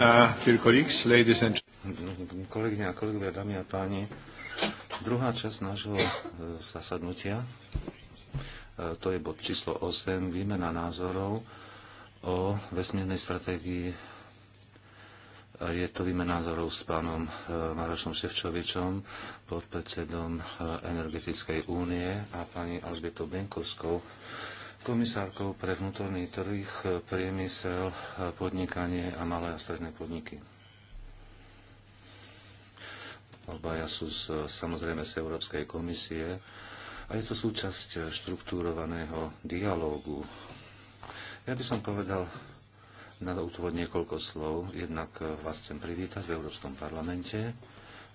Uh, kolegyne a kolegovia, dámy a páni, druhá časť nášho uh, zasadnutia, uh, to je bod číslo 8, výmena názorov o vesmírnej stratégii. Je to výmena názorov s pánom Marošom Ševčovičom, podpredsedom Energetickej únie a pani Alžbietou Benkovskou, komisárkou pre vnútorný trh, e, priemysel, e, podnikanie a malé a stredné podniky. Obaja sú z, samozrejme z Európskej komisie a je to súčasť štruktúrovaného dialógu. Ja by som povedal na úvod niekoľko slov. Jednak e, vás chcem privítať v Európskom parlamente.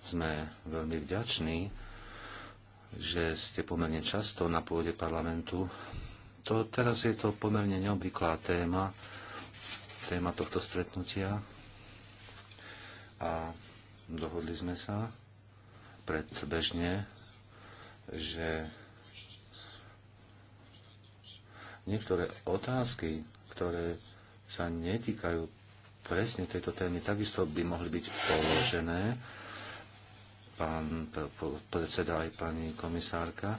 Sme veľmi vďační, že ste pomerne často na pôde parlamentu to, teraz je to pomerne neobvyklá téma, téma tohto stretnutia. A dohodli sme sa predbežne, že niektoré otázky, ktoré sa netýkajú presne tejto témy, takisto by mohli byť položené pán predseda aj pani komisárka,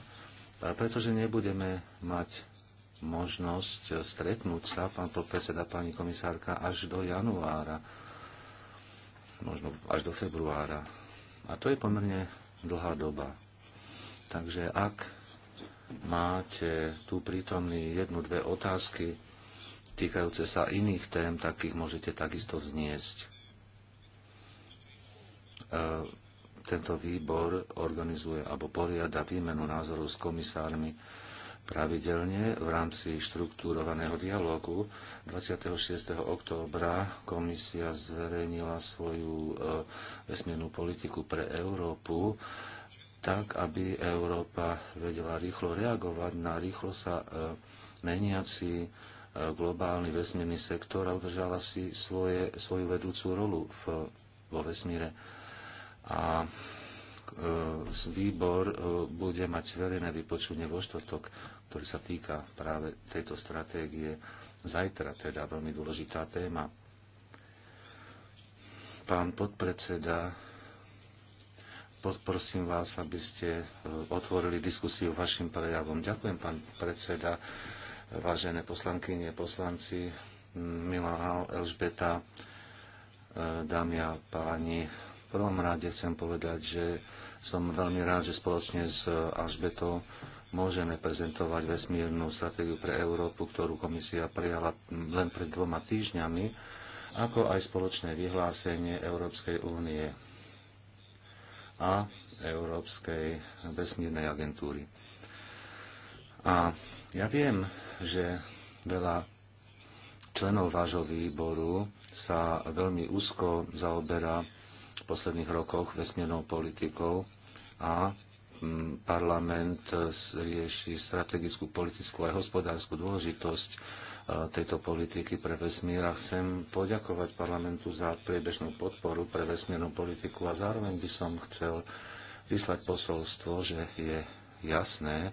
pretože nebudeme mať možnosť stretnúť sa, pán podpredseda, pani komisárka, až do januára, možno až do februára. A to je pomerne dlhá doba. Takže ak máte tu prítomný jednu, dve otázky týkajúce sa iných tém, tak ich môžete takisto vzniesť. E, tento výbor organizuje alebo poriada výmenu názorov s komisármi pravidelne v rámci štruktúrovaného dialogu. 26. októbra komisia zverejnila svoju e, vesmírnu politiku pre Európu tak, aby Európa vedela rýchlo reagovať na rýchlo sa e, meniaci e, globálny vesmírny sektor a udržala si svoje, svoju vedúcu rolu v, vo vesmíre. A e, výbor e, bude mať verejné vypočutie vo štvrtok ktorý sa týka práve tejto stratégie. Zajtra teda veľmi dôležitá téma. Pán podpredseda, poprosím vás, aby ste e, otvorili diskusiu vašim prejavom. Ďakujem, pán predseda, vážené poslankyne, poslanci, milá Elžbeta, e, dámy a páni. V prvom rade chcem povedať, že som veľmi rád, že spoločne s Alžbetou môžeme prezentovať vesmírnu stratégiu pre Európu, ktorú komisia prijala len pred dvoma týždňami, ako aj spoločné vyhlásenie Európskej únie a Európskej vesmírnej agentúry. A ja viem, že veľa členov vášho výboru sa veľmi úzko zaoberá v posledných rokoch vesmírnou politikou a parlament e, rieši strategickú, politickú aj hospodárskú dôležitosť e, tejto politiky pre vesmír a chcem poďakovať parlamentu za priebežnú podporu pre vesmírnu politiku a zároveň by som chcel vyslať posolstvo, že je jasné,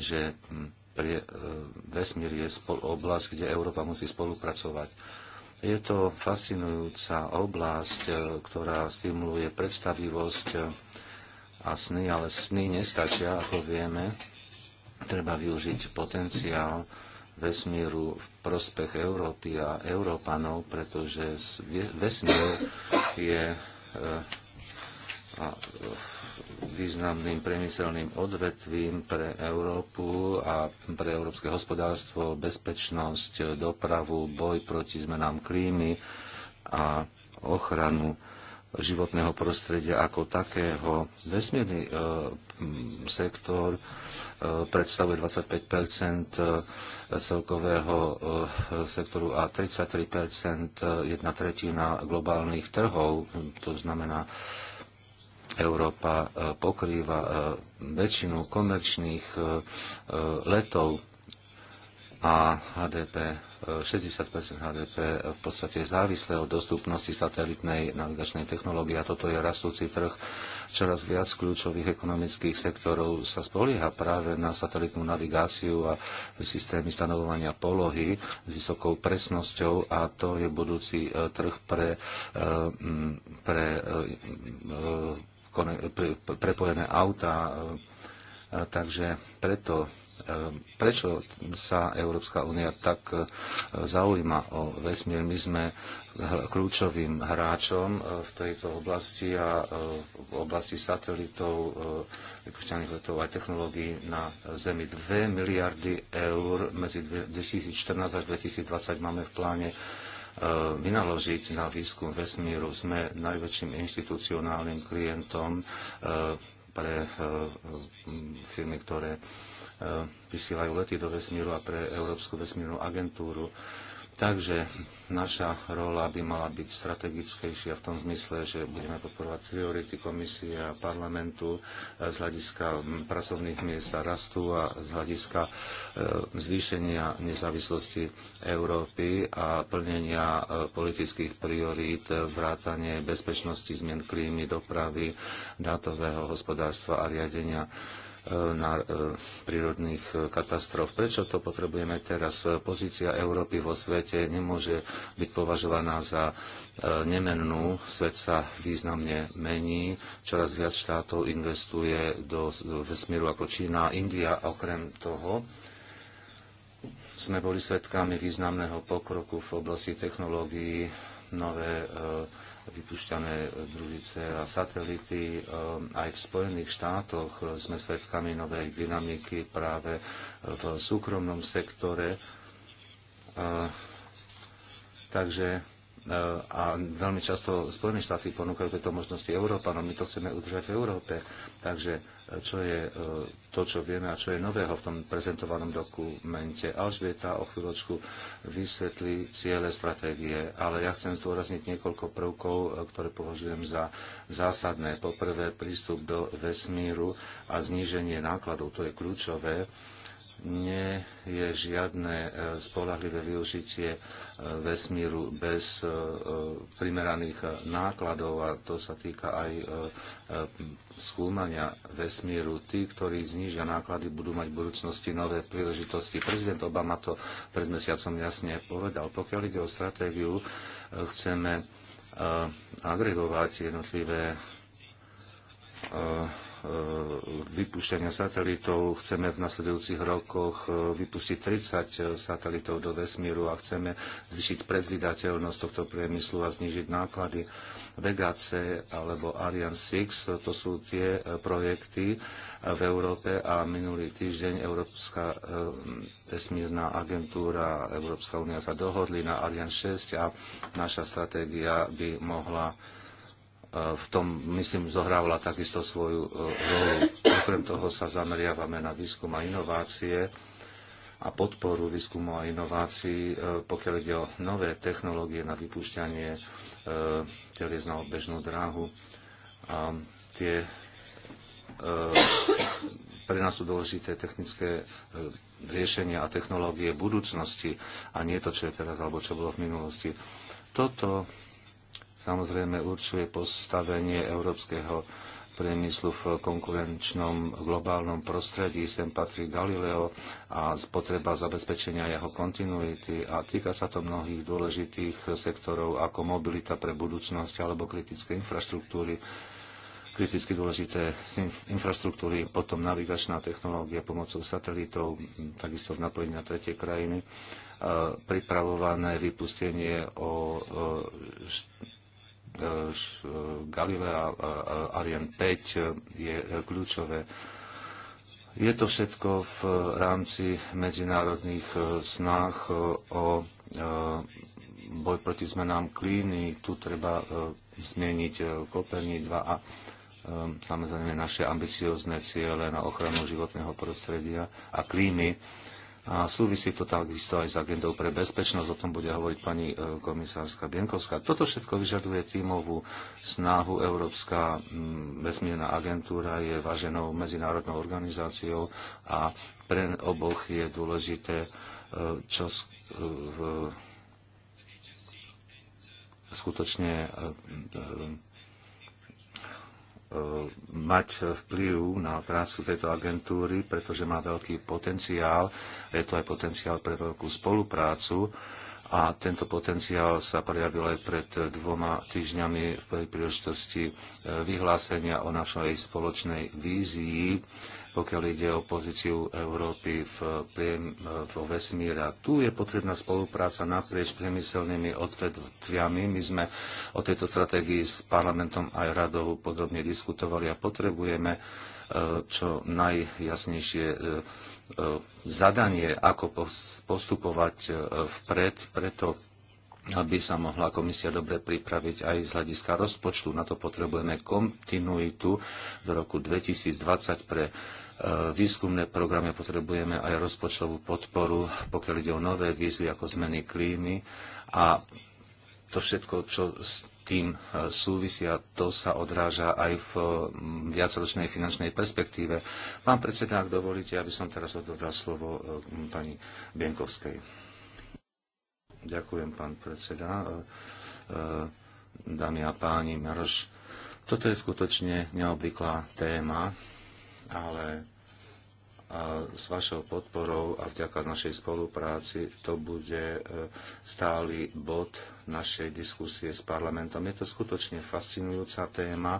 že pre, e, vesmír je oblasť, kde Európa musí spolupracovať. Je to fascinujúca oblasť, ktorá stimuluje predstavivosť a sny, ale sny nestačia, ako vieme. Treba využiť potenciál vesmíru v prospech Európy a Európanov, pretože vesmír je e, významným priemyselným odvetvím pre Európu a pre európske hospodárstvo, bezpečnosť, dopravu, boj proti zmenám klímy a ochranu životného prostredia ako takého. Vesmírny e, sektor e, predstavuje 25 e, celkového e, sektoru a 33 e, jedna tretina globálnych trhov. To znamená, Európa e, pokrýva väčšinu komerčných letov a HDP, 60 HDP v podstate závislé od dostupnosti satelitnej navigačnej technológie a toto je rastúci trh. Čoraz viac kľúčových ekonomických sektorov sa spolieha práve na satelitnú navigáciu a systémy stanovovania polohy s vysokou presnosťou a to je budúci e, trh pre, e, pre, e, pre prepojené auta. Takže preto Ehm, prečo sa Európska únia tak e, zaujíma o vesmír. My sme kľúčovým hráčom e, v tejto oblasti a e, v oblasti satelitov, vypušťaných letov a technológií na Zemi. 2 miliardy eur medzi 2014 až 2020 máme v pláne vynaložiť na výskum vesmíru. Sme najväčším inštitucionálnym klientom pre firmy, ktoré vysielajú lety do vesmíru a pre Európsku vesmírnu agentúru. Takže naša rola by mala byť strategickejšia v tom zmysle, že budeme podporovať priority komisie a parlamentu e, z hľadiska pracovných miest a rastu a z hľadiska e, zvýšenia nezávislosti Európy a plnenia e, politických priorít, vrátanie bezpečnosti, zmien klímy, dopravy, dátového hospodárstva a riadenia Eh, na eh, prírodných eh, katastrof. Prečo to potrebujeme teraz? Pozícia Európy vo svete nemôže byť považovaná za nemennú. Svet sa významne mení. Čoraz viac štátov investuje do vesmíru ako Čína a India. Okrem toho, sme boli svetkami významného pokroku v oblasti technológií, nové e, vypušťané e, družice a satelity. E, Aj v Spojených štátoch e, sme svedkami novej dynamiky práve v súkromnom sektore. Takže a veľmi často Spojené štáty ponúkajú tieto možnosti Európanom. My to chceme udržať v Európe. Takže čo je e, to, čo vieme a čo je nového v tom prezentovanom dokumente. Alžbieta o chvíľočku vysvetlí ciele stratégie, ale ja chcem zdôrazniť niekoľko prvkov, e, ktoré považujem za zásadné. Poprvé prístup do vesmíru a zníženie nákladov, to je kľúčové nie je žiadne e, spolahlivé využitie e, vesmíru bez e, primeraných nákladov a to sa týka aj skúmania vesmíru. Tí, ktorí znížia náklady, budú mať v budúcnosti nové príležitosti. Prezident Obama to pred mesiacom jasne povedal. Pokiaľ ide o stratégiu, chceme agregovať jednotlivé E, vypúšťania satelitov. Chceme v nasledujúcich rokoch e, vypustiť 30 e, satelitov do vesmíru a chceme zvyšiť predvydateľnosť tohto priemyslu a znižiť náklady. Vega C alebo Ariane 6, to sú tie projekty v Európe a minulý týždeň Európska vesmírna agentúra Európska únia sa dohodli na Ariane 6 a naša stratégia by mohla v tom, myslím, zohrávala takisto svoju e, rolu. Okrem toho sa zameriavame na výskum a inovácie a podporu výskumu a inovácií, e, pokiaľ ide o nové technológie na vypúšťanie e, telies na obežnú dráhu. A tie pre nás sú dôležité technické riešenia a technológie budúcnosti a nie to, čo je teraz alebo čo bolo v minulosti. Toto samozrejme určuje postavenie európskeho priemyslu v konkurenčnom globálnom prostredí. Sem patrí Galileo a potreba zabezpečenia jeho kontinuity a týka sa to mnohých dôležitých sektorov ako mobilita pre budúcnosť alebo kritické infraštruktúry, kriticky dôležité infraštruktúry, potom navigačná technológia pomocou satelitov, takisto v napojení na tretie krajiny, pripravované vypustenie o E, e, Galilea Ariane 5 je kľúčové. Je to všetko v rámci medzinárodných e, snách o boj proti zmenám klíny. Tu treba zmieniť Koperní 2 a samozrejme naše ambiciozne ciele na ochranu životného prostredia a klímy a súvisí to takisto aj s agendou pre bezpečnosť, o tom bude hovoriť pani e, komisárska Bienkovská. Toto všetko vyžaduje tímovú snahu. Európska mm, vesmírna agentúra je váženou medzinárodnou organizáciou a pre oboch je dôležité, e, čo e, skutočne E, mať vplyv na prácu tejto agentúry, pretože má veľký potenciál. Je to aj potenciál pre veľkú spoluprácu a tento potenciál sa prejavil aj pred dvoma týždňami v príležitosti e, vyhlásenia o našej spoločnej vízii pokiaľ ide o pozíciu Európy v, priem, vo vesmíra. Tu je potrebná spolupráca naprieč priemyselnými odvetviami. My sme o tejto stratégii s parlamentom aj radou podrobne diskutovali a potrebujeme e, čo najjasnejšie e, e, zadanie, ako postupovať vpred, preto aby sa mohla komisia dobre pripraviť aj z hľadiska rozpočtu. Na to potrebujeme kontinuitu do roku 2020 pre E, výskumné programy potrebujeme aj rozpočtovú podporu, pokiaľ ide o nové výzvy ako zmeny klímy a to všetko, čo s tým e, súvisia, to sa odráža aj v viacročnej finančnej perspektíve. Pán predseda, ak dovolíte, aby som teraz ododal slovo e, pani Bienkovskej. Ďakujem, pán predseda. Dámy a páni, Maroš, toto je skutočne neobvyklá téma, ale a s vašou podporou a vďaka našej spolupráci to bude e, stály bod našej diskusie s parlamentom. Je to skutočne fascinujúca téma,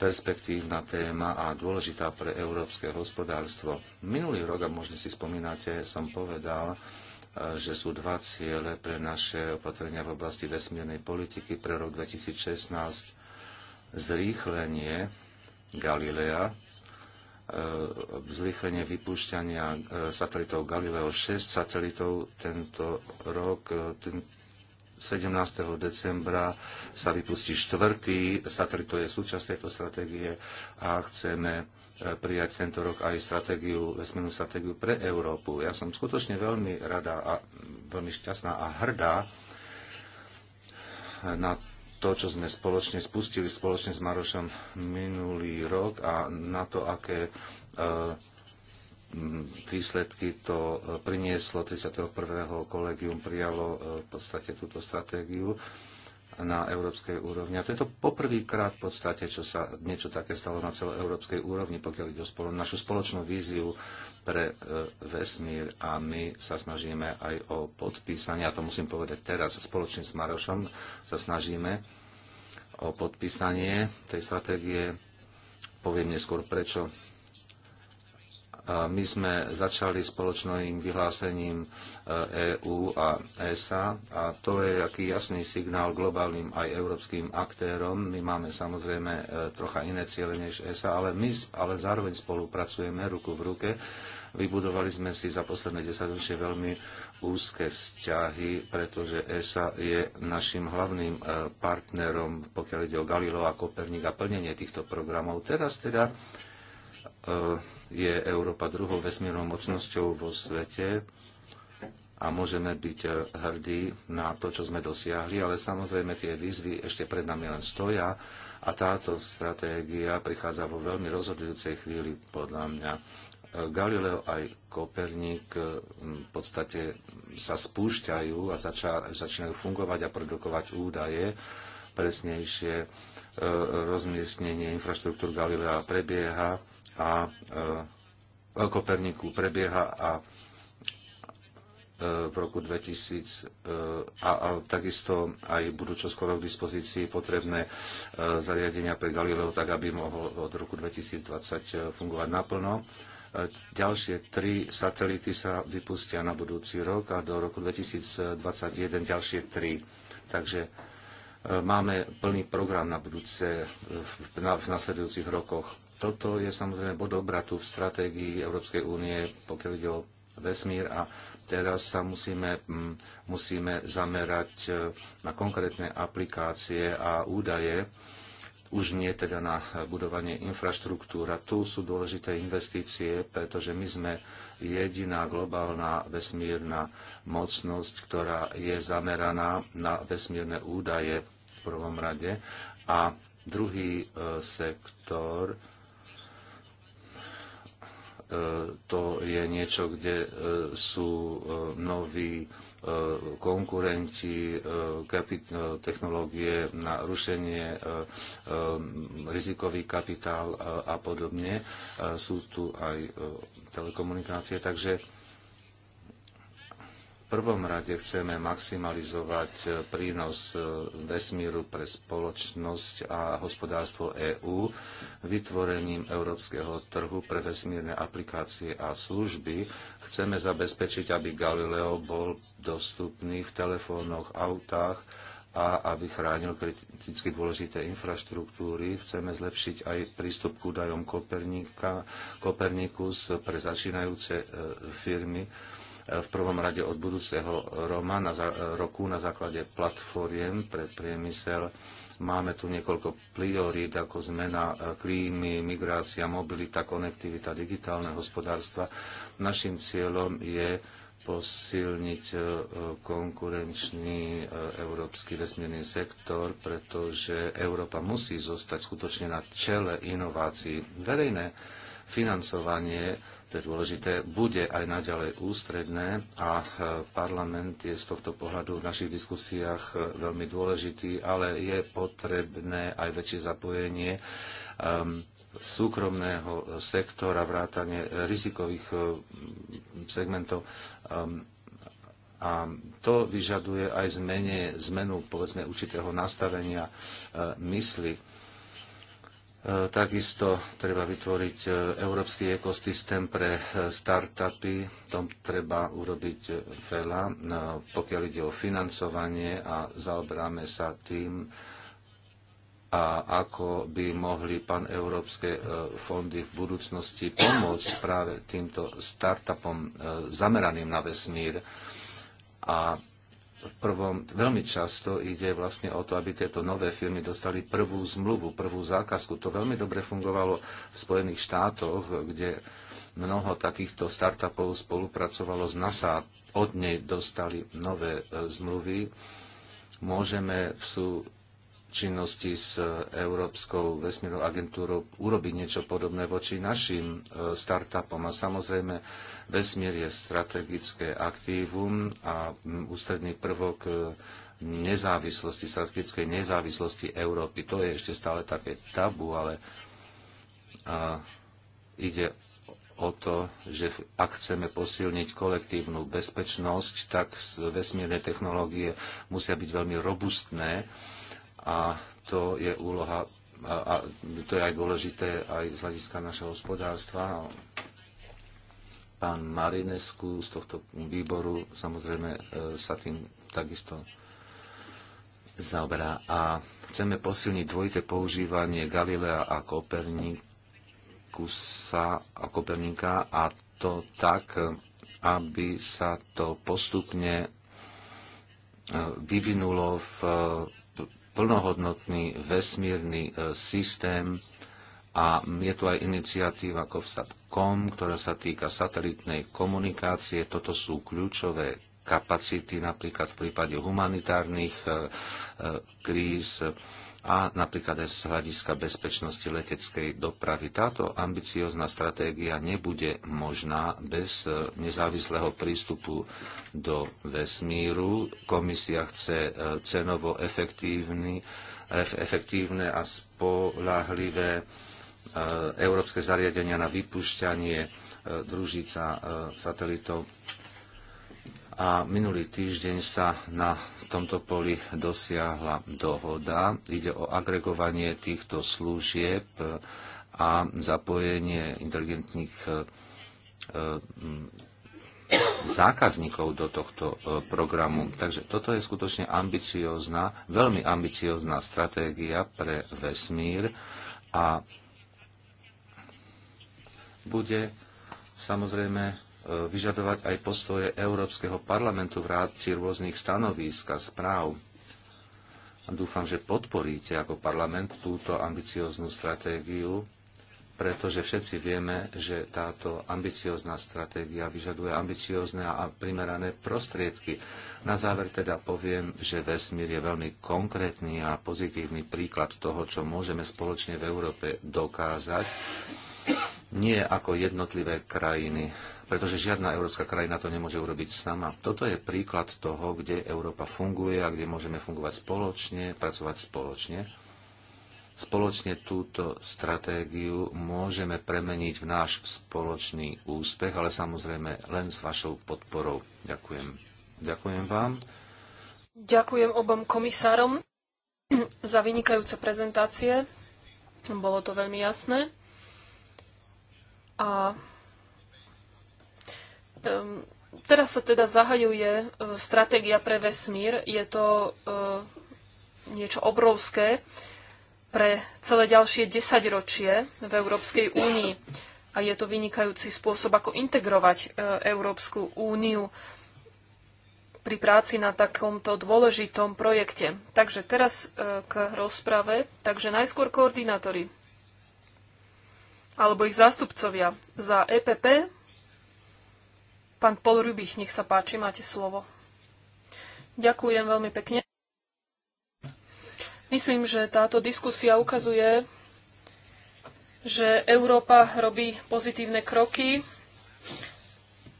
perspektívna téma a dôležitá pre európske hospodárstvo. Minulý rok, a možno si spomínate, som povedal, e, že sú dva ciele pre naše opatrenia v oblasti vesmírnej politiky pre rok 2016. Zrýchlenie Galilea, E, zrýchlenie vypúšťania e, satelitov Galileo 6 satelitov tento rok. 17. E, decembra sa vypustí štvrtý satelit, to je súčasť tejto stratégie a chceme prijať tento rok aj stratégiu, vesmírnu stratégiu pre Európu. Ja som skutočne veľmi rada a veľmi šťastná a hrdá na to, čo sme spoločne spustili spoločne s Marošom minulý rok a na to, aké e, výsledky to e, prinieslo. 31. kolegium prijalo e, v podstate túto stratégiu na európskej úrovni. A to je to poprvýkrát v podstate, čo sa niečo také stalo na celej Európskej úrovni, pokiaľ ide o spolo, našu spoločnú víziu pre e, vesmír a my sa snažíme aj o podpísanie, a to musím povedať teraz spoločne s Marošom, sa snažíme o podpísanie tej stratégie. Poviem neskôr prečo my sme začali spoločným vyhlásením EÚ e a ESA a to je aký jasný signál globálnym aj európskym aktérom. My máme samozrejme e, trocha iné ciele než ESA, ale my ale zároveň spolupracujeme ruku v ruke. Vybudovali sme si za posledné desaťročie veľmi úzke vzťahy, pretože ESA je našim hlavným e, partnerom, pokiaľ ide o Galileo a Koperník a plnenie týchto programov. Teraz teda je Európa druhou vesmírnou mocnosťou vo svete a môžeme byť eh, hrdí na to, čo sme dosiahli, ale samozrejme tie výzvy ešte pred nami len stoja a táto stratégia prichádza vo veľmi rozhodujúcej chvíli podľa mňa. Eh, Galileo aj Koperník eh, v podstate sa spúšťajú a zača, začínajú fungovať a produkovať údaje presnejšie rozmiestnenie infraštruktúr Galilea prebieha a e, veľkoperníku prebieha a e, v roku 2000 e, a, a takisto aj budú čoskoro k dispozícii potrebné zariadenia pre Galileo, tak aby mohol od roku 2020 fungovať naplno. Ďalšie tri satelity sa vypustia na budúci rok a do roku 2021 ďalšie tri. Takže máme plný program na budúce v, na, v nasledujúcich rokoch toto je samozrejme bod obratu v stratégii Európskej únie, pokiaľ ide o vesmír a teraz sa musíme, mm, musíme zamerať e, na konkrétne aplikácie a údaje, už nie teda na budovanie infraštruktúra. Tu sú dôležité investície, pretože my sme jediná globálna vesmírna mocnosť, ktorá je zameraná na vesmírne údaje v prvom rade. A druhý e, sektor, E, to je niečo, kde e, sú e, noví konkurenti, technológie na rušenie, rizikový kapitál a podobne. Sú tu aj telekomunikácie, takže prvom rade chceme maximalizovať e, prínos e, vesmíru pre spoločnosť a hospodárstvo EÚ vytvorením európskeho trhu pre vesmírne aplikácie a služby. Chceme zabezpečiť, aby Galileo bol dostupný v telefónoch, autách a aby chránil kriticky dôležité infraštruktúry. Chceme zlepšiť aj prístup k údajom Kopernika, Kopernikus pre začínajúce e, firmy v prvom rade od budúceho Roma na, roku na základe platformiem pre priemysel. Máme tu niekoľko priorít ako zmena e, klímy, migrácia, mobilita, konektivita, digitálne hospodárstva. Našim cieľom je posilniť e, konkurenčný e, európsky vesmírny sektor, pretože Európa musí zostať skutočne na čele inovácií. Verejné financovanie to je dôležité, bude aj naďalej ústredné a e, parlament je z tohto pohľadu v našich diskusiách e, veľmi dôležitý, ale je potrebné aj väčšie zapojenie e, súkromného sektora, vrátanie rizikových segmentov. A to vyžaduje aj zmene, zmenu povedzme určitého nastavenia mysli E, takisto treba vytvoriť e, európsky ekosystém pre e, startupy. Tom treba urobiť veľa, pokiaľ ide o financovanie a zaoberáme sa tým, a ako by mohli paneurópske fondy v budúcnosti pomôcť práve týmto startupom zameraným na vesmír. A prvom, veľmi často ide vlastne o to, aby tieto nové firmy dostali prvú zmluvu, prvú zákazku. To veľmi dobre fungovalo v Spojených štátoch, kde mnoho takýchto startupov spolupracovalo s NASA. Od nej dostali nové e, zmluvy. Môžeme v sú činnosti s e, Európskou vesmírnou agentúrou urobiť niečo podobné voči našim e, startupom. A samozrejme, vesmír je strategické aktívum a ústredný prvok e, nezávislosti, strategickej nezávislosti Európy. To je ešte stále také tabu, ale a ide o to, že ak chceme posilniť kolektívnu bezpečnosť, tak vesmírne technológie musia byť veľmi robustné a to je úloha a, a to je aj dôležité aj z hľadiska našeho hospodárstva. Pán Marinesku z tohto výboru samozrejme e, sa tým takisto zaoberá. A chceme posilniť dvojité používanie Galilea a Kopernikusa a Kopernika a to tak, aby sa to postupne e, vyvinulo v plnohodnotný vesmírny e, systém a je tu aj iniciatíva COVSAT.com, ktorá sa týka satelitnej komunikácie. Toto sú kľúčové kapacity napríklad v prípade humanitárnych e, e, kríz, a napríklad aj z hľadiska bezpečnosti leteckej dopravy. Táto ambiciozná stratégia nebude možná bez e, nezávislého prístupu do vesmíru. Komisia chce e, cenovo efektívny, efektívne a spolahlivé e, európske zariadenia na vypúšťanie družica satelitov a minulý týždeň sa na tomto poli dosiahla dohoda. Ide o agregovanie týchto služieb e, a zapojenie inteligentných e, e, zákazníkov do tohto programu. Takže toto je skutočne ambiciózna, veľmi ambiciózna stratégia pre vesmír a bude samozrejme E, vyžadovať aj postoje Európskeho parlamentu v rámci rôznych stanovísk a správ. Dúfam, že podporíte ako parlament túto ambicióznu stratégiu, pretože všetci vieme, že táto ambiciózna stratégia vyžaduje ambiciózne a primerané prostriedky. Na záver teda poviem, že vesmír je veľmi konkrétny a pozitívny príklad toho, čo môžeme spoločne v Európe dokázať, nie ako jednotlivé krajiny pretože žiadna európska krajina to nemôže urobiť sama. Toto je príklad toho, kde Európa funguje a kde môžeme fungovať spoločne, pracovať spoločne. Spoločne túto stratégiu môžeme premeniť v náš spoločný úspech, ale samozrejme len s vašou podporou. Ďakujem. Ďakujem vám. Ďakujem obom komisárom za vynikajúce prezentácie. Bolo to veľmi jasné. A Ehm, teraz sa teda zahajuje e, stratégia pre vesmír. Je to e, niečo obrovské pre celé ďalšie desaťročie v Európskej únii. A je to vynikajúci spôsob, ako integrovať e, Európsku úniu pri práci na takomto dôležitom projekte. Takže teraz k rozprave. Takže najskôr koordinátori alebo ich zástupcovia za EPP Pán Polrubich, nech sa páči, máte slovo. Ďakujem veľmi pekne. Myslím, že táto diskusia ukazuje, že Európa robí pozitívne kroky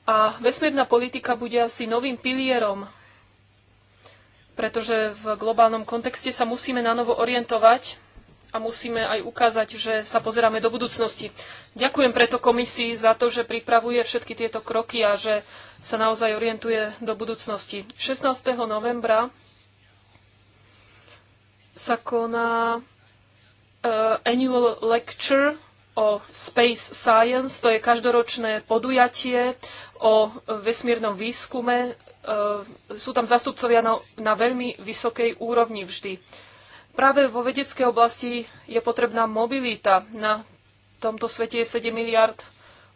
a vesmírna politika bude asi novým pilierom, pretože v globálnom kontexte sa musíme na novo orientovať a musíme aj ukázať, že sa pozeráme do budúcnosti. Ďakujem preto komisii za to, že pripravuje všetky tieto kroky a že sa naozaj orientuje do budúcnosti. 16. novembra sa koná uh, annual lecture o space science, to je každoročné podujatie o vesmírnom výskume. Uh, sú tam zastupcovia na, na veľmi vysokej úrovni vždy. Uh, Práve vo vedeckej oblasti je potrebná mobilita. Na tomto svete je 7 miliard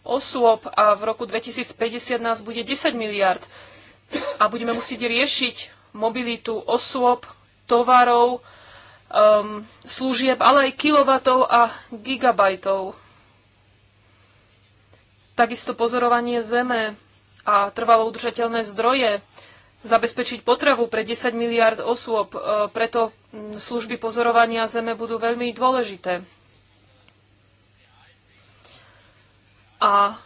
osôb a v roku 2050 nás bude 10 miliard. A budeme musieť riešiť mobilitu osôb, tovarov, um, služieb, ale aj kilovatov a gigabajtov. Takisto pozorovanie Zeme a trvalo udržateľné zdroje, zabezpečiť potravu pre 10 miliard osôb. E, preto služby pozorovania Zeme budú veľmi dôležité. A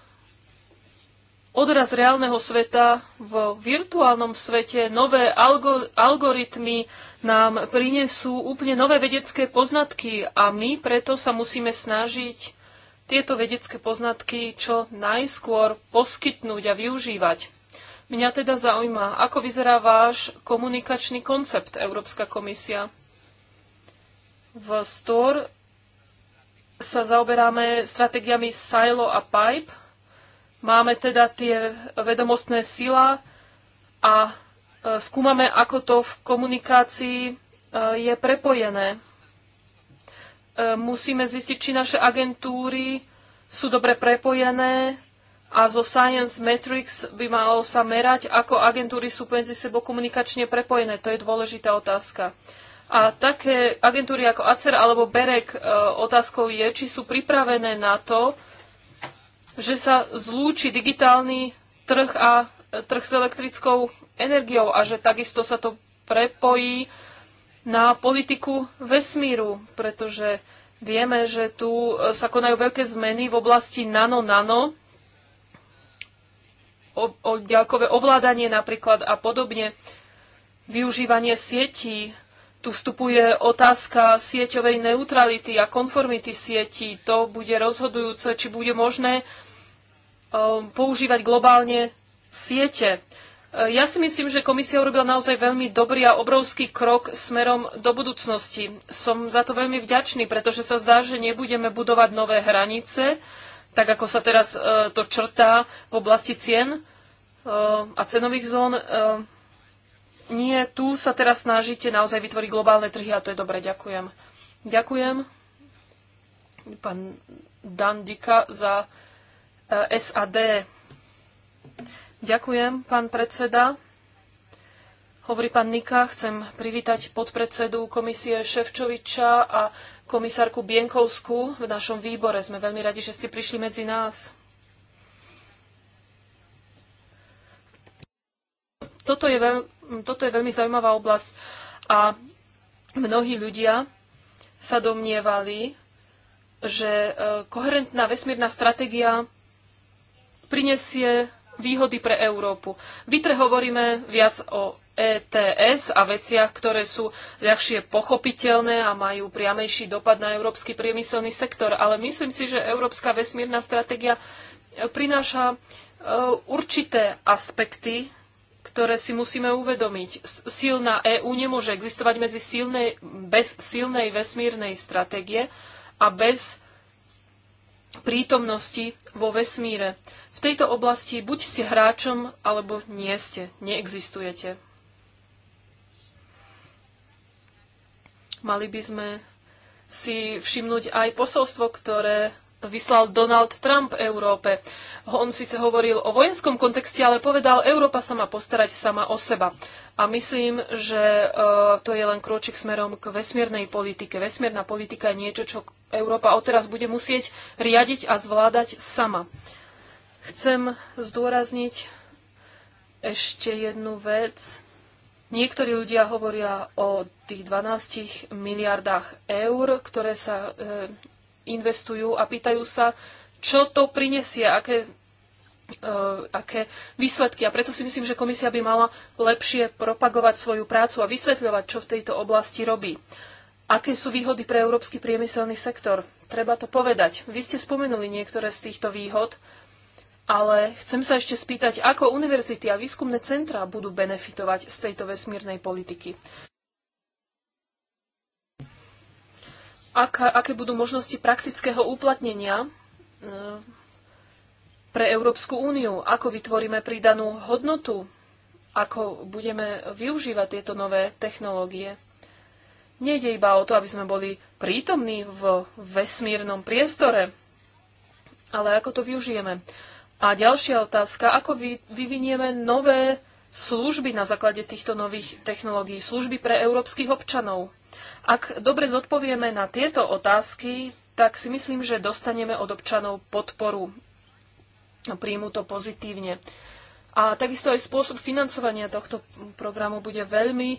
odraz reálneho sveta v virtuálnom svete, nové algo- algoritmy nám prinesú úplne nové vedecké poznatky a my preto sa musíme snažiť tieto vedecké poznatky čo najskôr poskytnúť a využívať. Mňa teda zaujíma, ako vyzerá váš komunikačný koncept Európska komisia. V store sa zaoberáme stratégiami silo a pipe. Máme teda tie vedomostné sila a e, skúmame, ako to v komunikácii e, je prepojené. E, musíme zistiť, či naše agentúry sú dobre prepojené a zo Science Metrics by malo sa merať, ako agentúry sú medzi sebou komunikačne prepojené. To je dôležitá otázka. A také agentúry ako ACER alebo BEREK e, otázkou je, či sú pripravené na to, že sa zlúči digitálny trh a e, trh s elektrickou energiou a že takisto sa to prepojí na politiku vesmíru, pretože vieme, že tu e, sa konajú veľké zmeny v oblasti nano-nano, o, o ďalkové ovládanie napríklad a podobne, využívanie sietí, tu vstupuje otázka sieťovej neutrality a konformity sietí. To bude rozhodujúce, či bude možné um, používať globálne siete. E, ja si myslím, že komisia urobila naozaj veľmi dobrý a obrovský krok smerom do budúcnosti. Som za to veľmi vďačný, pretože sa zdá, že nebudeme budovať nové hranice, tak ako sa teraz e, to črtá v oblasti cien e, a cenových zón nie, tu sa teraz snažíte naozaj vytvoriť globálne trhy a to je dobre. Ďakujem. Ďakujem pán Dandika za eh, SAD. Ďakujem, pán predseda. Hovorí pán Nika, chcem privítať podpredsedu komisie Ševčoviča a komisárku Bienkovskú v našom výbore. Sme veľmi radi, že ste prišli medzi nás. Toto je, veľ, toto je veľmi zaujímavá oblasť a mnohí ľudia sa domnievali, že e, koherentná vesmírna stratégia prinesie výhody pre Európu. Vytre hovoríme viac o ETS a veciach, ktoré sú ľahšie pochopiteľné a majú priamejší dopad na európsky priemyselný sektor. Ale myslím si, že Európska vesmírna stratégia prináša e, určité aspekty ktoré si musíme uvedomiť. Silná EÚ nemôže existovať medzi silnej, bez silnej vesmírnej stratégie a bez prítomnosti vo vesmíre. V tejto oblasti buď ste hráčom, alebo nie ste, neexistujete. Mali by sme si všimnúť aj posolstvo, ktoré vyslal Donald Trump Európe. On síce hovoril o vojenskom kontexte, ale povedal, Európa sa má postarať sama o seba. A myslím, že eh, to je len kročik smerom k vesmiernej politike. Vesmierna politika je niečo, čo Európa odteraz bude musieť riadiť a zvládať sama. Chcem zdôrazniť ešte jednu vec. Niektorí ľudia hovoria o tých 12 miliardách eur, ktoré sa eh, investujú a pýtajú sa, čo to prinesie, aké, uh, aké výsledky. A preto si myslím, že komisia by mala lepšie propagovať svoju prácu a vysvetľovať, čo v tejto oblasti robí. Aké sú výhody pre európsky priemyselný sektor? Treba to povedať. Vy ste spomenuli niektoré z týchto výhod, ale chcem sa ešte spýtať, ako univerzity a výskumné centrá budú benefitovať z tejto vesmírnej politiky. aká, aké budú možnosti praktického uplatnenia e, pre Európsku úniu, ako vytvoríme pridanú hodnotu, ako budeme využívať tieto nové technológie. Nejde iba o to, aby sme boli prítomní v vesmírnom priestore, ale ako to využijeme. A ďalšia otázka, ako vy, vyvinieme nové služby na základe týchto nových technológií, služby pre európskych občanov. Ak dobre zodpovieme na tieto otázky, tak si myslím, že dostaneme od občanov podporu. Príjmu to pozitívne. A takisto aj spôsob financovania tohto programu bude veľmi e,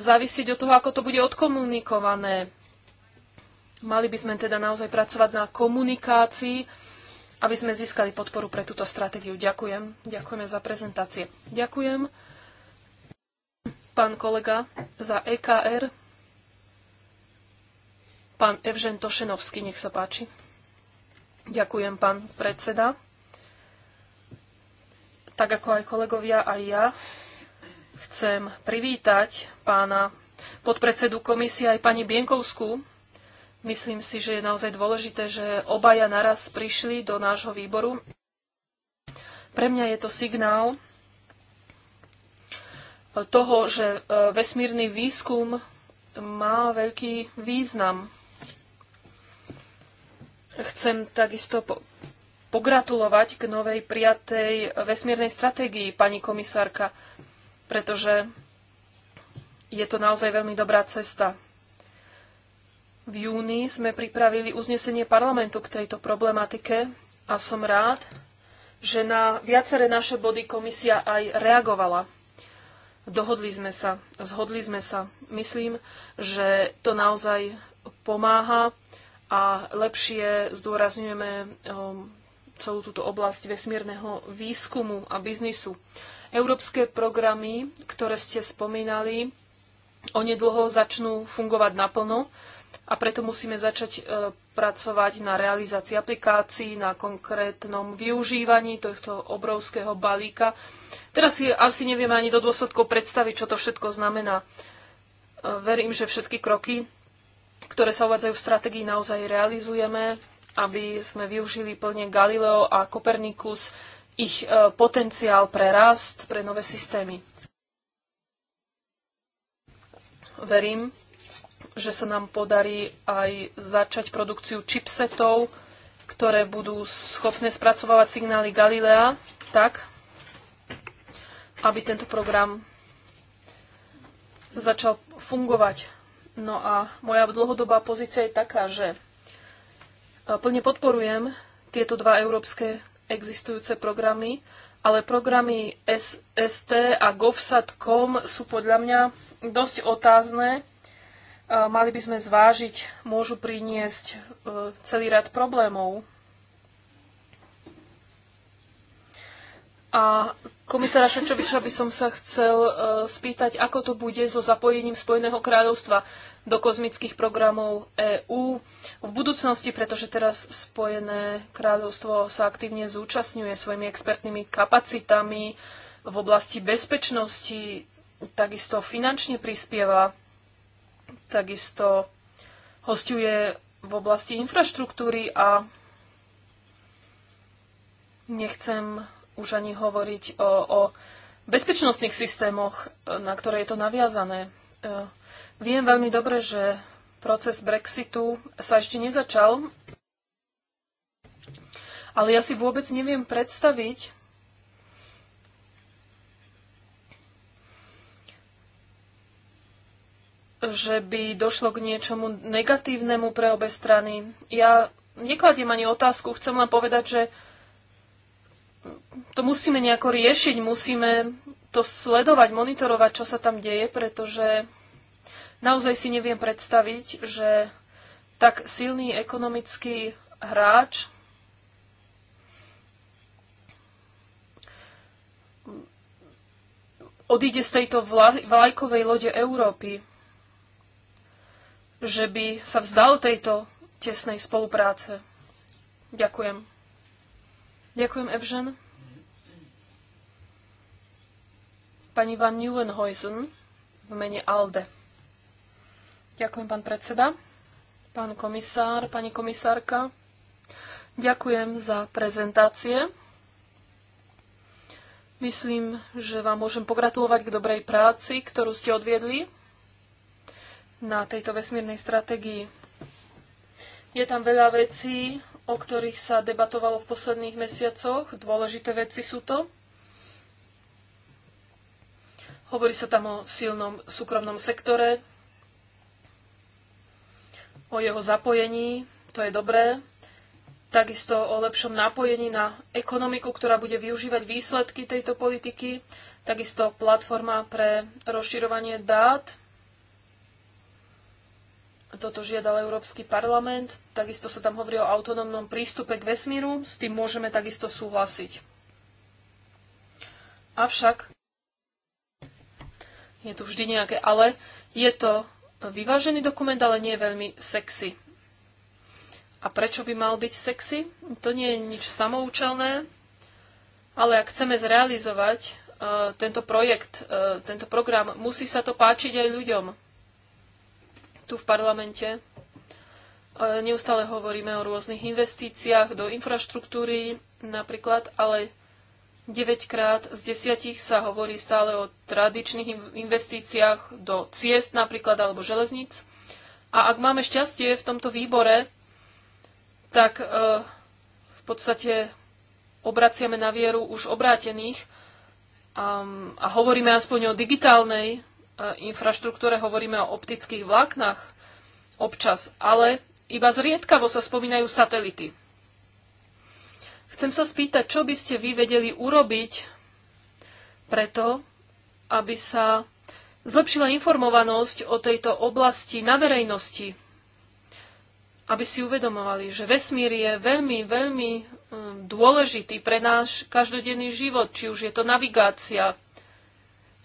závisieť od toho, ako to bude odkomunikované. Mali by sme teda naozaj pracovať na komunikácii, aby sme získali podporu pre túto stratégiu. Ďakujem. Ďakujeme za prezentácie. Ďakujem, pán kolega, za EKR. Pán Evžen Tošenovský, nech sa páči. Ďakujem, pán predseda. Tak ako aj kolegovia, aj ja chcem privítať pána podpredsedu komisie aj pani Bienkovskú. Myslím si, že je naozaj dôležité, že obaja naraz prišli do nášho výboru. Pre mňa je to signál toho, že e, vesmírny výskum má veľký význam Chcem takisto po- pogratulovať k novej prijatej vesmírnej stratégii, pani komisárka, pretože je to naozaj veľmi dobrá cesta. V júni sme pripravili uznesenie parlamentu k tejto problematike a som rád, že na viaceré naše body komisia aj reagovala. Dohodli sme sa, zhodli sme sa. Myslím, že to naozaj pomáha a lepšie zdôrazňujeme um, celú túto oblasť vesmírneho výskumu a biznisu. Európske programy, ktoré ste spomínali, onedlho začnú fungovať naplno a preto musíme začať e, pracovať na realizácii aplikácií, na konkrétnom využívaní tohto obrovského balíka. Teraz si asi nevieme ani do dôsledkov predstaviť, čo to všetko znamená. E, verím, že všetky kroky ktoré sa uvádzajú v stratégii, naozaj realizujeme, aby sme využili plne Galileo a Kopernikus, ich e, potenciál pre rast, pre nové systémy. Verím, že sa nám podarí aj začať produkciu chipsetov, ktoré budú schopné spracovávať signály Galilea tak, aby tento program začal fungovať No a moja dlhodobá pozícia je taká, že e, plne podporujem tieto dva európske existujúce programy, ale programy SST a govsat.com sú podľa mňa dosť otázne. E, mali by sme zvážiť, môžu priniesť e, celý rad problémov. A komisára Šončoviča by som sa chcel uh, spýtať, ako to bude so zapojením Spojeného kráľovstva do kozmických programov EÚ v budúcnosti, pretože teraz Spojené kráľovstvo sa aktívne zúčastňuje svojimi expertnými kapacitami v oblasti bezpečnosti, takisto finančne prispieva, takisto hostuje v oblasti infraštruktúry a nechcem už ani hovoriť o, o bezpečnostných systémoch, na ktoré je to naviazané. E, viem veľmi dobre, že proces Brexitu sa ešte nezačal, ale ja si vôbec neviem predstaviť, že by došlo k niečomu negatívnemu pre obe strany. Ja nekladiem ani otázku, chcem len povedať, že to musíme nejako riešiť, musíme to sledovať, monitorovať, čo sa tam deje, pretože naozaj si neviem predstaviť, že tak silný ekonomický hráč odíde z tejto vlajkovej lode Európy, že by sa vzdal tejto tesnej spolupráce. Ďakujem. Ďakujem, Evžen. Pani Van Nieuwenhuizen v mene ALDE. Ďakujem, pán predseda, pán komisár, pani komisárka. Ďakujem za prezentácie. Myslím, že vám môžem pogratulovať k dobrej práci, ktorú ste odviedli na tejto vesmírnej stratégii. Je tam veľa vecí, o ktorých sa debatovalo v posledných mesiacoch. Dôležité veci sú to. Hovorí sa tam o silnom súkromnom sektore, o jeho zapojení, to je dobré. Takisto o lepšom napojení na ekonomiku, ktorá bude využívať výsledky tejto politiky. Takisto platforma pre rozširovanie dát, toto žiadal Európsky parlament. Takisto sa tam hovorí o autonómnom prístupe k vesmíru. S tým môžeme takisto súhlasiť. Avšak je tu vždy nejaké ale. Je to vyvážený dokument, ale nie je veľmi sexy. A prečo by mal byť sexy? To nie je nič samoučelné, ale ak chceme zrealizovať uh, tento projekt, uh, tento program, musí sa to páčiť aj ľuďom tu v parlamente. E, neustále hovoríme o rôznych investíciách do infraštruktúry napríklad, ale 9 krát z 10 sa hovorí stále o tradičných investíciách do ciest napríklad alebo železníc. A ak máme šťastie v tomto výbore, tak e, v podstate obraciame na vieru už obrátených a hovoríme aspoň o digitálnej E, infraštruktúre hovoríme o optických vláknach občas, ale iba zriedkavo sa spomínajú satelity. Chcem sa spýtať, čo by ste vy vedeli urobiť preto, aby sa zlepšila informovanosť o tejto oblasti na verejnosti, aby si uvedomovali, že vesmír je veľmi, veľmi e, dôležitý pre náš každodenný život, či už je to navigácia,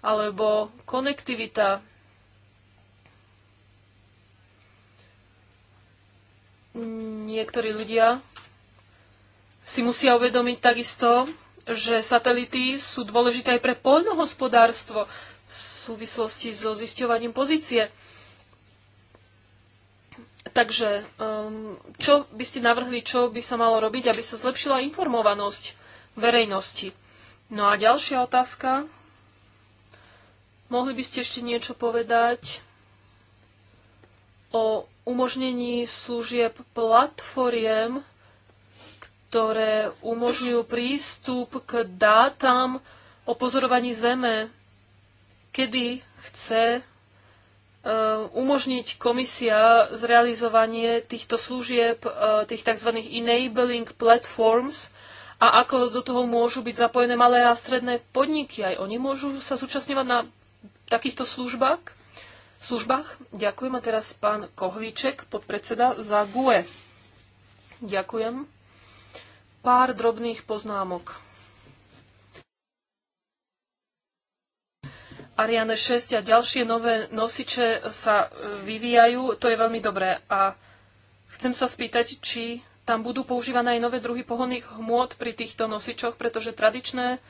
alebo konektivita. Niektorí ľudia si musia uvedomiť takisto, že satelity sú dôležité aj pre poľnohospodárstvo v súvislosti so zisťovaním pozície. Takže um, čo by ste navrhli, čo by sa malo robiť, aby sa zlepšila informovanosť verejnosti? No a ďalšia otázka. Mohli by ste ešte niečo povedať o umožnení služieb platformiem, ktoré umožňujú prístup k dátam o pozorovaní Zeme, kedy chce e, umožniť komisia zrealizovanie týchto služieb, e, tých tzv. enabling platforms a ako do toho môžu byť zapojené malé a stredné podniky. Aj oni môžu sa zúčastňovať na takýchto službách. službách. Ďakujem a teraz pán Kohlíček, podpredseda za GUE. Ďakujem. Pár drobných poznámok. Ariane 6 a ďalšie nové nosiče sa e, vyvíjajú, to je veľmi dobré. A chcem sa spýtať, či tam budú používané aj nové druhy pohonných hmôt pri týchto nosičoch, pretože tradičné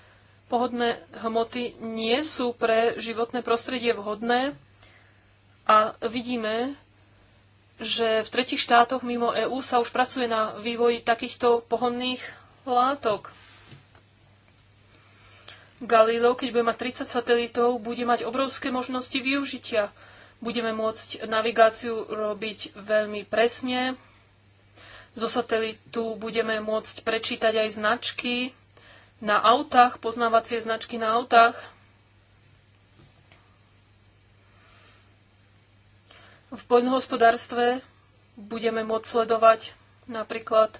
pohodné hmoty nie sú pre životné prostredie vhodné a vidíme, že v tretich štátoch mimo EÚ sa už pracuje na vývoji takýchto pohodných látok. Galileo, keď bude mať 30 satelitov, bude mať obrovské možnosti využitia. Budeme môcť navigáciu robiť veľmi presne. Zo satelitu budeme môcť prečítať aj značky, na autách, poznávacie značky na autách. V poľnohospodárstve budeme môcť sledovať napríklad e,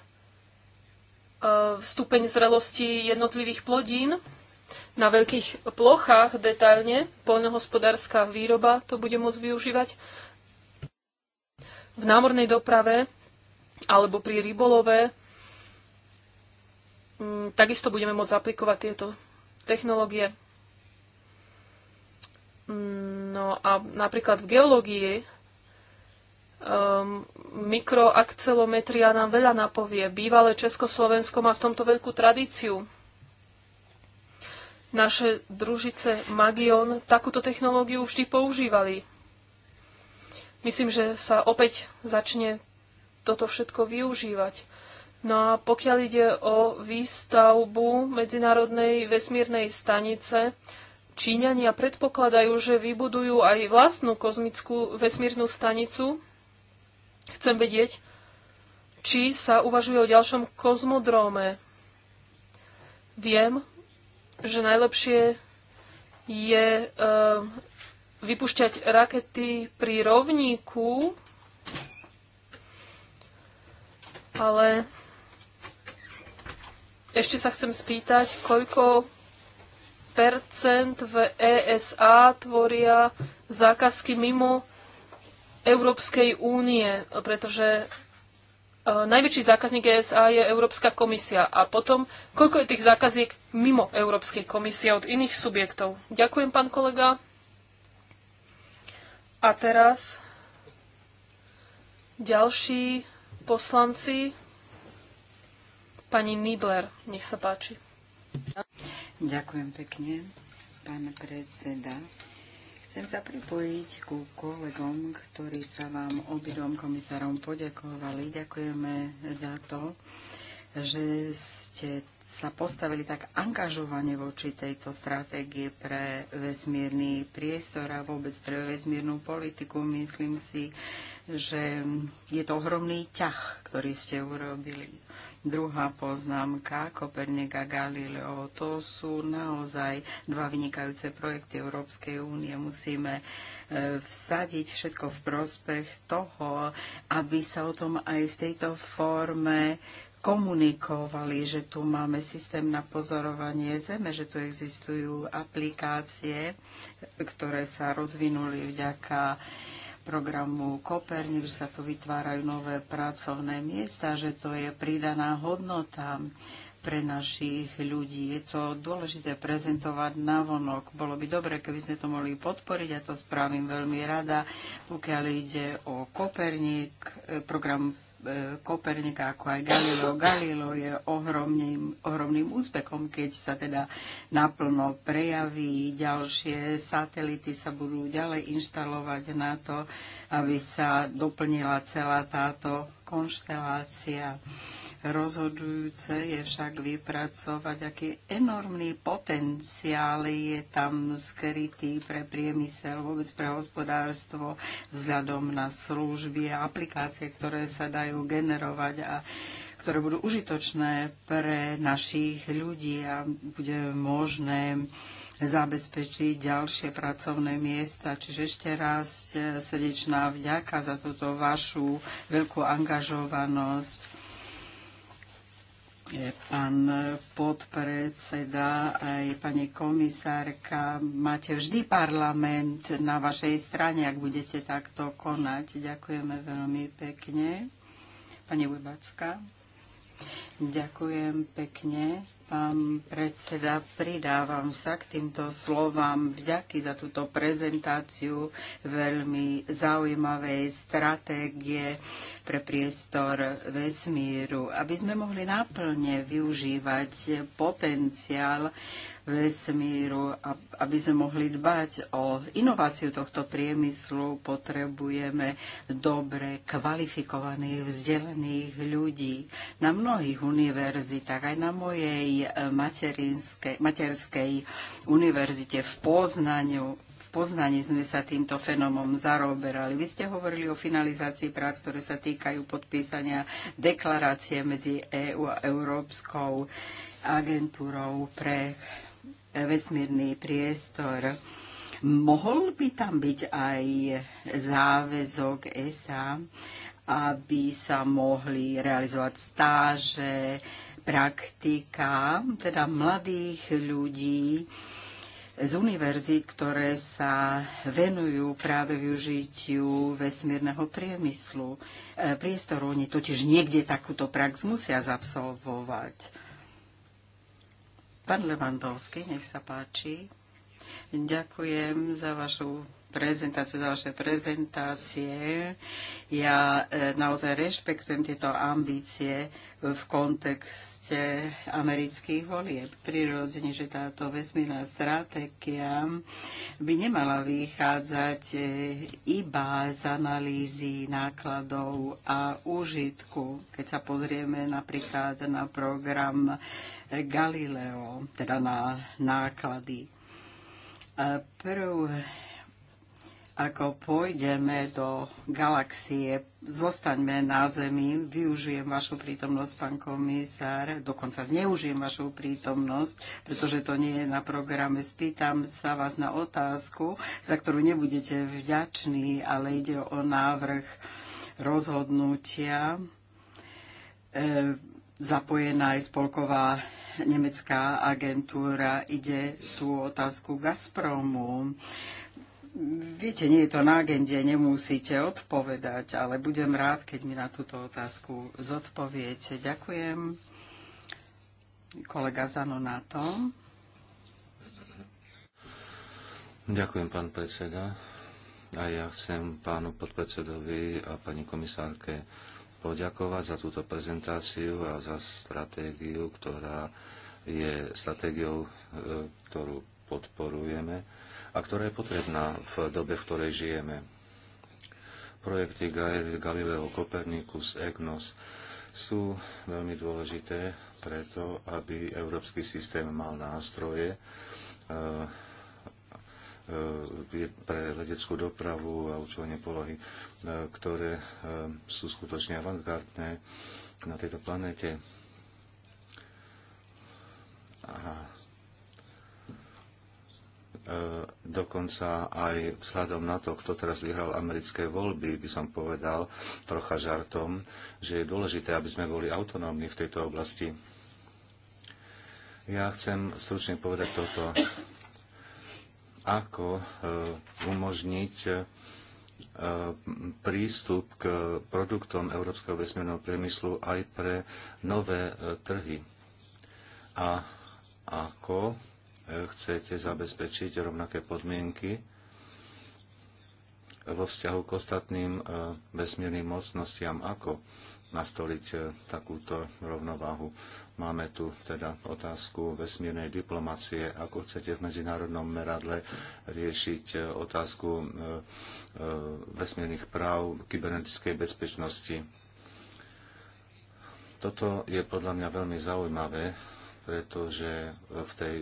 stupeň zrelosti jednotlivých plodín na veľkých plochách detailne. Poľnohospodárska výroba to bude môcť využívať. V námornej doprave alebo pri rybolove Mm, takisto budeme môcť aplikovať tieto technológie. Mm, no a napríklad v geológii um, mikroakcelometria nám veľa napovie. Bývalé Československo má v tomto veľkú tradíciu. Naše družice Magion takúto technológiu vždy používali. Myslím, že sa opäť začne toto všetko využívať. No a pokiaľ ide o výstavbu Medzinárodnej vesmírnej stanice, Číňania predpokladajú, že vybudujú aj vlastnú kozmickú vesmírnu stanicu. Chcem vedieť, či sa uvažuje o ďalšom kozmodróme. Viem, že najlepšie je e, eh, vypušťať rakety pri rovníku, ale ešte sa chcem spýtať, koľko percent v ESA tvoria zákazky mimo Európskej únie, pretože e, najväčší zákazník ESA je Európska komisia. A potom, koľko je tých zákaziek mimo Európskej komisie od iných subjektov? Ďakujem, pán kolega. A teraz ďalší poslanci. Pani Nibler, nech sa páči. Ďakujem pekne, pán predseda. Chcem sa pripojiť ku kolegom, ktorí sa vám obidom komisárom poďakovali. Ďakujeme za to, že ste sa postavili tak angažovane voči tejto stratégie pre vesmírny priestor a vôbec pre vesmírnu politiku. Myslím si, že je to ohromný ťah, ktorý ste urobili. Druhá poznámka, Kopernik a Galileo, to sú naozaj dva vynikajúce projekty Európskej únie. Musíme e, vsadiť všetko v prospech toho, aby sa o tom aj v tejto forme komunikovali, že tu máme systém na pozorovanie Zeme, že tu existujú aplikácie, ktoré sa rozvinuli vďaka programu Kopernik, že sa tu vytvárajú nové pracovné miesta, že to je pridaná hodnota pre našich ľudí. Je to dôležité prezentovať navonok. Bolo by dobre, keby sme to mohli podporiť, ja to spravím veľmi rada, pokiaľ ide o Koperník, eh, program E, Kopernika, ako aj Galileo. Galileo je ohromným, ohromným úspechom, keď sa teda naplno prejaví. Ďalšie satelity sa budú ďalej inštalovať na to, aby sa doplnila celá táto konštelácia. Rozhodujúce je však vypracovať, aký enormný potenciál je tam skrytý pre priemysel, vôbec pre hospodárstvo, vzhľadom na služby a aplikácie, ktoré sa dajú generovať a ktoré budú užitočné pre našich ľudí a bude možné zabezpečiť ďalšie pracovné miesta. Čiže ešte raz e, srdečná vďaka za túto vašu veľkú angažovanosť pán podpredseda, aj pani komisárka. Máte vždy parlament na vašej strane, ak budete takto konať. Ďakujeme veľmi pekne. Pani Ujbacka. Ďakujem pekne pán predseda. Pridávam sa k týmto slovám vďaky za túto prezentáciu veľmi zaujímavej stratégie pre priestor vesmíru, aby sme mohli náplne využívať potenciál vesmíru. A aby sme mohli dbať o inováciu tohto priemyslu, potrebujeme dobre kvalifikovaných, vzdelených ľudí. Na mnohých univerzitách, aj na mojej eh, materskej univerzite v Poznaniu, Poznaní sme sa týmto fenomom zaoberali. Vy ste hovorili o finalizácii prác, ktoré sa týkajú podpísania deklarácie medzi EÚ EU a Európskou agentúrou pre vesmírny priestor. Mohol by tam byť aj záväzok ESA, aby sa mohli realizovať stáže, praktika, teda mladých ľudí, z univerzí, ktoré sa venujú práve využitiu vesmírneho priemyslu. E, priestoru oni totiž niekde takúto prax musia zapsolvovať. Pán Levandovský, nech sa páči. Ďakujem za vašu prezentáciu, za vaše prezentácie. Ja e, naozaj rešpektujem tieto ambície v kontexte amerických volieb. Prirodzene, že táto vesmírna stratégia by nemala vychádzať e, iba z analýzy nákladov a úžitku. Keď sa pozrieme napríklad na program Galileo, teda na náklady Prv, ako pôjdeme do galaxie, zostaňme na Zemi, využijem vašu prítomnosť, pán komisár, dokonca zneužijem vašu prítomnosť, pretože to nie je na programe. Spýtam sa vás na otázku, za ktorú nebudete vďační, ale ide o návrh rozhodnutia e, zapojená aj spolková nemecká agentúra. Ide tú otázku Gazpromu. Viete, nie je to na agende, nemusíte odpovedať, ale budem rád, keď mi na túto otázku zodpoviete. Ďakujem. Kolega Zano na to. Ďakujem, pán predseda. A ja chcem pánu podpredsedovi a pani komisárke poďakovať za túto prezentáciu a za stratégiu, ktorá je stratégiou, e, ktorú podporujeme a ktorá je potrebná v dobe, v ktorej žijeme. Projekty Galileo, Copernicus, EGNOS sú veľmi dôležité preto, aby európsky systém mal nástroje, e, E, pre leteckú dopravu a určovanie polohy, e, ktoré e, sú skutočne avantgardné na tejto planéte. A dokonca aj vzhľadom na to, kto teraz vyhral americké voľby, by som povedal trocha žartom, že je dôležité, aby sme boli autonómni v tejto oblasti. Ja chcem stručne povedať toto ako e, umožniť e, prístup k produktom európskeho vesmírneho priemyslu aj pre nové e, trhy. A ako chcete zabezpečiť rovnaké podmienky vo vzťahu k ostatným vesmírnym mocnostiam, ako nastoliť e, takúto rovnováhu. Máme tu teda otázku vesmírnej diplomacie, ako chcete v medzinárodnom meradle riešiť e, otázku e, vesmírnych práv, kybernetickej bezpečnosti. Toto je podľa mňa veľmi zaujímavé, pretože v tej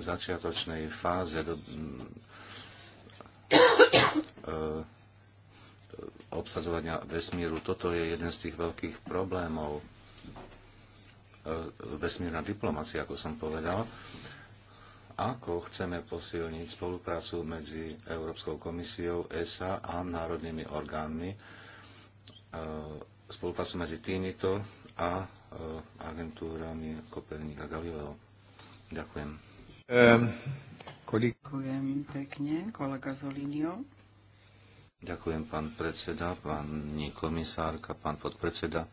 začiatočnej fáze do, obsadzovania vesmíru. Toto je jeden z tých veľkých problémov e, vesmírna diplomacia, ako som povedal. Ako chceme posilniť spoluprácu medzi Európskou komisiou, ESA a národnými orgánmi, e, spoluprácu medzi týmito a e, agentúrami Koperník a Galileo. Ďakujem. Um, kolik... Ďakujem pekne, kolega Zolinio. Ďakujem, pán predseda, pani komisárka, pán podpredseda.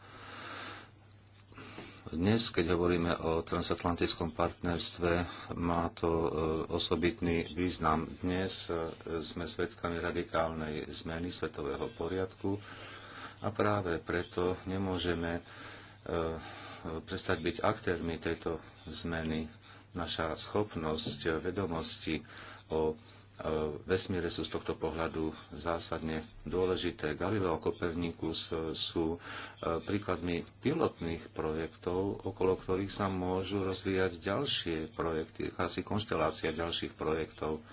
Dnes, keď hovoríme o transatlantickom partnerstve, má to e, osobitný význam. Dnes e, sme svedkami radikálnej zmeny svetového poriadku a práve preto nemôžeme e, prestať byť aktérmi tejto zmeny. Naša schopnosť vedomosti o vesmíre sú z tohto pohľadu zásadne dôležité. Galileo a Kopernikus e, sú e, príkladmi pilotných projektov, okolo ktorých sa môžu rozvíjať ďalšie projekty, asi konštelácia ďalších projektov.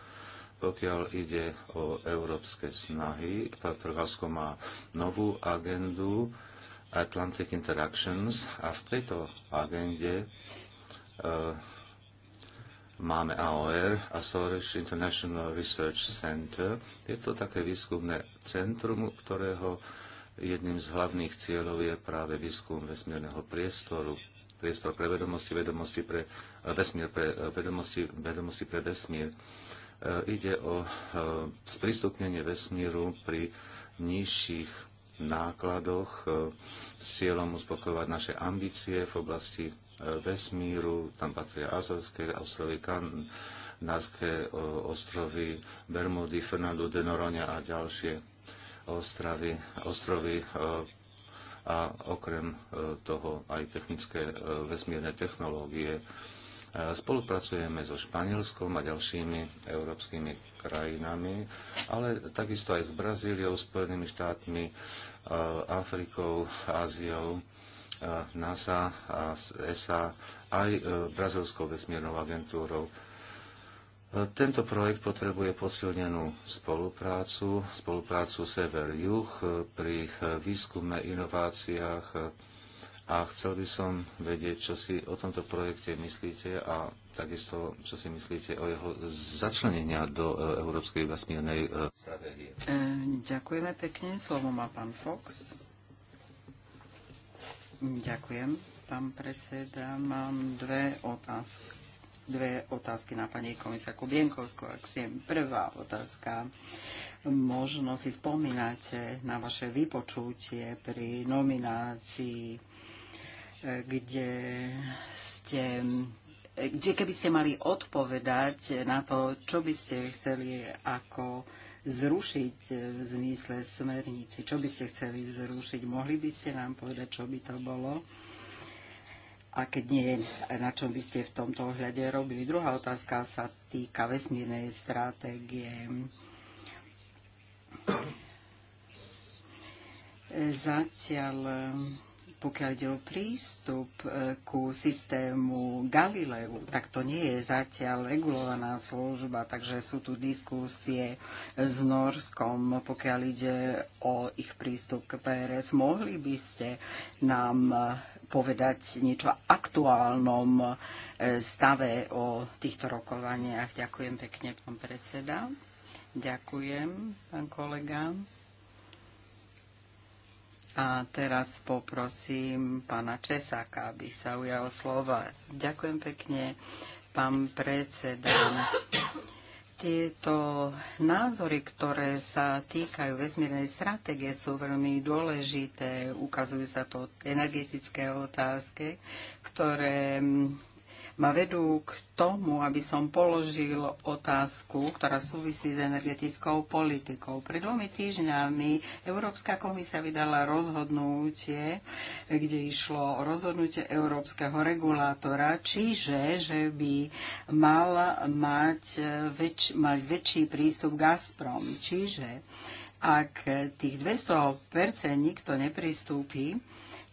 Pokiaľ ide o európske snahy, Portugalsko má novú agendu Atlantic Interactions a v tejto agende e, máme AOR, Azores International Research Center. Je to také výskumné centrum, ktorého jedným z hlavných cieľov je práve výskum vesmírneho priestoru, priestor pre vedomosti, vedomosti pre eh, vesmír, pre eh, vedomosti, vedomosti pre vesmír. Eh, ide o sprístupnenie vesmíru pri nižších nákladoch s cieľom uspokojovať naše ambície v oblasti vesmíru, tam patria Azorské ostrovy, Kanárske ostrovy, Bermudy, Fernando de Noronha a ďalšie ostravy, ostrovy e, a okrem e, toho aj technické e, vesmírne technológie. Spolupracujeme so Španielskom a ďalšími európskymi krajinami, ale takisto aj s Brazíliou, Spojenými štátmi, Afrikou, Áziou NASA a ESA aj e, Brazilskou vesmírnou agentúrou. E, tento projekt potrebuje posilnenú spoluprácu, spoluprácu sever-juh e, pri výskume, inováciách a chcel by som vedieť, čo si o tomto projekte myslíte a takisto, čo si myslíte o jeho začlenenia do Európskej vesmírnej stratégie. Ďakujeme pekne. Slovo má pán Fox. Ďakujem, pán predseda. Mám dve otázky. Dve otázky na pani komisárku Bienkovskú. Ak ste prvá otázka, možno si spomínate na vaše vypočutie pri nominácii, eh, kde ste eh, kde keby ste mali odpovedať na to, čo by ste chceli ako zrušiť e, v zmysle smernici? Čo by ste chceli zrušiť? Mohli by ste nám povedať, čo by to bolo? A keď nie, na čom by ste v tomto ohľade robili? Druhá otázka sa týka vesmírnej stratégie. E, zatiaľ pokiaľ ide o prístup e, ku systému Galileu, tak to nie je zatiaľ regulovaná služba, takže sú tu diskusie s Norskom, pokiaľ ide o ich prístup k PRS. Mohli by ste nám e, povedať niečo o aktuálnom e, stave o týchto rokovaniach. Ďakujem pekne, pán predseda. Ďakujem, pán kolega. A teraz poprosím pána Česáka, aby sa ujal slova. Ďakujem pekne, pán predseda. Tieto názory, ktoré sa týkajú vesmírnej stratégie, sú veľmi dôležité. Ukazujú sa to energetické otázky, ktoré ma vedú k tomu, aby som položil otázku, ktorá súvisí s energetickou politikou. Pred dvomi týždňami Európska komisia vydala rozhodnutie, kde išlo o rozhodnutie európskeho regulátora, čiže, že by mal mať, väč, mať väčší prístup Gazprom. Čiže ak tých 200% nikto nepristúpi,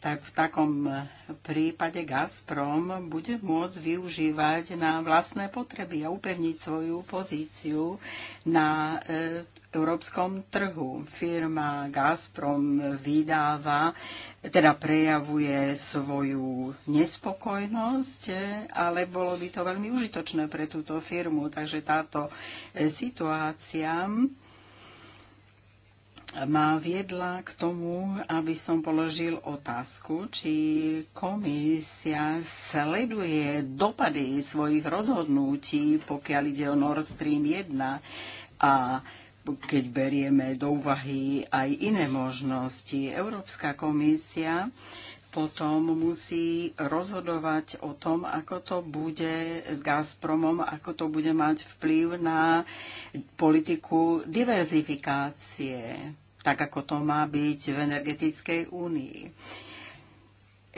tak v takom eh, prípade Gazprom bude môcť využívať na vlastné potreby a upevniť svoju pozíciu na eh, európskom trhu. Firma Gazprom vydáva, teda prejavuje svoju nespokojnosť, eh, ale bolo by to veľmi užitočné pre túto firmu. Takže táto situácia ma viedla k tomu, aby som položil otázku, či komisia sleduje dopady svojich rozhodnutí, pokiaľ ide o Nord Stream 1 a keď berieme do úvahy aj iné možnosti. Európska komisia potom musí rozhodovať o tom, ako to bude s Gazpromom, ako to bude mať vplyv na politiku diverzifikácie tak ako to má byť v energetickej únii.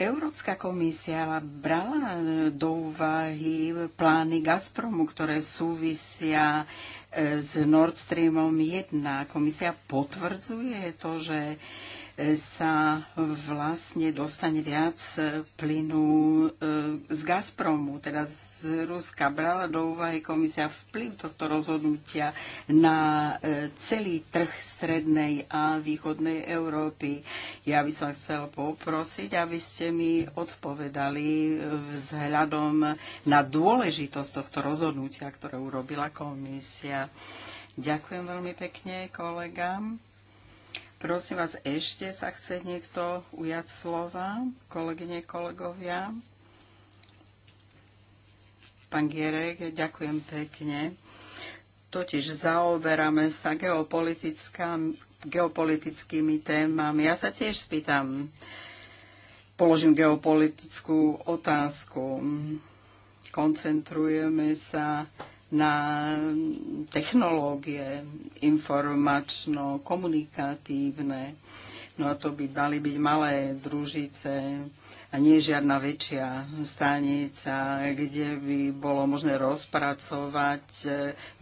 Európska komisia brala e, do úvahy plány Gazpromu, ktoré súvisia e, s Nord Streamom 1. Komisia potvrdzuje to, že sa vlastne dostane viac e, plynu e, z Gazpromu, teda z Ruska. Brala do úvahy komisia vplyv tohto rozhodnutia na e, celý trh strednej a východnej Európy. Ja by som chcel poprosiť, aby ste mi odpovedali vzhľadom na dôležitosť tohto rozhodnutia, ktoré urobila komisia. Ďakujem veľmi pekne kolegám. Prosím vás, ešte sa chce niekto ujať slova, kolegyne, kolegovia. Pán Gierek, ďakujem pekne. Totiž zaoberáme sa geopolitickými témami. Ja sa tiež spýtam, položím geopolitickú otázku. Koncentrujeme sa na technológie informačno-komunikatívne. No a to by mali byť malé družice a nie žiadna väčšia stanica, kde by bolo možné rozpracovať e,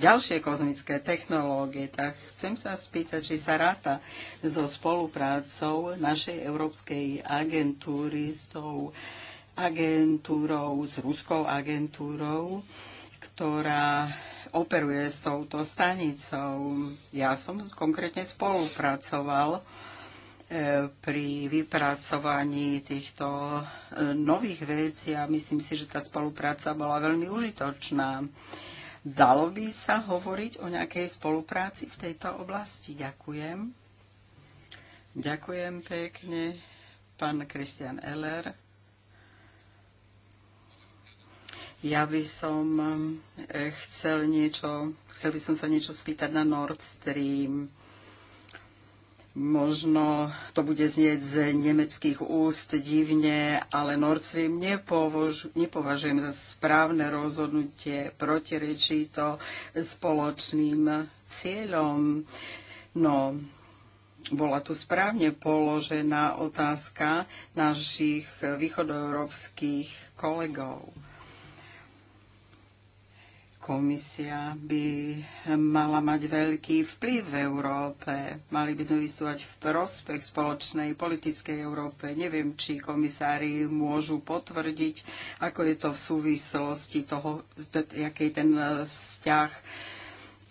ďalšie kozmické technológie. Tak chcem sa spýtať, či sa ráta so spoluprácou našej Európskej agentúry s tou agentúrou, s ruskou agentúrou, ktorá operuje s touto stanicou. Ja som konkrétne spolupracoval e, pri vypracovaní týchto e, nových vecí a myslím si, že tá spolupráca bola veľmi užitočná. Dalo by sa hovoriť o nejakej spolupráci v tejto oblasti? Ďakujem. Ďakujem pekne, pán Kristian Eller. Ja by som eh, chcel niečo, chcel by som sa niečo spýtať na Nord Stream. Možno to bude znieť z nemeckých úst divne, ale Nord Stream nepovož, nepovažujem za správne rozhodnutie, protirečí to spoločným cieľom. No, bola tu správne položená otázka našich východoeurópskych kolegov. Komisia by mala mať veľký vplyv v Európe. Mali by sme vystúvať v prospech spoločnej politickej Európe. Neviem, či komisári môžu potvrdiť, ako je to v súvislosti toho, aký je ten eh, vzťah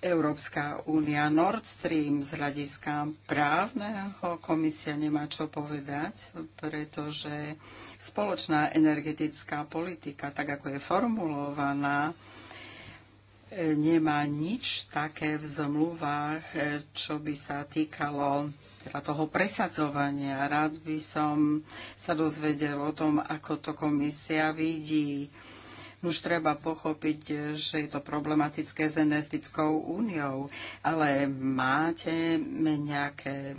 Európska únia Nord Stream z hľadiska právneho komisia nemá čo povedať, pretože spoločná energetická politika, tak ako je formulovaná, nemá nič také v zmluvách, eh, čo by sa týkalo teda toho presadzovania. Rád by som sa dozvedel o tom, ako to komisia vidí. Už treba pochopiť, že je to problematické s energetickou úniou, ale máte nejaké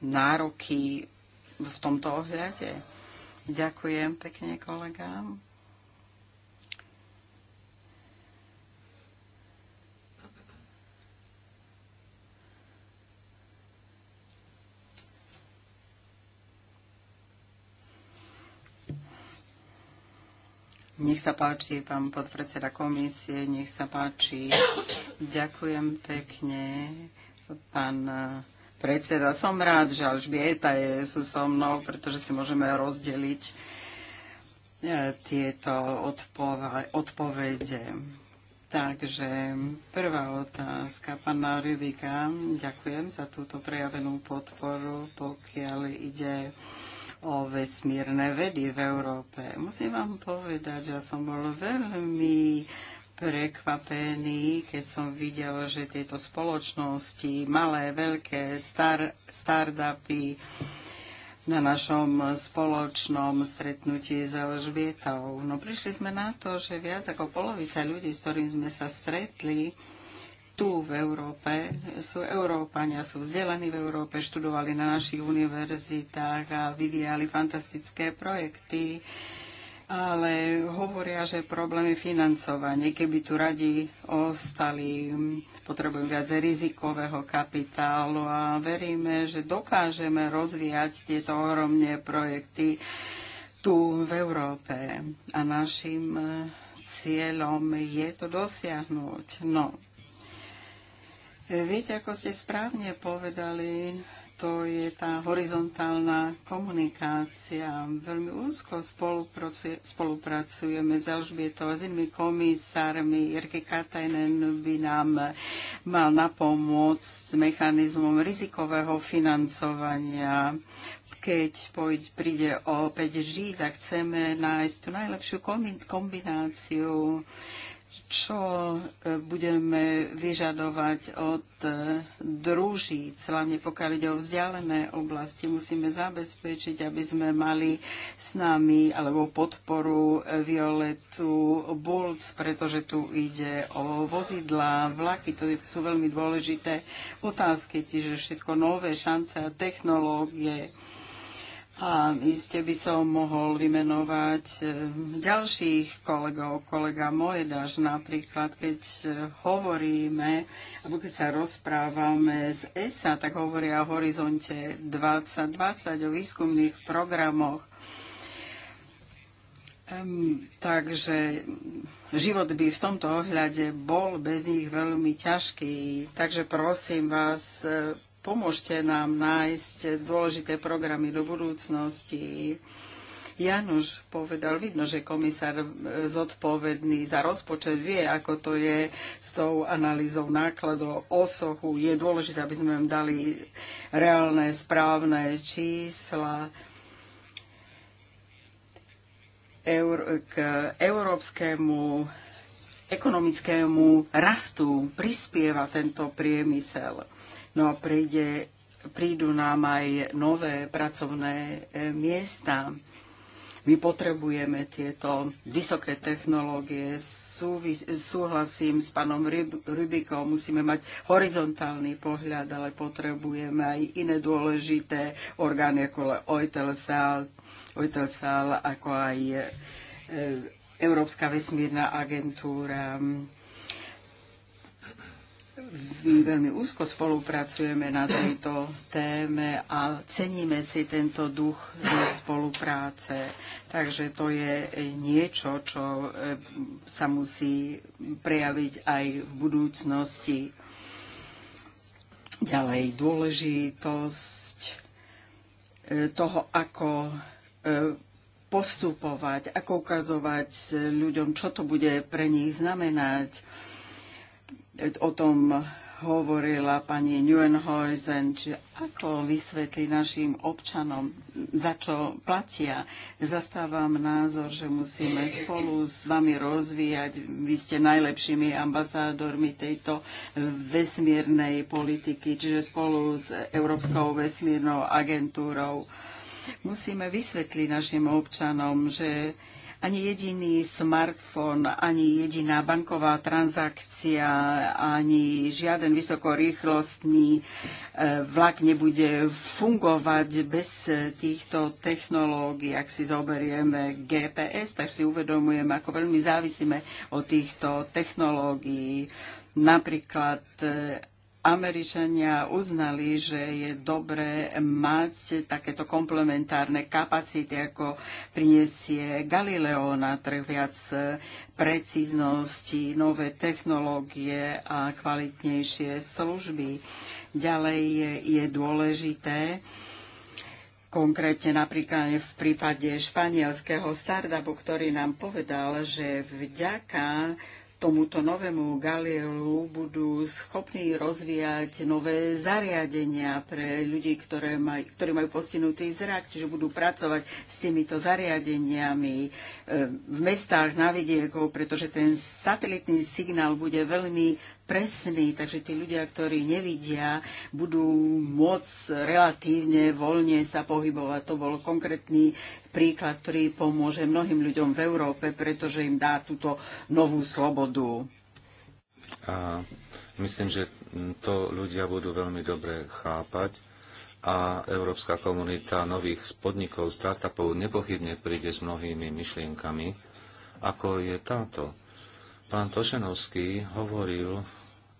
nároky v tomto ohľade? Ďakujem pekne kolegám. Nech sa páči, pán podpredseda komisie, nech sa páči. Ďakujem pekne, pán predseda. Som rád, že Alžbieta je, sú so mnou, pretože si môžeme rozdeliť e, tieto odpovede. Takže prvá otázka pána Rivika. Ďakujem za túto prejavenú podporu, pokiaľ ide o vesmírne vedy v Európe. Musím vám povedať, že som bol veľmi prekvapený, keď som videl, že tieto spoločnosti, malé, veľké, star, startupy, na našom spoločnom stretnutí s Alžbietou. No prišli sme na to, že viac ako polovica ľudí, s ktorými sme sa stretli, tu v Európe, sú Európania, sú vzdelaní v Európe, študovali na našich univerzitách a vyvíjali fantastické projekty, ale hovoria, že problém je financovanie. Keby tu radi ostali, potrebujú viac rizikového kapitálu a veríme, že dokážeme rozvíjať tieto ohromné projekty tu v Európe. A našim eh, cieľom je to dosiahnuť. No, Viete, ako ste správne povedali, to je tá horizontálna komunikácia. Veľmi úzko spolupracujeme s Alžbietou a s inými komisármi. Jirky Katajnen by nám mal na pomoc s mechanizmom rizikového financovania. Keď príde opäť žiť a tak chceme nájsť tú najlepšiu kombináciu čo e, budeme vyžadovať od e, družíc, hlavne pokiaľ ide o vzdialené oblasti. Musíme zabezpečiť, aby sme mali s nami alebo podporu e, Violetu Bulc, pretože tu ide o vozidla, vlaky, to sú veľmi dôležité otázky, čiže všetko nové šance a technológie a iste by som mohol vymenovať eh, ďalších kolegov, kolega Mojedaš napríklad, keď eh, hovoríme, alebo keď sa rozprávame z ESA, tak hovoria o horizonte 2020, o výskumných programoch. Um, takže život by v tomto ohľade bol bez nich veľmi ťažký. Takže prosím vás, eh, pomôžte nám nájsť dôležité programy do budúcnosti. Januš povedal, vidno, že komisár zodpovedný za rozpočet vie, ako to je s tou analýzou nákladov osohu. Je dôležité, aby sme im dali reálne, správne čísla eur, k európskemu ekonomickému rastu prispieva tento priemysel. No a príde, prídu nám aj nové pracovné e, miesta. My potrebujeme tieto vysoké technológie. súhlasím s pánom Rybikom, musíme mať horizontálny pohľad, ale potrebujeme aj iné dôležité orgány, ako Eutelsal, Eutelsal ako aj e, Európska vesmírna agentúra, veľmi úzko spolupracujeme na tejto téme a ceníme si tento duch spolupráce. Takže to je niečo, čo e, sa musí prejaviť aj v budúcnosti. Ďalej dôležitosť e, toho, ako e, postupovať, ako ukazovať ľuďom, čo to bude pre nich znamenať o tom hovorila pani Neuenhuizen, či ako vysvetli našim občanom, za čo platia. Zastávam názor, že musíme spolu s vami rozvíjať. Vy ste najlepšími ambasádormi tejto vesmírnej politiky, čiže spolu s Európskou vesmírnou agentúrou. Musíme vysvetliť našim občanom, že ani jediný smartfón, ani jediná banková transakcia, ani žiaden vysokorýchlostný e, vlak nebude fungovať bez týchto technológií. Ak si zoberieme GPS, tak si uvedomujeme, ako veľmi závisíme od týchto technológií. Napríklad e, Američania uznali, že je dobré mať takéto komplementárne kapacity, ako priniesie Galileo na trh viac precíznosti, nové technológie a kvalitnejšie služby. Ďalej je, je dôležité, konkrétne napríklad v prípade španielského startupu, ktorý nám povedal, že vďaka tomuto novému Galielu budú schopní rozvíjať nové zariadenia pre ľudí, ktoré maj, ktorí majú postihnutý zrak, čiže budú pracovať s týmito zariadeniami e, v mestách, na vidiekov, pretože ten satelitný signál bude veľmi presný, takže tí ľudia, ktorí nevidia, budú môcť relatívne voľne sa pohybovať. To bol konkrétny príklad, ktorý pomôže mnohým ľuďom v Európe, pretože im dá túto novú slobodu. A myslím, že to ľudia budú veľmi dobre chápať a európska komunita nových podnikov, startupov nepochybne príde s mnohými myšlienkami, ako je táto Pán Tošenovský hovoril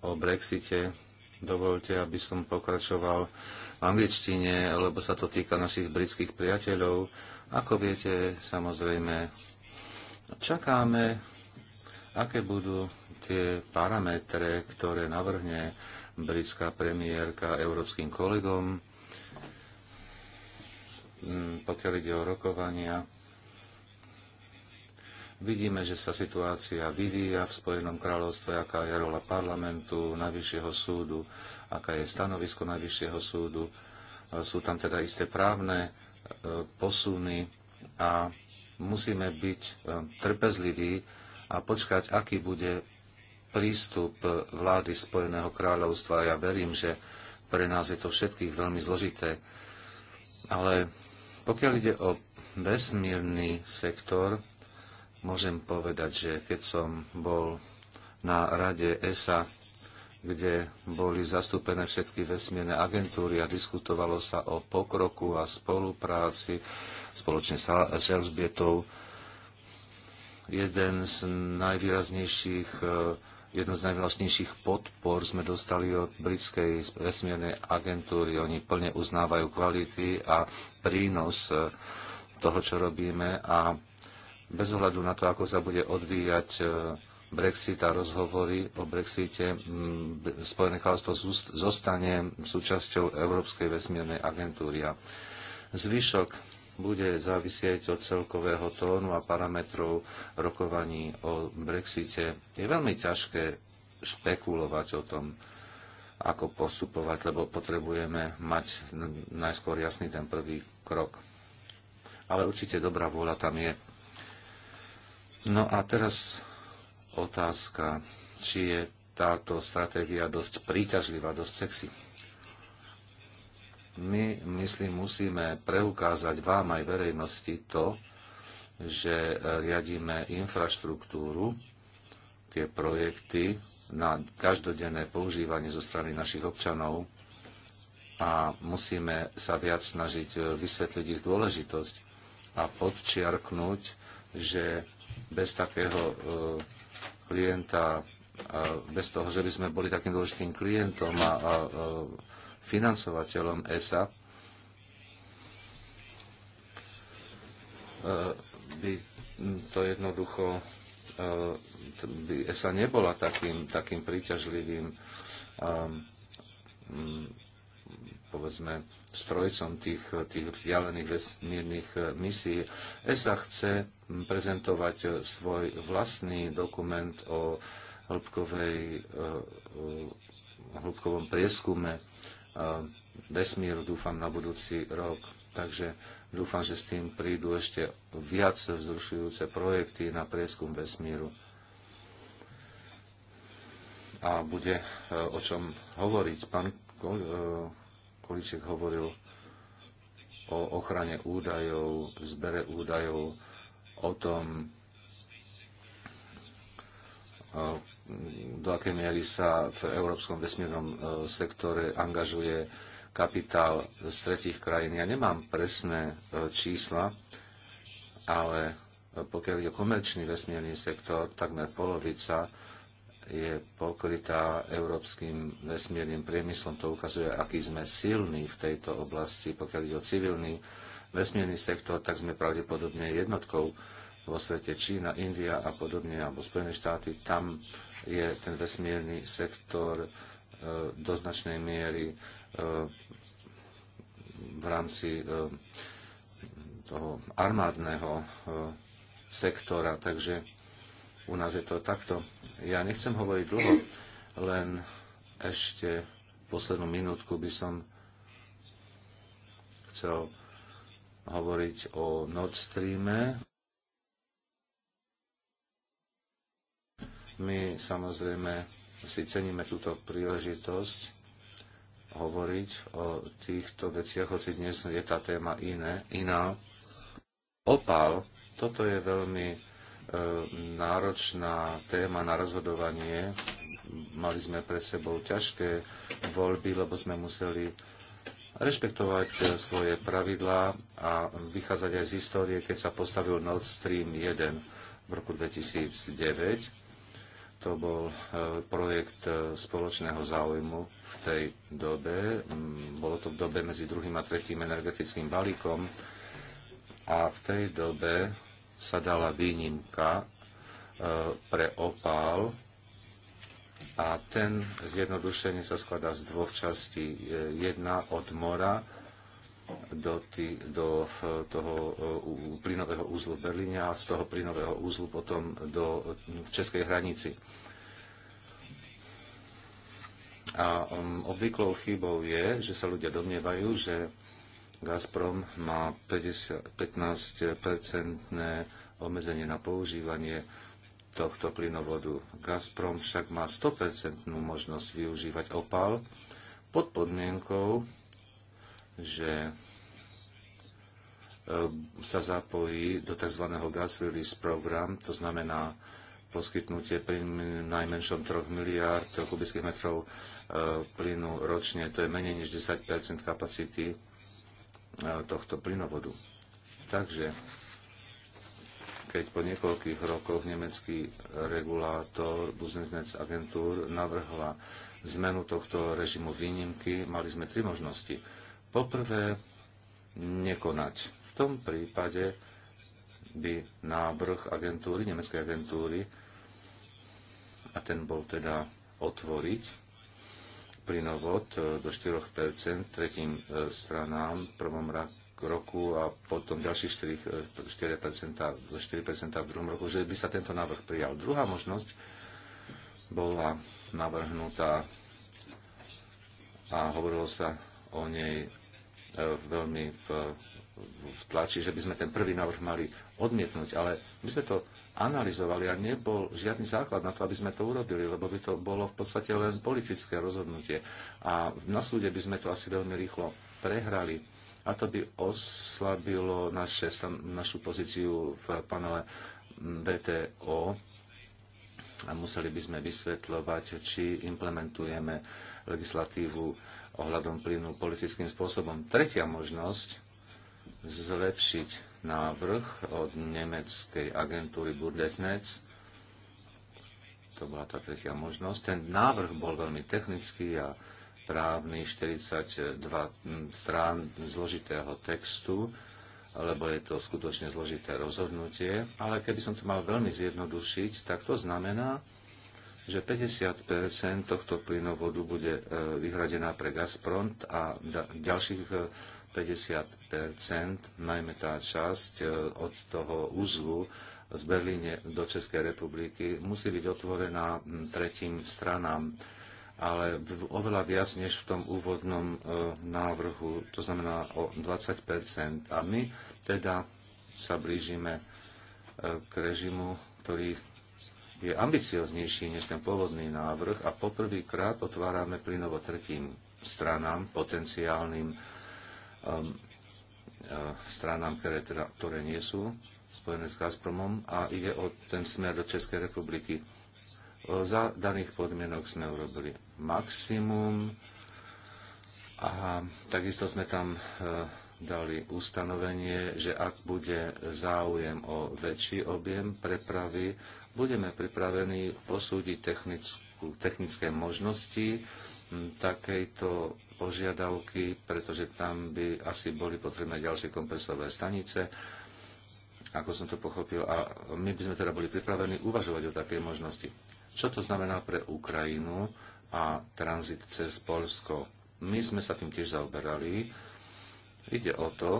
o Brexite. Dovolte, aby som pokračoval v angličtine, lebo sa to týka našich britských priateľov. Ako viete, samozrejme, čakáme, aké budú tie parametre, ktoré navrhne britská premiérka európskym kolegom, mm, pokiaľ ide o rokovania Vidíme, že sa situácia vyvíja v Spojenom kráľovstve, aká je rola parlamentu, najvyššieho súdu, aká je stanovisko najvyššieho súdu. Sú tam teda isté právne e, posuny a musíme byť e, trpezliví a počkať, aký bude prístup vlády Spojeného kráľovstva. Ja verím, že pre nás je to všetkých veľmi zložité. Ale pokiaľ ide o vesmírny sektor, môžem povedať, že keď som bol na rade ESA, kde boli zastúpené všetky vesmírne agentúry a diskutovalo sa o pokroku a spolupráci spoločne s Elžbietou. Jeden z najvýraznejších e, Jednu z najvlastnejších podpor sme dostali od britskej vesmiernej agentúry. Oni plne uznávajú kvality a prínos e, toho, čo robíme a bez ohľadu na to, ako sa bude odvíjať e, Brexit a rozhovory o Brexite, Spojené kráľovstvo zostane súčasťou Európskej vesmírnej agentúry. Zvyšok bude závisieť od celkového tónu a parametrov rokovaní o Brexite. Je veľmi ťažké špekulovať o tom, ako postupovať, lebo potrebujeme mať najskôr jasný ten prvý krok. Ale určite dobrá vôľa tam je. No a teraz otázka, či je táto stratégia dosť príťažlivá, dosť sexy. My, myslím, musíme preukázať vám aj verejnosti to, že riadíme infraštruktúru, tie projekty na každodenné používanie zo strany našich občanov a musíme sa viac snažiť vysvetliť ich dôležitosť a podčiarknúť, že bez takého e, klienta, bez toho, že by sme boli takým dôležitým klientom a, a e, financovateľom ESA, e, by to jednoducho by ESA nebola takým, takým príťažlivým povedzme, strojcom tých, tých vzdialených vesmírnych eh, misií. ESA chce prezentovať eh, svoj vlastný dokument o hĺbkovej, eh, hĺbkovom prieskume vesmíru, dúfam, na budúci rok. Takže dúfam, že s tým prídu ešte viac vzrušujúce projekty na prieskum vesmíru a bude o čom hovoriť. Pán Kolíček hovoril o ochrane údajov, zbere údajov, o tom, do akej miery sa v európskom vesmírnom e, sektore angažuje kapitál z tretich krajín. Ja nemám presné e, čísla, ale e, pokiaľ je komerčný vesmírny sektor, takmer polovica je pokrytá európskym vesmírnym priemyslom. To ukazuje, aký sme silní v tejto oblasti. Pokiaľ ide o civilný vesmírny sektor, tak sme pravdepodobne jednotkou vo svete Čína, India a podobne, alebo Spojené štáty. Tam je ten vesmírny sektor e, do značnej miery e, v rámci e, toho armádneho sektora. Takže u nás je to takto. Ja nechcem hovoriť dlho, len ešte poslednú minútku by som chcel hovoriť o Nord Streame. My samozrejme si ceníme túto príležitosť hovoriť o týchto veciach, hoci dnes je tá téma iné, iná. Opal, toto je veľmi náročná téma na rozhodovanie. Mali sme pred sebou ťažké voľby, lebo sme museli rešpektovať svoje pravidlá a vychádzať aj z histórie, keď sa postavil Nord Stream 1 v roku 2009. To bol e, projekt e, spoločného záujmu v tej dobe. Mm, bolo to v dobe medzi druhým a tretím energetickým balíkom. A v tej dobe sa dala výnimka e, pre opál a ten zjednodušenie sa skladá z dvoch častí. E, jedna od mora do, tý, do e, toho plynového úzlu v Berlíne a z toho plynového úzlu potom do českej hranici. A obvyklou chybou je, že sa ľudia domnievajú, že Gazprom má 15-percentné obmedzenie na používanie tohto plynovodu. Gazprom však má 100% možnosť využívať opal pod podmienkou, že e, sa zapojí do tzv. gas release program, to znamená poskytnutie pri najmenšom 3 miliárd kubických metrov e, plynu ročne, to je menej než 10 kapacity tohto plynovodu. Takže keď po niekoľkých rokoch nemecký regulátor Business agentúr navrhla zmenu tohto režimu výnimky, mali sme tri možnosti. Poprvé, nekonať. V tom prípade by návrh agentúry, nemeckej agentúry, a ten bol teda otvoriť plynovod e, do 4 tretím e, stranám v prvom roku a potom ďalších 4, 4%, 4 v druhom roku, že by sa tento návrh prijal. Druhá možnosť bola navrhnutá a hovorilo sa o nej e, veľmi v, v tlači, že by sme ten prvý návrh mali odmietnúť, ale my sme to analyzovali a nebol žiadny základ na to, aby sme to urobili, lebo by to bolo v podstate len politické rozhodnutie. A na súde by sme to asi veľmi rýchlo prehrali a to by oslabilo naše, našu pozíciu v panele VTO a museli by sme vysvetľovať, či implementujeme legislatívu ohľadom plynu politickým spôsobom. Tretia možnosť zlepšiť návrh od nemeckej agentúry burdesnec. To bola tá tretia možnosť. Ten návrh bol veľmi technický a právny, 42 hm, strán zložitého textu, lebo je to skutočne zložité rozhodnutie. Ale keby som to mal veľmi zjednodušiť, tak to znamená, že 50 tohto plynovodu bude e, vyhradená pre Gazprom a ďalších e, 50 najmä tá časť e, od toho úzlu z Berlíne do Českej republiky musí byť otvorená tretím stranám, ale oveľa viac než v tom úvodnom e, návrhu, to znamená o 20 A my teda sa blížime e, k režimu, ktorý je ambicioznejší než ten pôvodný návrh a poprvýkrát otvárame plynovo tretím stranám, potenciálnym Um, stranám, ktoré, teda, ktoré nie sú spojené s Gazpromom a ide o ten smer do Českej republiky. Za daných podmienok sme urobili maximum a takisto sme tam e, dali ustanovenie, že ak bude záujem o väčší objem prepravy, budeme pripravení posúdiť technické možnosti takejto požiadavky, pretože tam by asi boli potrebné ďalšie kompresové stanice, ako som to pochopil. A my by sme teda boli pripravení uvažovať o takej možnosti. Čo to znamená pre Ukrajinu a tranzit cez Polsko? My sme sa tým tiež zaoberali. Ide o to,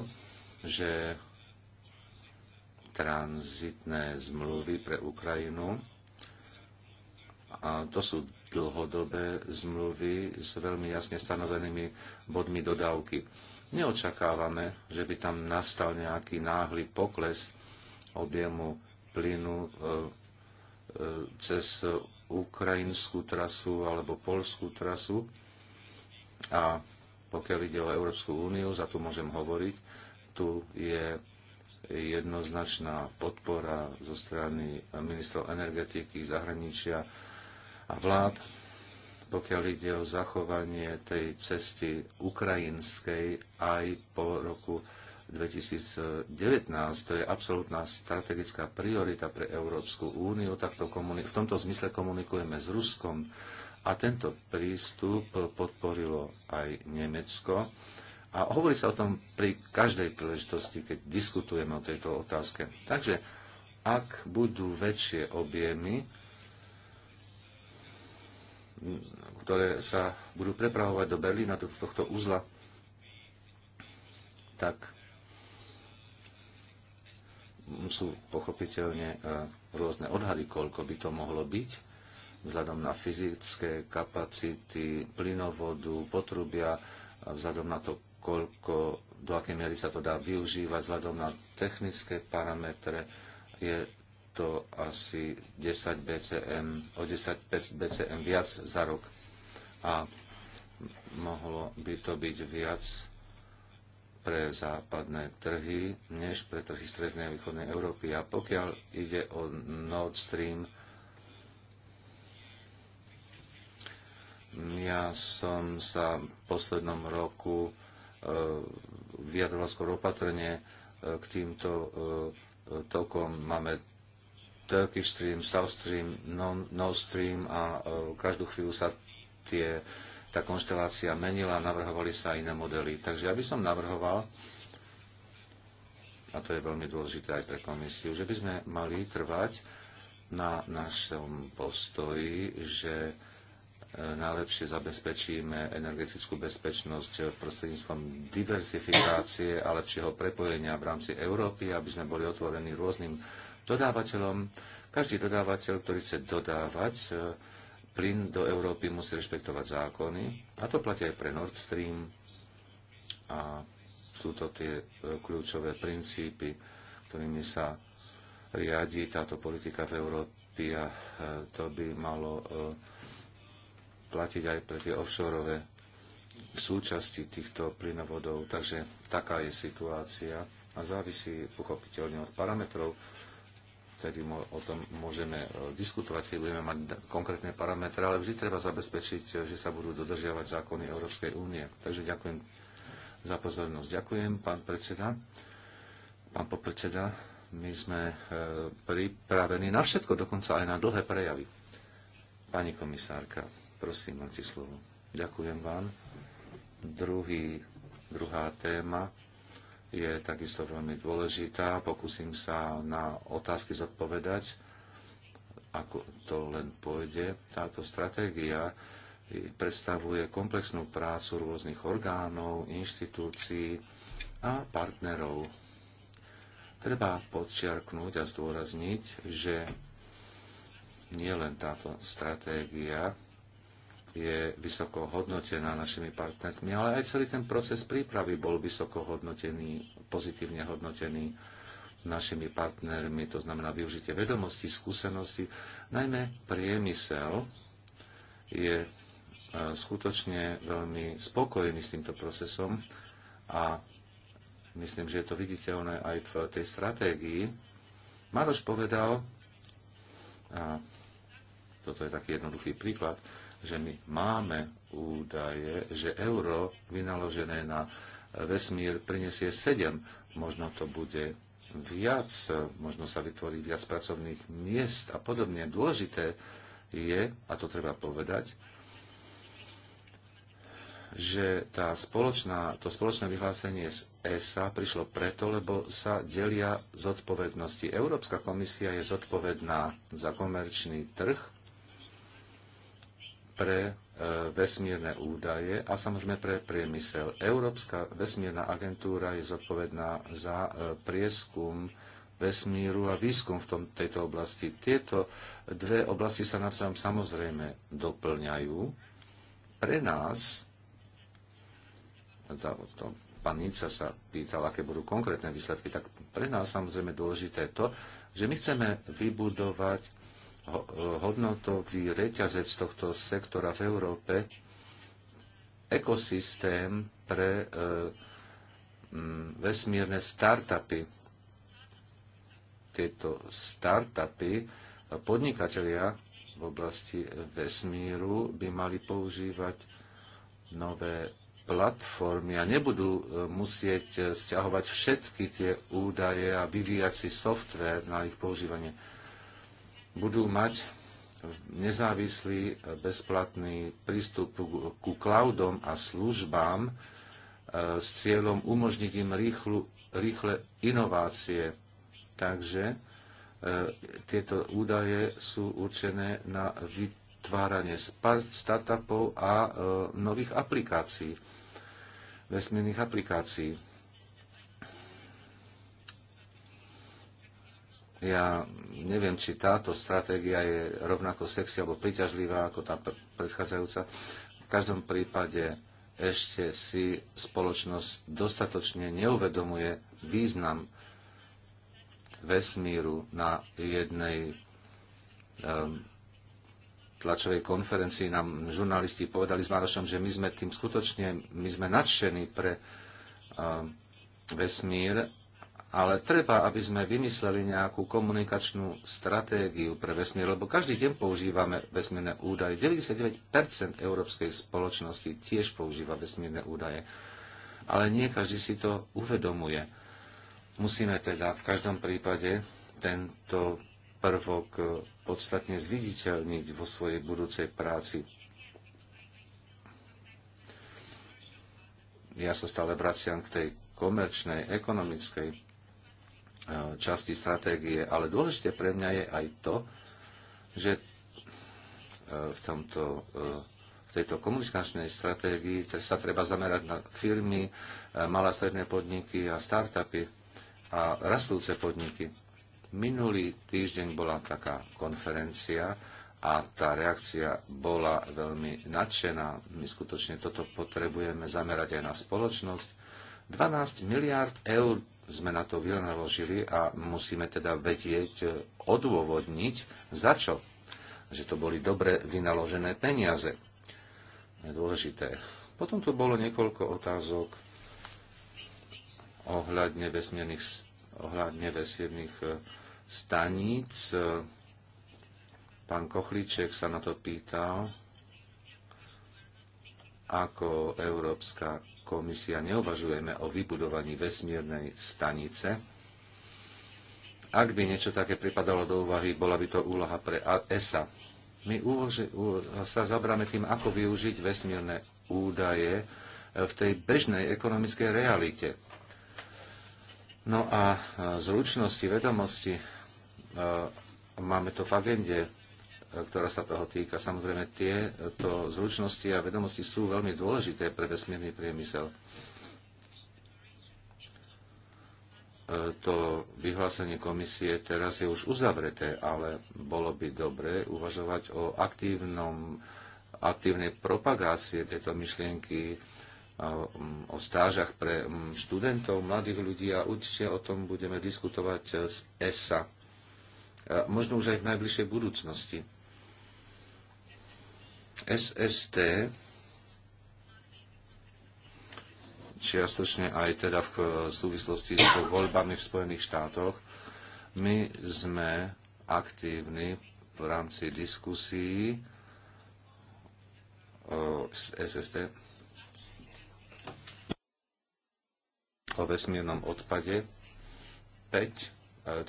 že tranzitné zmluvy pre Ukrajinu, a to sú dlhodobé zmluvy s veľmi jasne stanovenými bodmi dodávky. Neočakávame, že by tam nastal nejaký náhly pokles objemu plynu e, e, cez ukrajinskú trasu alebo polskú trasu. A pokiaľ ide o Európsku úniu, za to môžem hovoriť, tu je jednoznačná podpora zo strany ministrov energetiky, zahraničia, a vlád, pokiaľ ide o zachovanie tej cesty ukrajinskej aj po roku 2019. To je absolútna strategická priorita pre Európsku úniu. Takto v tomto zmysle komunikujeme s Ruskom a tento prístup podporilo aj Nemecko. A hovorí sa o tom pri každej príležitosti, keď diskutujeme o tejto otázke. Takže ak budú väčšie objemy, ktoré sa budú prepravovať do Berlína, do tohto uzla, tak sú pochopiteľne e, rôzne odhady, koľko by to mohlo byť, vzhľadom na fyzické kapacity plynovodu, potrubia, vzhľadom na to, koľko, do akej miery sa to dá využívať, vzhľadom na technické parametre. Je to asi 10 BCM, o 10 BCM viac za rok. A mohlo by to byť viac pre západné trhy, než pre trhy strednej a východnej Európy. A pokiaľ ide o Nord Stream, ja som sa v poslednom roku e, vyjadroval skôr opatrne e, k týmto e, tokom. Máme Turkish Stream, South Stream, Nord Stream a e, každú chvíľu sa tie, tá konštelácia menila, navrhovali sa iné modely. Takže ja by som navrhoval, a to je veľmi dôležité aj pre komisiu, že by sme mali trvať na našom postoji, že e, najlepšie zabezpečíme energetickú bezpečnosť prostredníctvom diversifikácie a lepšieho prepojenia v rámci Európy, aby sme boli otvorení rôznym dodávateľom. Každý dodávateľ, ktorý chce dodávať e, plyn do Európy, musí rešpektovať zákony. A to platí aj pre Nord Stream. A sú to tie e, kľúčové princípy, ktorými sa riadi táto politika v Európe a e, to by malo platiť aj pre tie offshore súčasti týchto plynovodov. Takže taká je situácia a závisí pochopiteľne od parametrov, ktorým o tom môžeme e, diskutovať, keď budeme mať konkrétne parametre, ale vždy treba zabezpečiť, e, že sa budú dodržiavať zákony Európskej únie. Takže ďakujem za pozornosť. Ďakujem, pán predseda. Pán podpredseda, my sme e, pripravení na všetko, dokonca aj na dlhé prejavy. Pani komisárka, prosím, máte slovo. Ďakujem vám. Druhý, druhá téma je takisto veľmi dôležitá. Pokúsim sa na otázky zodpovedať, ako to len pôjde. Táto stratégia predstavuje komplexnú prácu rôznych orgánov, inštitúcií a partnerov. Treba podčiarknúť a zdôrazniť, že nie len táto stratégia je vysoko hodnotená našimi partnermi, ale aj celý ten proces prípravy bol vysoko hodnotený, pozitívne hodnotený našimi partnermi, to znamená využitie vedomostí, skúseností. Najmä priemysel je e, skutočne veľmi spokojný s týmto procesom a myslím, že je to viditeľné aj v tej stratégii. Maroš povedal, a toto je taký jednoduchý príklad, že my máme údaje, že euro vynaložené na vesmír prinesie 7, možno to bude viac, možno sa vytvorí viac pracovných miest a podobne. Dôležité je, a to treba povedať, že tá spoločná, to spoločné vyhlásenie z ESA prišlo preto, lebo sa delia zodpovednosti. Európska komisia je zodpovedná za komerčný trh pre e, vesmírne údaje a samozrejme pre priemysel. Európska vesmírna agentúra je zodpovedná za e, prieskum vesmíru a výskum v tom, tejto oblasti. Tieto dve oblasti sa navzájom samozrejme doplňajú. Pre nás, to, to, pán Nica sa pýtal, aké budú konkrétne výsledky, tak pre nás samozrejme dôležité je to, že my chceme vybudovať hodnotový reťazec tohto sektora v Európe, ekosystém pre e, vesmírne startupy. Tieto startupy, podnikatelia v oblasti vesmíru by mali používať nové platformy a nebudú e, musieť e, stiahovať všetky tie údaje a vyvíjať si software na ich používanie budú mať nezávislý bezplatný prístup ku cloudom a službám e, s cieľom umožniť im rýchlu, rýchle inovácie. Takže e, tieto údaje sú určené na vytváranie startupov a e, nových aplikácií, vesmírnych aplikácií. Ja neviem, či táto stratégia je rovnako sexy alebo príťažlivá ako tá predchádzajúca. V každom prípade ešte si spoločnosť dostatočne neuvedomuje význam vesmíru na jednej um, tlačovej konferencii nám žurnalisti povedali s Marošom, že my sme tým skutočne, my sme nadšení pre um, vesmír ale treba, aby sme vymysleli nejakú komunikačnú stratégiu pre vesmír, lebo každý deň používame vesmírne údaje. 99% európskej spoločnosti tiež používa vesmírne údaje, ale nie každý si to uvedomuje. Musíme teda v každom prípade tento prvok e, podstatne zviditeľniť vo svojej budúcej práci. Ja sa stále vraciam k tej komerčnej, ekonomickej Eh, časti stratégie, ale dôležité pre mňa je aj to, že eh, v, tomto, eh, v tejto komunikačnej stratégii sa treba zamerať na firmy, malé stredné podniky a startupy a rastúce podniky. Minulý týždeň bola taká konferencia a tá reakcia bola veľmi nadšená. My skutočne toto potrebujeme zamerať aj na spoločnosť. 12 miliard eur sme na to vynaložili a musíme teda vedieť e, odôvodniť, za čo. Že to boli dobre vynaložené peniaze. Dôležité. Potom tu bolo niekoľko otázok ohľadne vesmírnych, ohľadne vesmiernych e, staníc. E, pán Kochlíček sa na to pýtal, ako Európska komisia neuvažujeme o vybudovaní vesmírnej stanice. Ak by niečo také pripadalo do úvahy, bola by to úloha pre ESA. My sa zabráme tým, ako využiť vesmírne údaje e, v tej bežnej ekonomickej realite. No a zručnosti, vedomosti, e, máme to v agende ktorá sa toho týka. Samozrejme, tieto zručnosti a vedomosti sú veľmi dôležité pre vesmírny priemysel. E, to vyhlásenie komisie teraz je už uzavreté, ale bolo by dobre uvažovať o aktívnom, aktívnej propagácie tejto myšlienky, e, o stážach pre študentov, mladých ľudí a určite o tom budeme diskutovať e, s ESA. Možno už aj v najbližšej budúcnosti. SST čiastočne aj teda v súvislosti s voľbami v Spojených štátoch. My sme aktívni v rámci diskusí s SST o vesmírnom odpade. 5 e,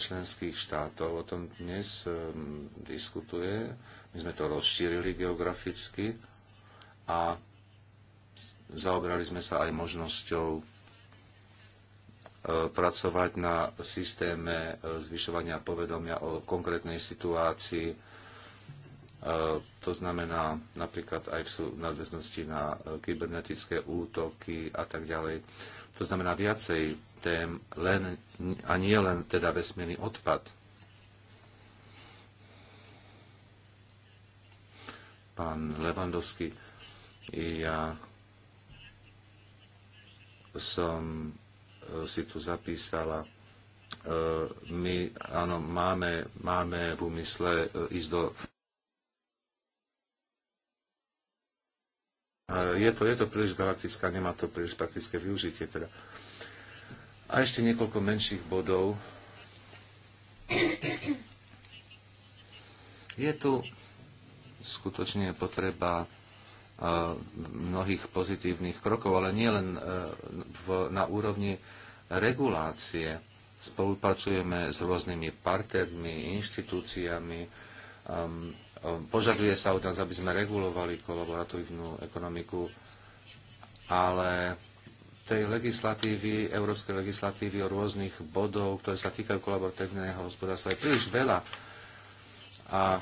členských štátov o tom dnes e, diskutuje my sme to rozšírili geograficky a zaobrali sme sa aj možnosťou e, pracovať na systéme e, zvyšovania povedomia o konkrétnej situácii. E, to znamená napríklad aj v nadväznosti na kybernetické útoky a tak ďalej. To znamená viacej tém len, a nie len teda vesmírny odpad. pán Levandovský. Ja som e, si tu zapísala. E, my, áno, máme, máme v úmysle e, ísť do Je to, je to príliš galaktická, nemá to príliš praktické využitie. Teda. A ešte niekoľko menších bodov. Je tu skutočne potreba e, mnohých pozitívnych krokov, ale nie len e, na úrovni regulácie. Spolupracujeme s rôznymi partnermi, inštitúciami. Ehm, e, požaduje sa od nás, aby sme regulovali kolaboratívnu ekonomiku, ale tej legislatívy, európskej legislatívy o rôznych bodov, ktoré sa týkajú kolaboratívneho hospodárstva, je príliš veľa. A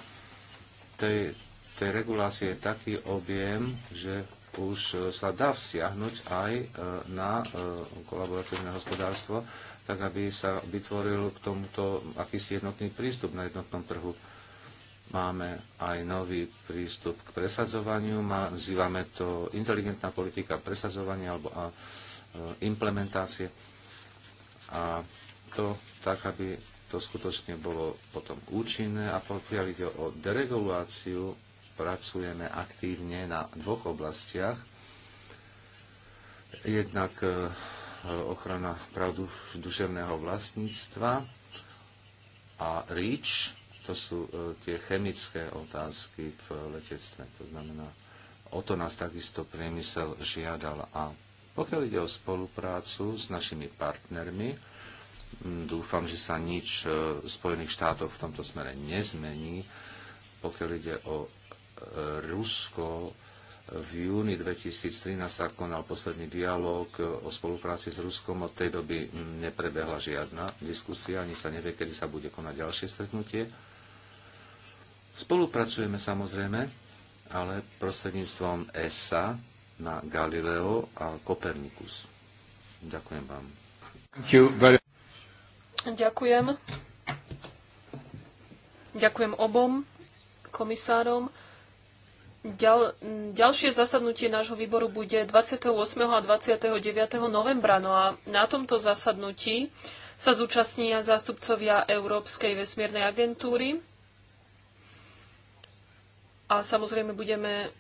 tej, tej regulácie je taký objem, že už e, sa dá vzťahnuť aj e, na e, kolaboratívne hospodárstvo, tak aby sa vytvoril k tomuto akýsi jednotný prístup na jednotnom trhu. Máme aj nový prístup k presadzovaniu, nazývame to inteligentná politika presadzovania alebo a implementácie. A to tak, aby to skutočne bolo potom účinné a pokiaľ ide o dereguláciu pracujeme aktívne na dvoch oblastiach. Jednak e, ochrana pravdu duševného vlastníctva a REACH, to sú e, tie chemické otázky v letectve. To znamená, o to nás takisto priemysel žiadal. A pokiaľ ide o spoluprácu s našimi partnermi, dúfam, že sa nič v e, Spojených štátoch v tomto smere nezmení, pokiaľ ide o Rusko v júni 2013 sa konal posledný dialog o spolupráci s Ruskom. Od tej doby neprebehla žiadna diskusia, ani sa nevie, kedy sa bude konať ďalšie stretnutie. Spolupracujeme samozrejme, ale prostredníctvom ESA na Galileo a Kopernikus. Ďakujem vám. Ďakujem. Ďakujem obom komisárom. Ďal, ďalšie zasadnutie nášho výboru bude 28. a 29. novembra. No a na tomto zasadnutí sa zúčastnia zástupcovia Európskej vesmírnej agentúry. A samozrejme budeme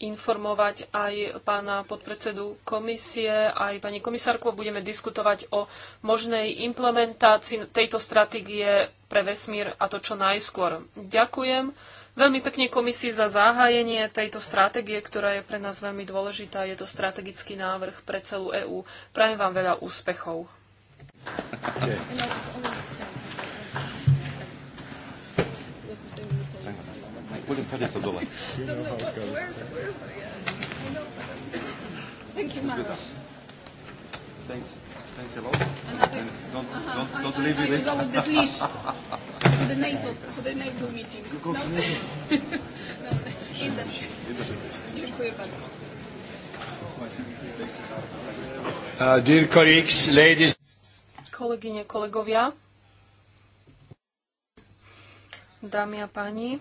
informovať aj pána podpredsedu komisie, aj pani komisárku. Budeme diskutovať o možnej implementácii tejto stratégie pre vesmír a to čo najskôr. Ďakujem. Veľmi pekne komisii za zahájenie tejto stratégie, ktorá je pre nás veľmi dôležitá. Je to strategický návrh pre celú EÚ. Prajem vám veľa úspechov. Budem tady to dole. Thank you, Mara. Thanks. Thanks a lot. Another, don't, uh-huh. don't, don't, don't leave me with the fish for the NATO, the NATO meeting. You go no? to NATO. in the, Uh, dear colleagues, ladies. Kolegyne, kolegovia, dámy a páni,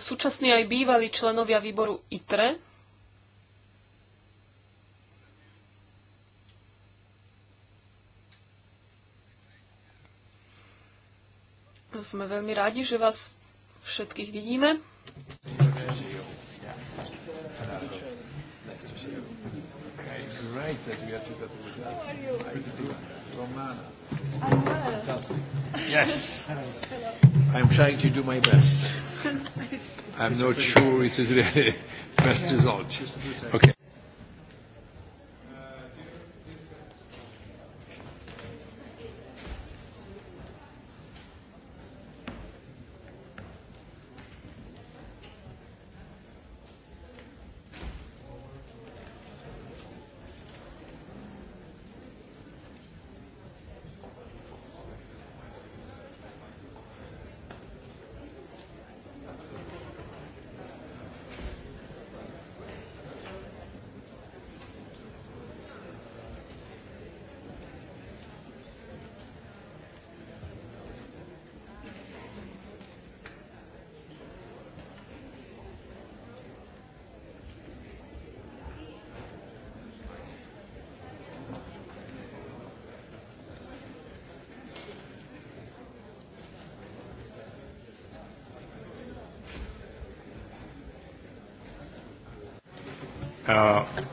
súčasní aj bývalí členovia výboru ITRE, Sme veľmi radi, že vás všetkých vidíme. Yes, I'm trying to do my best. I'm not sure it is really best result. Okay.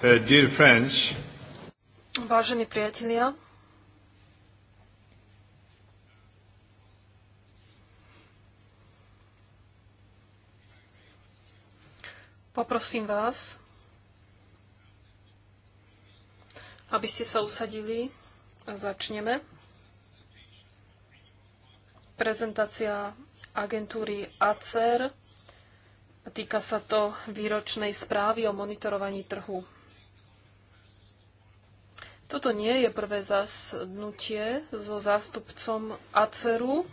Uh, dear friends, Vážení priatelia, poprosím vás, aby ste sa usadili a začneme. Prezentácia agentúry ACER Týka sa to výročnej správy o monitorovaní trhu toto nie je prvé zasnutie so zástupcom ACERu.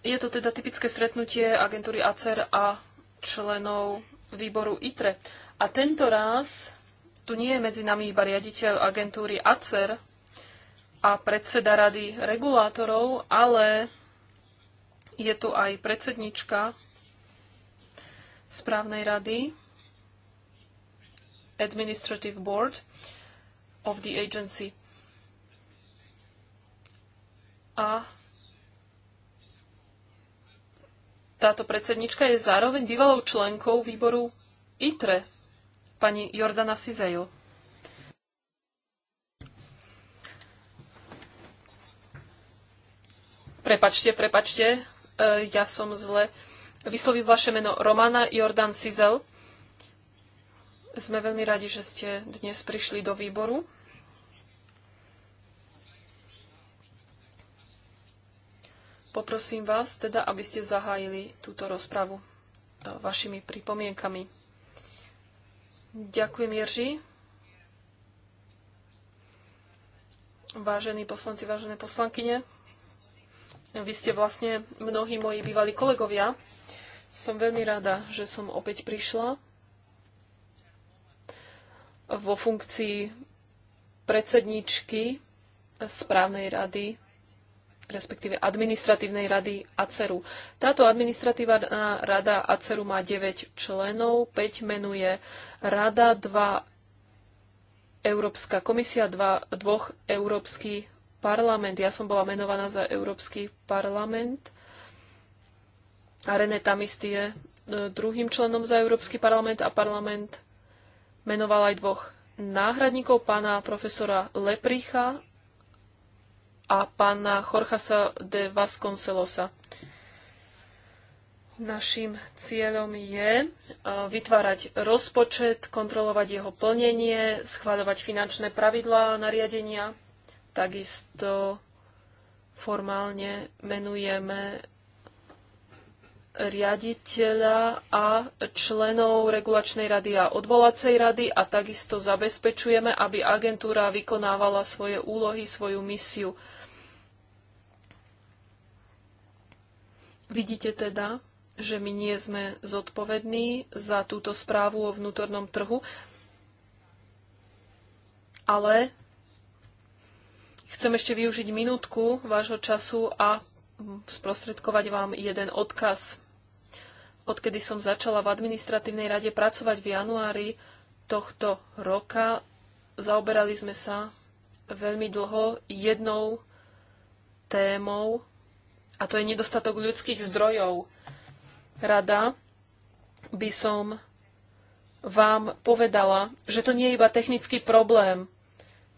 Je to teda typické stretnutie agentúry ACER a členov výboru ITRE. A tento raz tu nie je medzi nami iba riaditeľ agentúry ACER a predseda rady regulátorov, ale je tu aj predsednička správnej rady administrative board of the agency. A táto predsednička je zároveň bývalou členkou výboru ITRE, pani Jordana Sizejl. Prepačte, prepačte, e, ja som zle vyslovil vaše meno Romana Jordan Sizel. Sme veľmi radi, že ste dnes prišli do výboru. Poprosím vás teda, aby ste zahájili túto rozpravu e, vašimi pripomienkami. Ďakujem, Jerži. Vážení poslanci, vážené poslankyne, vy ste vlastne mnohí moji bývalí kolegovia. Som veľmi rada, že som opäť prišla vo funkcii predsedničky správnej rady respektíve administratívnej rady ACERu. Táto administratívna rada ACERu má 9 členov, 5 menuje rada, 2 Európska komisia, 2, 2 Európsky parlament. Ja som bola menovaná za Európsky parlament a René Tamist je e, druhým členom za Európsky parlament a parlament menoval aj dvoch náhradníkov, pána profesora Lepricha a pána Jorjasa de Vasconcelosa. Naším cieľom je e, vytvárať rozpočet, kontrolovať jeho plnenie, schváľovať finančné pravidlá a nariadenia. Takisto formálne menujeme riaditeľa a členov regulačnej rady a odvolacej rady a takisto zabezpečujeme, aby agentúra vykonávala svoje úlohy, svoju misiu. Vidíte teda, že my nie sme zodpovední za túto správu o vnútornom trhu, ale chcem ešte využiť minútku vášho času a sprostredkovať vám jeden odkaz odkedy som začala v administratívnej rade pracovať v januári tohto roka, zaoberali sme sa veľmi dlho jednou témou, a to je nedostatok ľudských zdrojov. Rada by som vám povedala, že to nie je iba technický problém,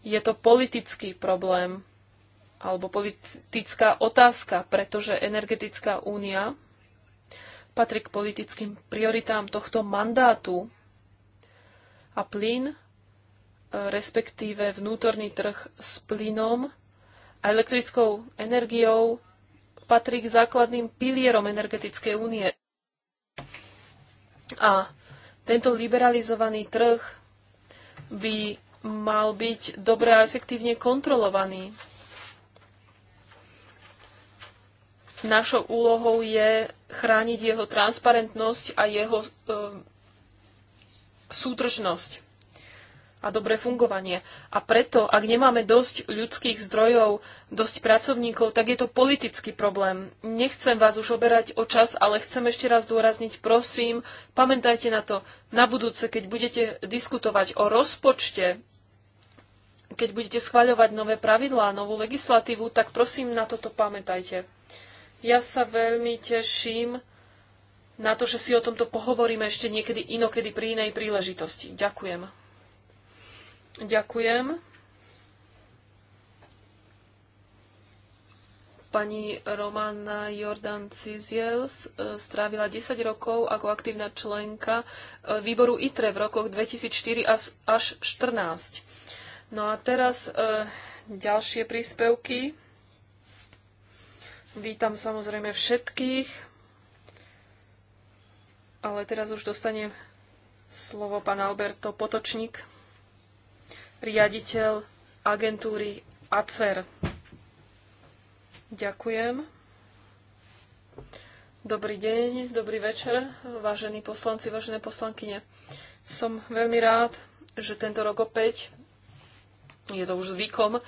je to politický problém alebo politická otázka, pretože energetická únia patrí k politickým prioritám tohto mandátu a plyn, e, respektíve vnútorný trh s plynom a elektrickou energiou patrí k základným pilierom energetickej únie. A tento liberalizovaný trh by mal byť dobre a efektívne kontrolovaný. Našou úlohou je chrániť jeho transparentnosť a jeho e, súdržnosť a dobré fungovanie. A preto, ak nemáme dosť ľudských zdrojov, dosť pracovníkov, tak je to politický problém. Nechcem vás už oberať o čas, ale chcem ešte raz dôrazniť, prosím, pamätajte na to na budúce, keď budete diskutovať o rozpočte, keď budete schvaľovať nové pravidlá, novú legislatívu, tak prosím na toto pamätajte. Ja sa veľmi teším na to, že si o tomto pohovoríme ešte niekedy inokedy pri inej príležitosti. Ďakujem. Ďakujem. Pani Romana Jordan Ciziel e, strávila 10 rokov ako aktívna členka e, výboru ITRE v rokoch 2004 až 2014. No a teraz e, ďalšie príspevky. Vítam samozrejme všetkých, ale teraz už dostane slovo pán Alberto Potočník, riaditeľ agentúry ACER. Ďakujem. Dobrý deň, dobrý večer, vážení poslanci, vážené poslankyne. Som veľmi rád, že tento rok opäť, je to už zvykom,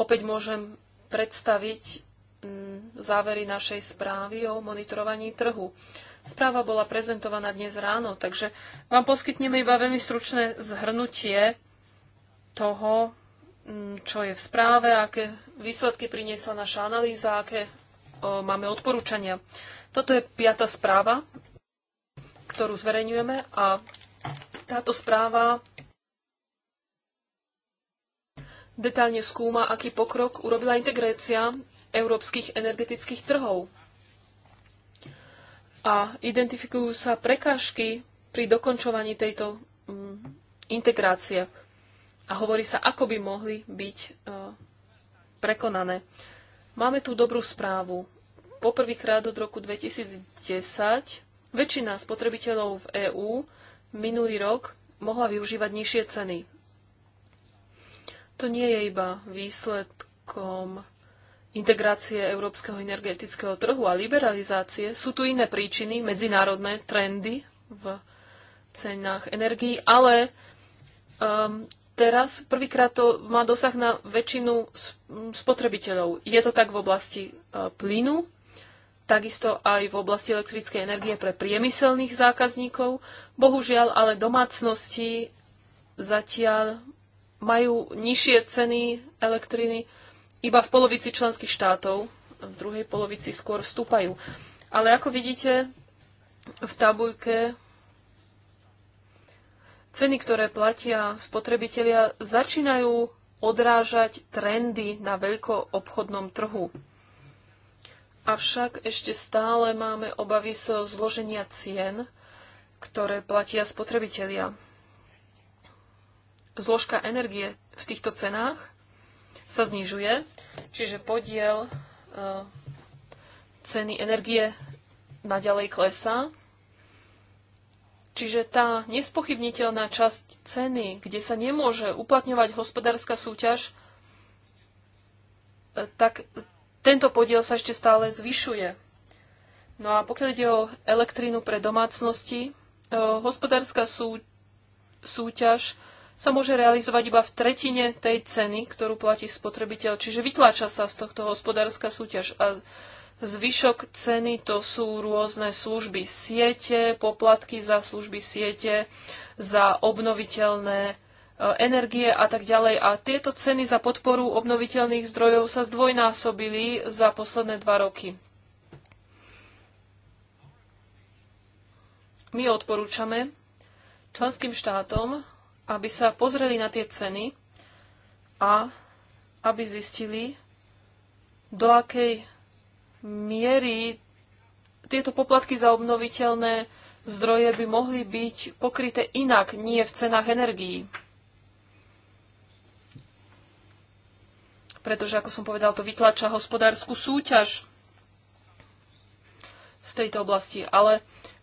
opäť môžem predstaviť Mm, závery našej správy o monitorovaní trhu. Správa bola prezentovaná dnes ráno, takže vám poskytneme iba veľmi stručné zhrnutie toho, mm, čo je v správe, aké výsledky priniesla naša analýza, aké o, máme odporúčania. Toto je piata správa, ktorú zverejňujeme a táto správa detálne skúma, aký pokrok urobila integrácia európskych energetických trhov. A identifikujú sa prekážky pri dokončovaní tejto mm, integrácie. A hovorí sa, ako by mohli byť e, prekonané. Máme tu dobrú správu. Poprvýkrát od roku 2010 väčšina spotrebiteľov v EÚ minulý rok mohla využívať nižšie ceny. To nie je iba výsledkom integrácie európskeho energetického trhu a liberalizácie sú tu iné príčiny, medzinárodné trendy v cenách energií, ale um, teraz prvýkrát to má dosah na väčšinu spotrebiteľov. Je to tak v oblasti uh, plynu, takisto aj v oblasti elektrickej energie pre priemyselných zákazníkov. Bohužiaľ, ale domácnosti zatiaľ majú nižšie ceny elektriny iba v polovici členských štátov, v druhej polovici skôr vstúpajú. Ale ako vidíte v tabuľke, ceny, ktoré platia spotrebitelia, začínajú odrážať trendy na veľkoobchodnom trhu. Avšak ešte stále máme obavy so zloženia cien, ktoré platia spotrebitelia. Zložka energie v týchto cenách sa znižuje, čiže podiel e, ceny energie naďalej klesá. Čiže tá nespochybniteľná časť ceny, kde sa nemôže uplatňovať hospodárska súťaž, e, tak tento podiel sa ešte stále zvyšuje. No a pokiaľ ide o elektrínu pre domácnosti, e, hospodárska súťaž sa môže realizovať iba v tretine tej ceny, ktorú platí spotrebiteľ. Čiže vytláča sa z tohto hospodárska súťaž. A zvyšok ceny to sú rôzne služby siete, poplatky za služby siete, za obnoviteľné e, energie a tak ďalej. A tieto ceny za podporu obnoviteľných zdrojov sa zdvojnásobili za posledné dva roky. My odporúčame členským štátom aby sa pozreli na tie ceny a aby zistili, do akej miery tieto poplatky za obnoviteľné zdroje by mohli byť pokryté inak, nie v cenách energií. Pretože, ako som povedal, to vytlača hospodárskú súťaž z tejto oblasti. Ale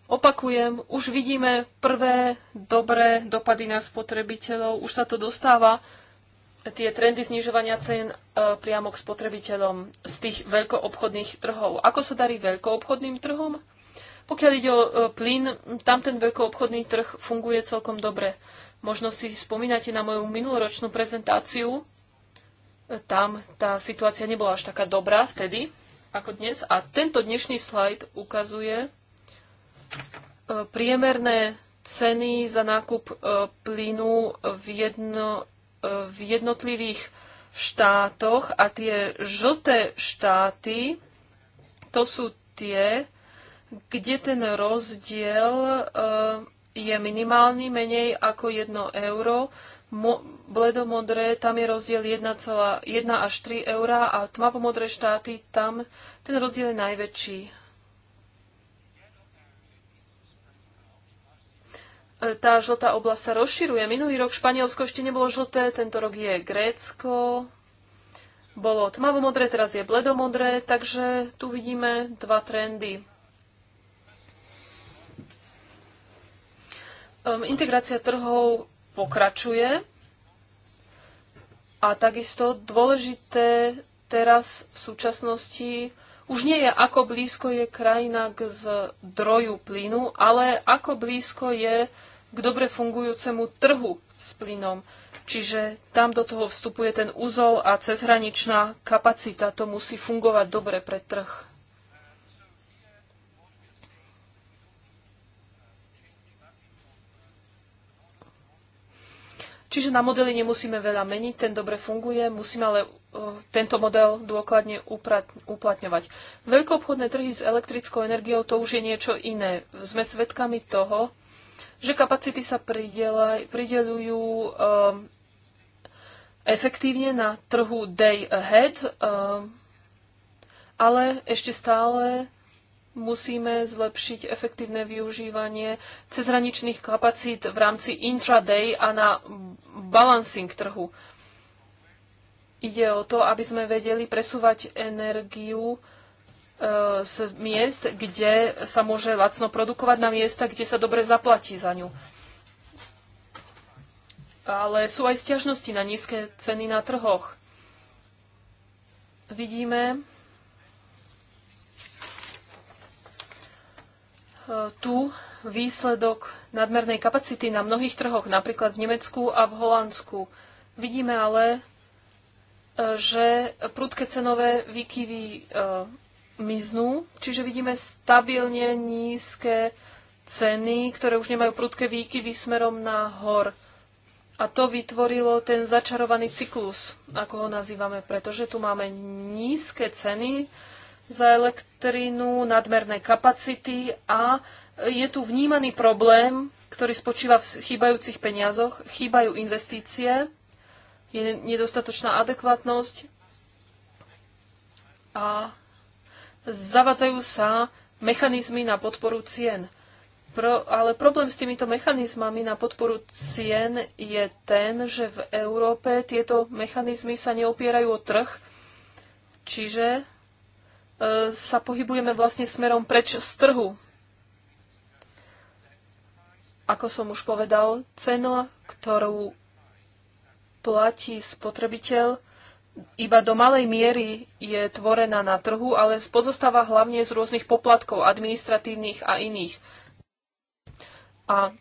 Opakujem, už vidíme prvé dobré dopady na spotrebiteľov, už sa to dostáva, tie trendy znižovania cien e, priamo k spotrebiteľom z tých veľkoobchodných trhov. Ako sa darí veľkoobchodným trhom? Pokiaľ ide o e, plyn, tam ten veľkoobchodný trh funguje celkom dobre. Možno si spomínate na moju minuloročnú prezentáciu. E, tam tá situácia nebola až taká dobrá vtedy, ako dnes. A tento dnešný slajd ukazuje, E, priemerné ceny za nákup e, plynu v, jedno, e, v jednotlivých štátoch a tie žlté štáty, to sú tie, kde ten rozdiel je minimálny, menej ako 1 euro. Mo- bledomodré, tam je rozdiel 1,1 až 3 eurá a tmavomodré štáty, tam ten rozdiel je najväčší E, tá žltá oblasť sa rozširuje. Minulý rok Španielsko ešte nebolo žlté, tento rok je Grécko, bolo tmavomodré, teraz je bledomodré, takže tu vidíme dva trendy. Um, integrácia trhov pokračuje a takisto dôležité teraz v súčasnosti už nie je, ako blízko je krajina k zdroju plynu, ale ako blízko je k dobre fungujúcemu trhu s plynom. Čiže tam do toho vstupuje ten úzol a cezhraničná kapacita. To musí fungovať dobre pre trh. Čiže na modely nemusíme veľa meniť, ten dobre funguje, musíme ale tento model dôkladne uplatňovať. Veľkoobchodné trhy s elektrickou energiou to už je niečo iné. Sme svedkami toho, že kapacity sa prideľujú um, efektívne na trhu day ahead, um, ale ešte stále musíme zlepšiť efektívne využívanie cezhraničných kapacít v rámci intraday a na balancing trhu. Ide o to, aby sme vedeli presúvať energiu e, z miest, kde sa môže lacno produkovať na miesta, kde sa dobre zaplatí za ňu. Ale sú aj stiažnosti na nízke ceny na trhoch. Vidíme e, tu výsledok nadmernej kapacity na mnohých trhoch, napríklad v Nemecku a v Holandsku. Vidíme ale že prudké cenové výkyvy e, miznú, čiže vidíme stabilne nízke ceny, ktoré už nemajú prudké výkyvy smerom nahor. A to vytvorilo ten začarovaný cyklus, ako ho nazývame, pretože tu máme nízke ceny za elektrínu, nadmerné kapacity a je tu vnímaný problém, ktorý spočíva v chýbajúcich peniazoch, chýbajú investície je nedostatočná adekvátnosť a zavadzajú sa mechanizmy na podporu cien. Pro, ale problém s týmito mechanizmami na podporu cien je ten, že v Európe tieto mechanizmy sa neopierajú o trh, čiže e, sa pohybujeme vlastne smerom preč z trhu. Ako som už povedal, cena, ktorú platí spotrebiteľ, iba do malej miery je tvorená na trhu, ale pozostáva hlavne z rôznych poplatkov administratívnych a iných. A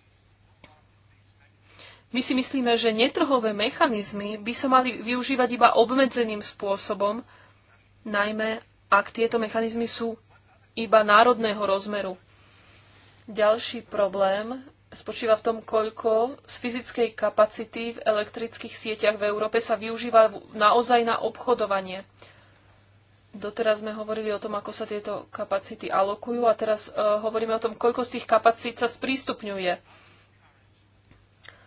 my si myslíme, že netrhové mechanizmy by sa mali využívať iba obmedzeným spôsobom, najmä ak tieto mechanizmy sú iba národného rozmeru. Ďalší problém spočíva v tom, koľko z fyzickej kapacity v elektrických sieťach v Európe sa využíva naozaj na obchodovanie. Doteraz sme hovorili o tom, ako sa tieto kapacity alokujú a teraz uh, hovoríme o tom, koľko z tých kapacít sa sprístupňuje.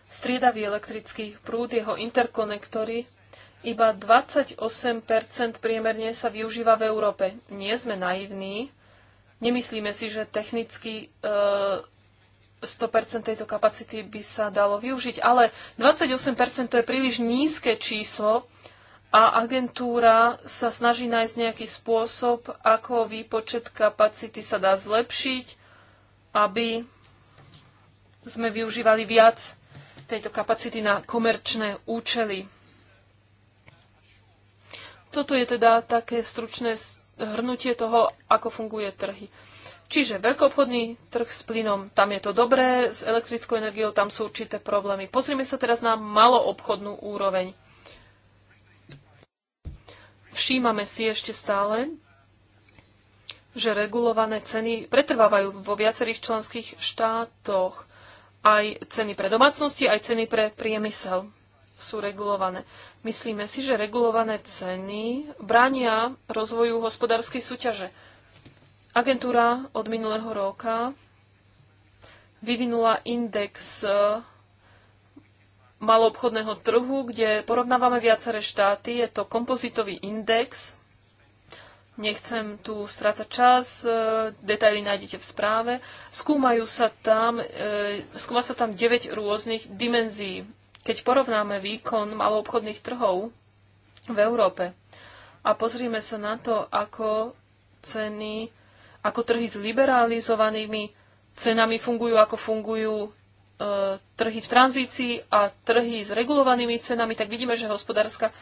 Striedavý elektrický prúd, jeho interkonektory, iba 28 priemerne sa využíva v Európe. Nie sme naivní, nemyslíme si, že technicky uh, 100% tejto kapacity by sa dalo využiť, ale 28% to je príliš nízke číslo a agentúra sa snaží nájsť nejaký spôsob, ako výpočet kapacity sa dá zlepšiť, aby sme využívali viac tejto kapacity na komerčné účely. Toto je teda také stručné zhrnutie toho, ako funguje trhy, Čiže veľkoobchodný trh s plynom, tam je to dobré, s elektrickou energiou tam sú určité problémy. Pozrime sa teraz na maloobchodnú úroveň. Všímame si ešte stále, že regulované ceny pretrvávajú vo viacerých členských štátoch. Aj ceny pre domácnosti, aj ceny pre priemysel sú regulované. Myslíme si, že regulované ceny bránia rozvoju hospodárskej súťaže. Agentúra od minulého roka vyvinula index e, maloobchodného trhu, kde porovnávame viaceré štáty. Je to kompozitový index. Nechcem tu strácať čas, e, detaily nájdete v správe. Skúmajú sa tam, e, skúma sa tam 9 rôznych dimenzií. Keď porovnáme výkon maloobchodných trhov v Európe a pozrieme sa na to, ako ceny ako trhy s liberalizovanými cenami fungujú, ako fungujú e, trhy v tranzícii a trhy s regulovanými cenami, tak vidíme, že hospodárska e,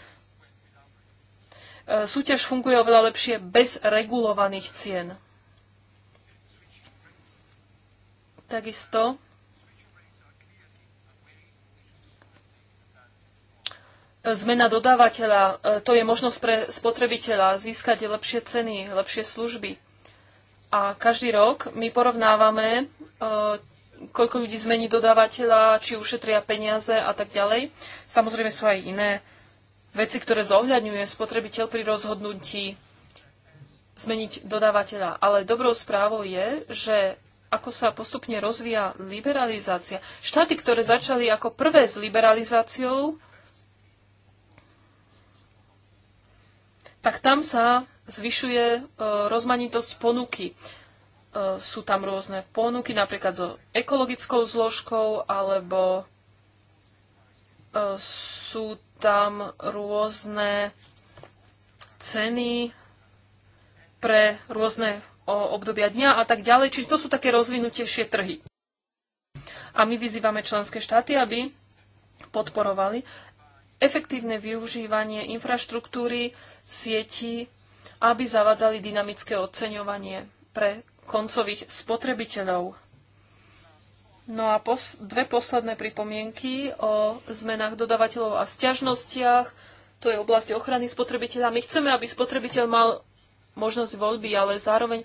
súťaž funguje oveľa lepšie bez regulovaných cien. Takisto e, zmena dodávateľa, e, to je možnosť pre spotrebiteľa získať lepšie ceny, lepšie služby. A každý rok my porovnávame, e, koľko ľudí zmení dodávateľa, či ušetria peniaze a tak ďalej. Samozrejme sú aj iné veci, ktoré zohľadňuje spotrebiteľ pri rozhodnutí zmeniť dodávateľa. Ale dobrou správou je, že ako sa postupne rozvíja liberalizácia. Štáty, ktoré začali ako prvé s liberalizáciou, tak tam sa zvyšuje e, rozmanitosť ponuky. E, sú tam rôzne ponuky, napríklad so ekologickou zložkou, alebo e, sú tam rôzne ceny pre rôzne obdobia dňa a tak ďalej. Čiže to sú také rozvinutejšie trhy. A my vyzývame členské štáty, aby podporovali efektívne využívanie infraštruktúry, sieti aby zavadzali dynamické oceňovanie pre koncových spotrebiteľov. No a pos- dve posledné pripomienky o zmenách dodavateľov a sťažnostiach. To je oblasť ochrany spotrebiteľa. My chceme, aby spotrebiteľ mal možnosť voľby, ale zároveň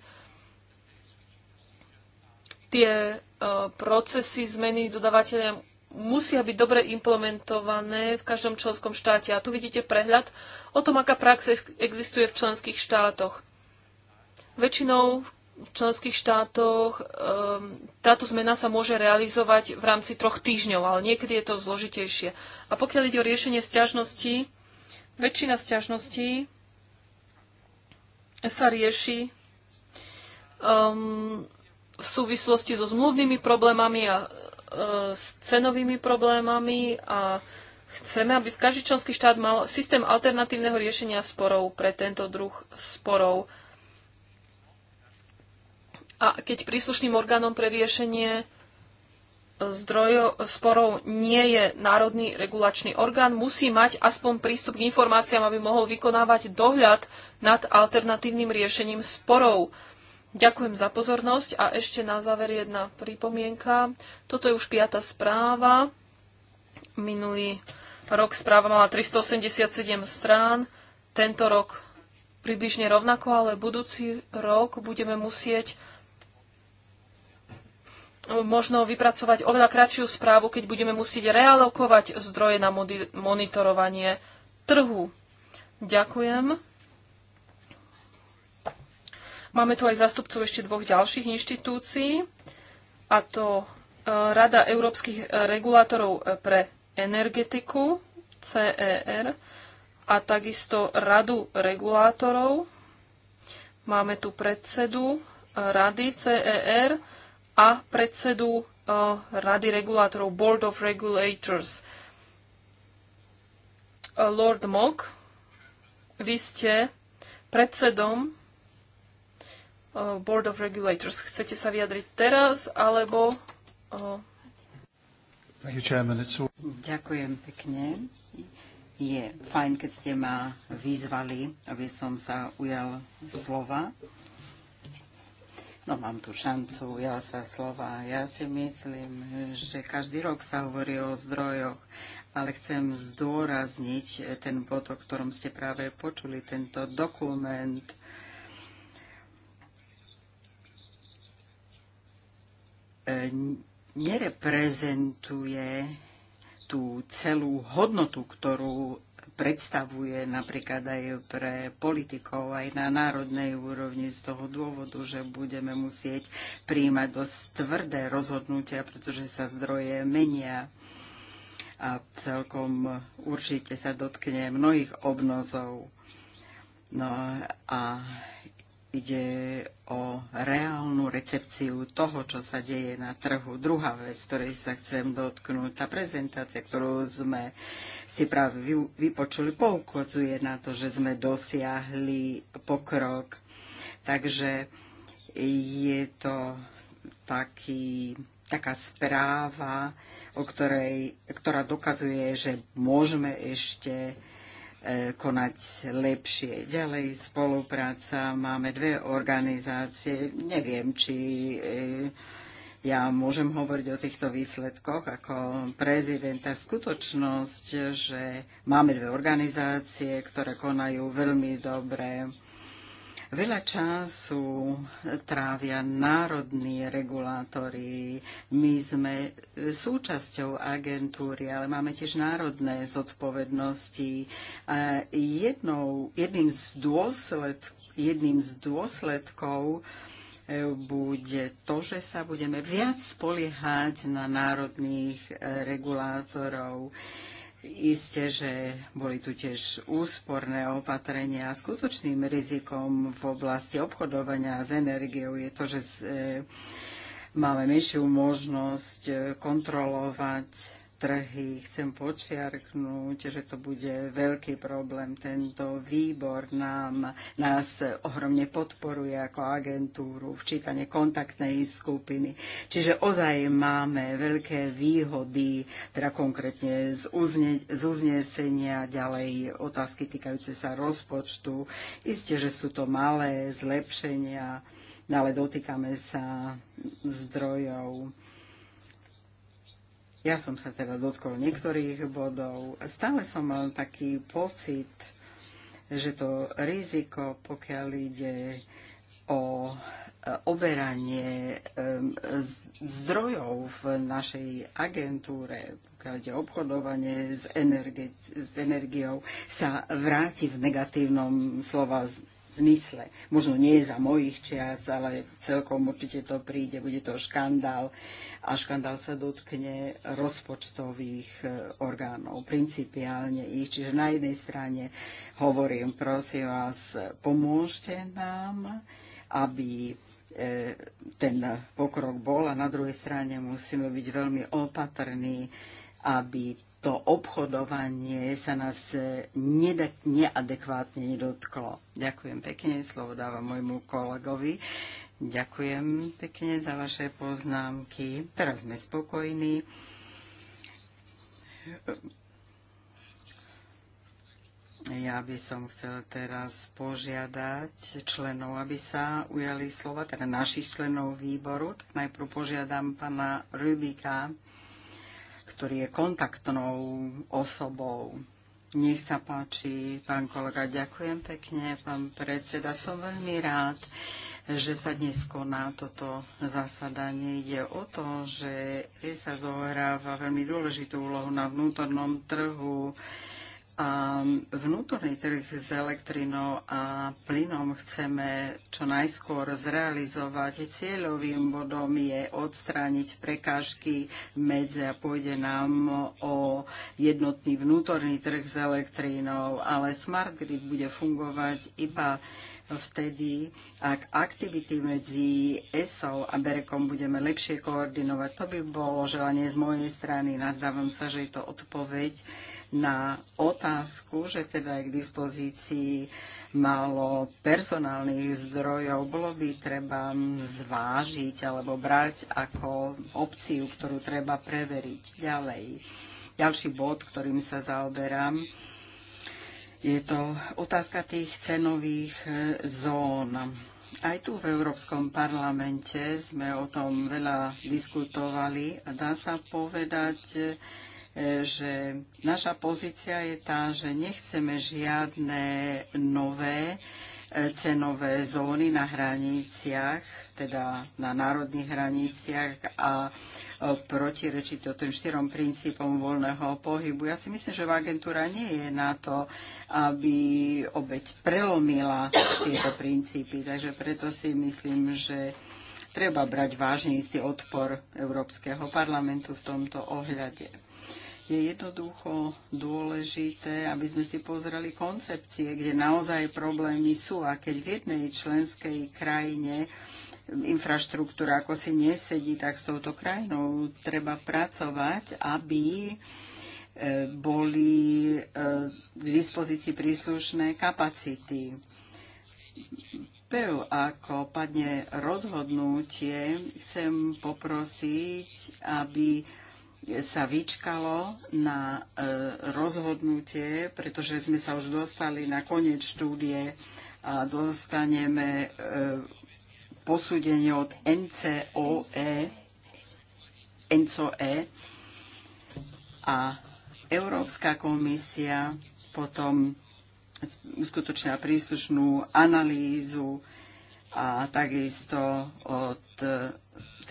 tie uh, procesy zmeny dodavateľom musia byť dobre implementované v každom členskom štáte. A tu vidíte prehľad o tom, aká prax existuje v členských štátoch. Väčšinou v členských štátoch um, táto zmena sa môže realizovať v rámci troch týždňov, ale niekedy je to zložitejšie. A pokiaľ ide o riešenie sťažností, väčšina sťažností sa rieši um, v súvislosti so zmluvnými problémami a E, s cenovými problémami a chceme, aby v každý členský štát mal systém alternatívneho riešenia sporov pre tento druh sporov. A keď príslušným orgánom pre riešenie zdrojov, sporov nie je národný regulačný orgán, musí mať aspoň prístup k informáciám, aby mohol vykonávať dohľad nad alternatívnym riešením sporov. Ďakujem za pozornosť a ešte na záver jedna pripomienka. Toto je už piata správa. Minulý rok správa mala 387 strán, tento rok približne rovnako, ale budúci rok budeme musieť e, možno vypracovať oveľa kratšiu správu, keď budeme musieť realokovať zdroje na monitorovanie trhu. Ďakujem. Máme tu aj zastupcov ešte dvoch ďalších inštitúcií, a to e, Rada európskych e, regulátorov e, pre energetiku, CER, a takisto Radu regulátorov. Máme tu predsedu Rady CER a predsedu Rady regulátorov Board of Regulators. Lord Mock, vy ste predsedom Uh, Board of Regulators. Chcete sa vyjadriť teraz, alebo... Uh, Ďakujem pekne. Je fajn, keď ste ma vyzvali, aby som sa ujal slova. No mám tu šancu, ja sa slova. Ja si myslím, že každý rok sa hovorí o zdrojoch, ale chcem zdôrazniť ten bod, o ktorom ste práve počuli, tento dokument – E, nereprezentuje tú celú hodnotu, ktorú predstavuje napríklad aj pre politikov aj na národnej úrovni z toho dôvodu, že budeme musieť príjmať dosť tvrdé rozhodnutia, pretože sa zdroje menia a celkom určite sa dotkne mnohých obnozov. No a ide o reálnu recepciu toho, čo sa deje na trhu. Druhá vec, ktorej sa chcem dotknúť, tá prezentácia, ktorú sme si práve vypočuli, poukazuje na to, že sme dosiahli pokrok. Takže je to taký, taká správa, o ktorej, ktorá dokazuje, že môžeme ešte E, konať lepšie. Ďalej spolupráca. Máme dve organizácie. Neviem, či e, ja môžem hovoriť o týchto výsledkoch ako prezidenta. Skutočnosť, že máme dve organizácie, ktoré konajú veľmi dobre Veľa času trávia národní regulátory, My sme súčasťou agentúry, ale máme tiež národné zodpovednosti. jednou, jedným, z dôsled, jedným z dôsledkov e, bude to, že sa budeme viac spoliehať na národných e, regulátorov. Isté, že boli tu tiež úsporné opatrenia. Skutočným rizikom v oblasti obchodovania s energiou je to, že e, máme menšiu možnosť e, kontrolovať trhy. Chcem počiarknúť, že to bude veľký problém. Tento výbor nám, nás ohromne podporuje ako agentúru, včítanie kontaktnej skupiny. Čiže ozaj máme veľké výhody, teda konkrétne z, uzne, z uznesenia, ďalej otázky týkajúce sa rozpočtu. Isté, že sú to malé zlepšenia, ale dotýkame sa zdrojov ja som sa teda dotkol niektorých bodov. Stále som mal taký pocit, že to riziko, pokiaľ ide o e, oberanie e, zdrojov v našej agentúre, pokiaľ ide obchodovanie s, energi- s energiou, sa vráti v negatívnom slova zmysle. Možno nie za mojich čias, ale celkom určite to príde, bude to škandál a škandál sa dotkne rozpočtových e, orgánov, principiálne ich. Čiže na jednej strane hovorím, prosím vás, pomôžte nám, aby e, ten pokrok bol a na druhej strane musíme byť veľmi opatrní, aby to obchodovanie sa nás e, neadekvátne nedotklo. Ďakujem pekne, slovo dávam môjmu kolegovi. Ďakujem pekne za vaše poznámky. Teraz sme spokojní. Ja by som chcel teraz požiadať členov, aby sa ujali slova, teda našich členov výboru. Tak najprv požiadam pána Rubika, ktorý je kontaktnou osobou. Nech sa páči, pán kolega, ďakujem pekne, pán predseda. Som veľmi rád, že sa dnes koná toto zasadanie. Je o to, že sa zohráva veľmi dôležitú úlohu na vnútornom trhu a vnútorný trh s elektrinou a plynom chceme čo najskôr zrealizovať. Cieľovým bodom je odstrániť prekážky medze a pôjde nám o jednotný vnútorný trh s elektrínou, ale smart grid bude fungovať iba vtedy, ak aktivity medzi ESO a Berekom budeme lepšie koordinovať. To by bolo želanie z mojej strany. Nazdávam sa, že je to odpoveď na otázku, že teda je k dispozícii málo personálnych zdrojov, bolo by treba zvážiť alebo brať ako opciu, ktorú treba preveriť ďalej. Ďalší bod, ktorým sa zaoberám, je to otázka tých cenových zón. Aj tu v Európskom parlamente sme o tom veľa diskutovali dá sa povedať, E, že naša pozícia je tá, že nechceme žiadne nové e, cenové zóny na hraniciach, teda na národných hraniciach a e, protirečiť to tým štyrom princípom voľného pohybu. Ja si myslím, že agentúra nie je na to, aby obeď prelomila tieto princípy. Takže preto si myslím, že treba brať vážne istý odpor Európskeho parlamentu v tomto ohľade je jednoducho dôležité, aby sme si pozreli koncepcie, kde naozaj problémy sú. A keď v jednej členskej krajine infraštruktúra ako si nesedí, tak s touto krajinou treba pracovať, aby e, boli k e, dispozícii príslušné kapacity. Peru, ako padne rozhodnutie, chcem poprosiť, aby sa vyčkalo na e, rozhodnutie, pretože sme sa už dostali na koniec štúdie a dostaneme e, posúdenie od NCOE, NCOE a Európska komisia potom uskutočnila príslušnú analýzu a takisto od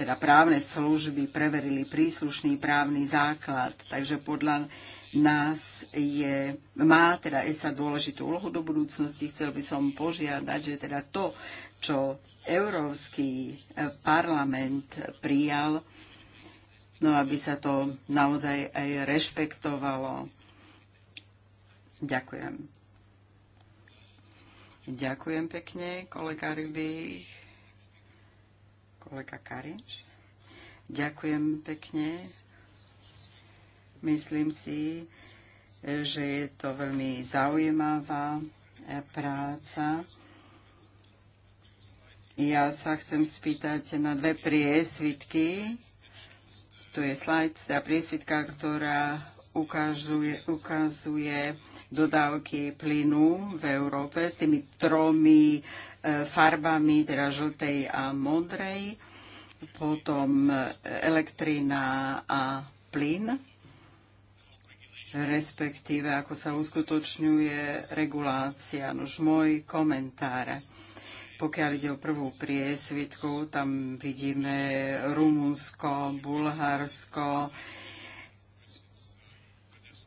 teda právne služby preverili príslušný právny základ. Takže podľa nás je, má teda ESA dôležitú úlohu do budúcnosti. Chcel by som požiadať, že teda to, čo Európsky eh, parlament prijal, no aby sa to naozaj aj rešpektovalo. Ďakujem. Ďakujem pekne, kolega Rybých kolega Karič. Ďakujem pekne. Myslím si, že je to veľmi zaujímavá e, práca. Ja sa chcem spýtať na dve priesvitky. Tu je slajd, tá priesvitka, ktorá ukazuje, ukazuje dodávky plynu v Európe s tými tromi farbami, teda žltej a modrej, potom elektrina a plyn, respektíve ako sa uskutočňuje regulácia. Nož môj komentár. Pokiaľ ide o prvú priesvitku, tam vidíme Rumunsko, Bulharsko,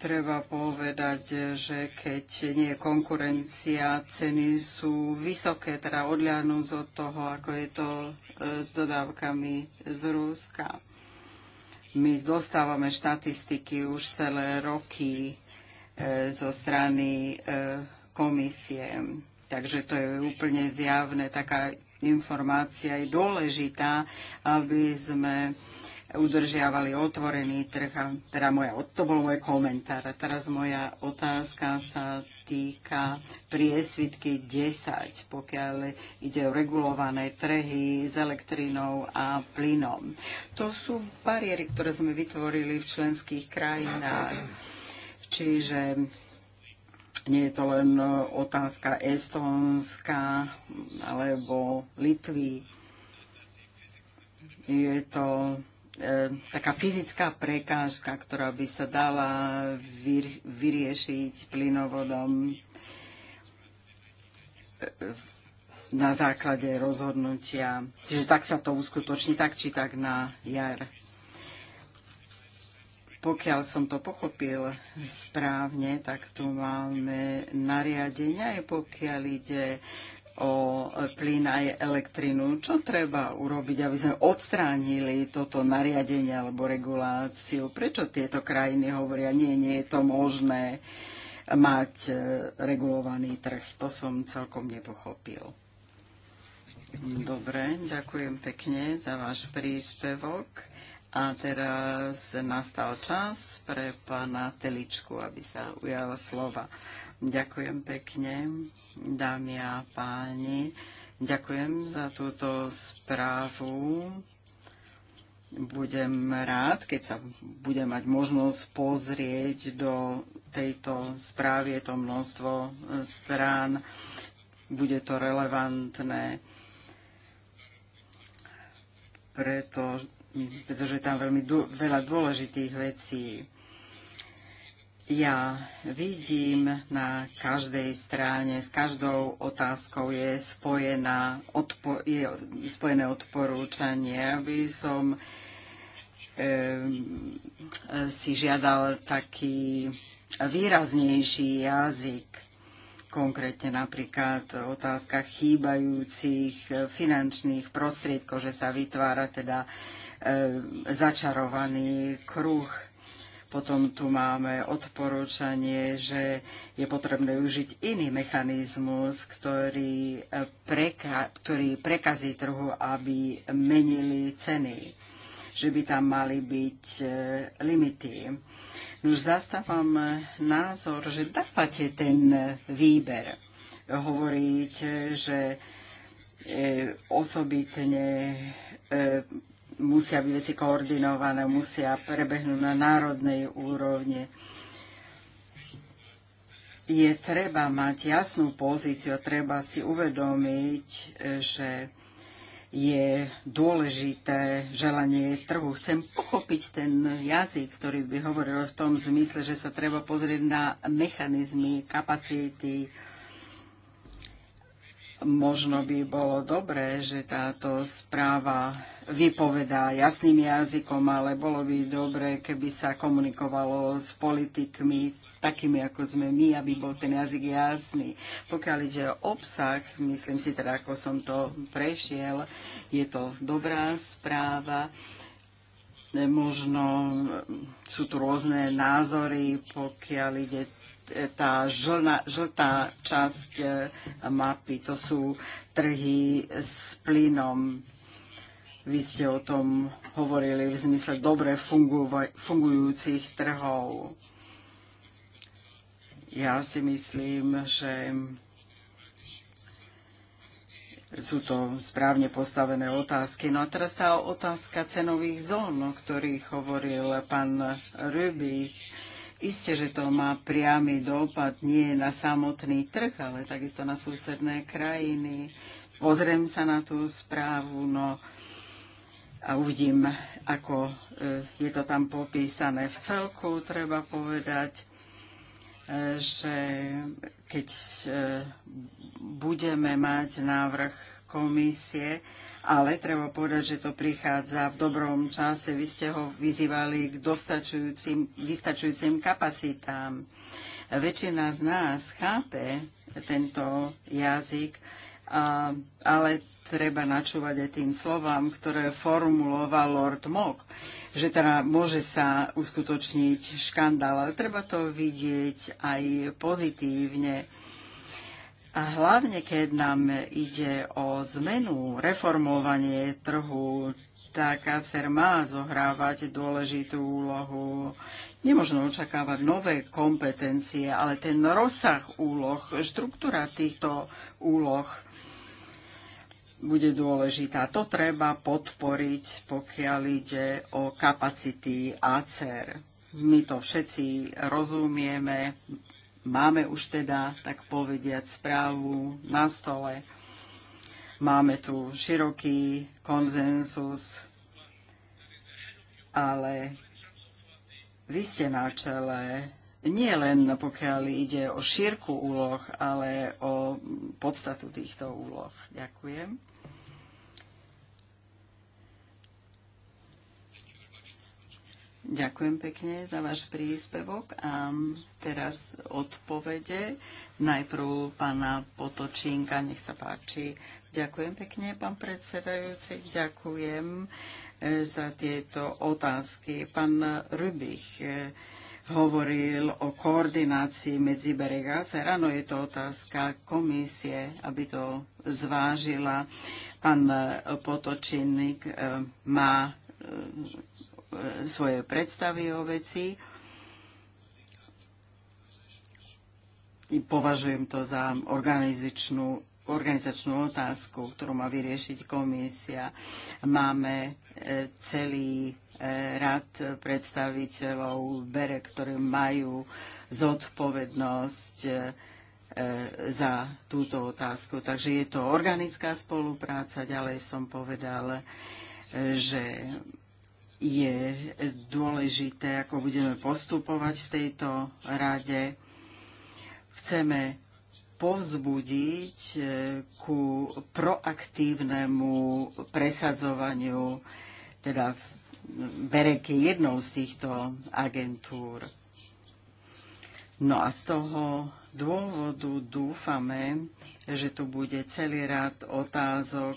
treba povedať, že keď nie je konkurencia, ceny sú vysoké, teda odľahnúť od toho, ako je to e, s dodávkami z Ruska. My dostávame štatistiky už celé roky e, zo strany e, komisie, takže to je úplne zjavné. Taká informácia je dôležitá, aby sme udržiavali otvorený trh. A teda moja, to bol môj komentár. A teraz moja otázka sa týka priesvitky 10, pokiaľ ide o regulované trhy s elektrínou a plynom. To sú bariéry, ktoré sme vytvorili v členských krajinách. Čiže nie je to len otázka Estónska alebo Litvy. Je to E, taká fyzická prekážka, ktorá by sa dala vyr, vyriešiť plynovodom e, na základe rozhodnutia. Čiže tak sa to uskutoční, tak či tak na jar. Pokiaľ som to pochopil správne, tak tu máme nariadenia, aj pokiaľ ide o plyn aj elektrinu. Čo treba urobiť, aby sme odstránili toto nariadenie alebo reguláciu? Prečo tieto krajiny hovoria, nie, nie je to možné mať e, regulovaný trh? To som celkom nepochopil. Dobre, ďakujem pekne za váš príspevok. A teraz nastal čas pre pána Teličku, aby sa ujala slova. Ďakujem pekne dámy a páni. Ďakujem za túto správu. Budem rád, keď sa budem mať možnosť pozrieť do tejto správy. Je to množstvo strán, bude to relevantné, preto, pretože je tam veľmi veľa dôležitých vecí ja vidím na každej strane, s každou otázkou je, spojená, odpo, je spojené odporúčanie, aby som si žiadal taký výraznejší jazyk, konkrétne napríklad otázka chýbajúcich finančných prostriedkov, že sa vytvára teda začarovaný kruh potom tu máme odporúčanie, že je potrebné užiť iný mechanizmus, ktorý, e, preka- ktorý prekazí trhu, aby menili ceny. Že by tam mali byť e, limity. No už zastávam názor, že dávate ten výber. Hovoríte, že e, osobitne musia byť veci koordinované, musia prebehnúť na národnej úrovni. Je treba mať jasnú pozíciu, treba si uvedomiť, že je dôležité želanie trhu. Chcem pochopiť ten jazyk, ktorý by hovoril v tom zmysle, že sa treba pozrieť na mechanizmy, kapacity, Možno by bolo dobré, že táto správa vypovedá jasným jazykom, ale bolo by dobré, keby sa komunikovalo s politikmi takými, ako sme my, aby bol ten jazyk jasný. Pokiaľ ide o obsah, myslím si teda, ako som to prešiel, je to dobrá správa možno sú tu rôzne názory, pokiaľ ide tá žlna, žltá časť e, mapy, to sú trhy s plynom. Vy ste o tom hovorili v zmysle dobre fungujúcich trhov. Ja si myslím, že sú to správne postavené otázky. No a teraz tá otázka cenových zón, o ktorých hovoril pán Rübich. Isté, že to má priamy dopad nie na samotný trh, ale takisto na susedné krajiny. Pozriem sa na tú správu, no a uvidím, ako e, je to tam popísané. V celku treba povedať, e, že keď e, budeme mať návrh komisie, ale treba povedať, že to prichádza v dobrom čase. Vy ste ho vyzývali k dostačujúcim, vystačujúcim kapacitám. Väčšina z nás chápe tento jazyk, a, ale treba načúvať aj tým slovám, ktoré formuloval Lord Mock, že teda môže sa uskutočniť škandál, ale treba to vidieť aj pozitívne a hlavne, keď nám ide o zmenu, reformovanie trhu, tak ACER má zohrávať dôležitú úlohu. Nemôžno očakávať nové kompetencie, ale ten rozsah úloh, štruktúra týchto úloh bude dôležitá. To treba podporiť, pokiaľ ide o kapacity ACER. My to všetci rozumieme, Máme už teda, tak povediať, správu na stole. Máme tu široký konzensus, ale vy ste na čele nie len pokiaľ ide o šírku úloh, ale o podstatu týchto úloh. Ďakujem. Ďakujem pekne za váš príspevok a teraz odpovede. Najprv pána Potočínka, nech sa páči. Ďakujem pekne, pán predsedajúci, ďakujem e, za tieto otázky. Pán Rubich e, hovoril o koordinácii medzi Berega. a je to otázka komisie, aby to zvážila. Pán Potočinník e, má svoje predstavy o veci. I považujem to za organizačnú, organizačnú otázku, ktorú má vyriešiť komisia. Máme e, celý e, rad predstaviteľov bere, ktorí majú zodpovednosť e, za túto otázku. Takže je to organická spolupráca. Ďalej som povedal, že je dôležité, ako budeme postupovať v tejto rade. Chceme povzbudiť e, ku proaktívnemu presadzovaniu, teda v bereke jednou z týchto agentúr. No a z toho dôvodu dúfame, že tu bude celý rád otázok,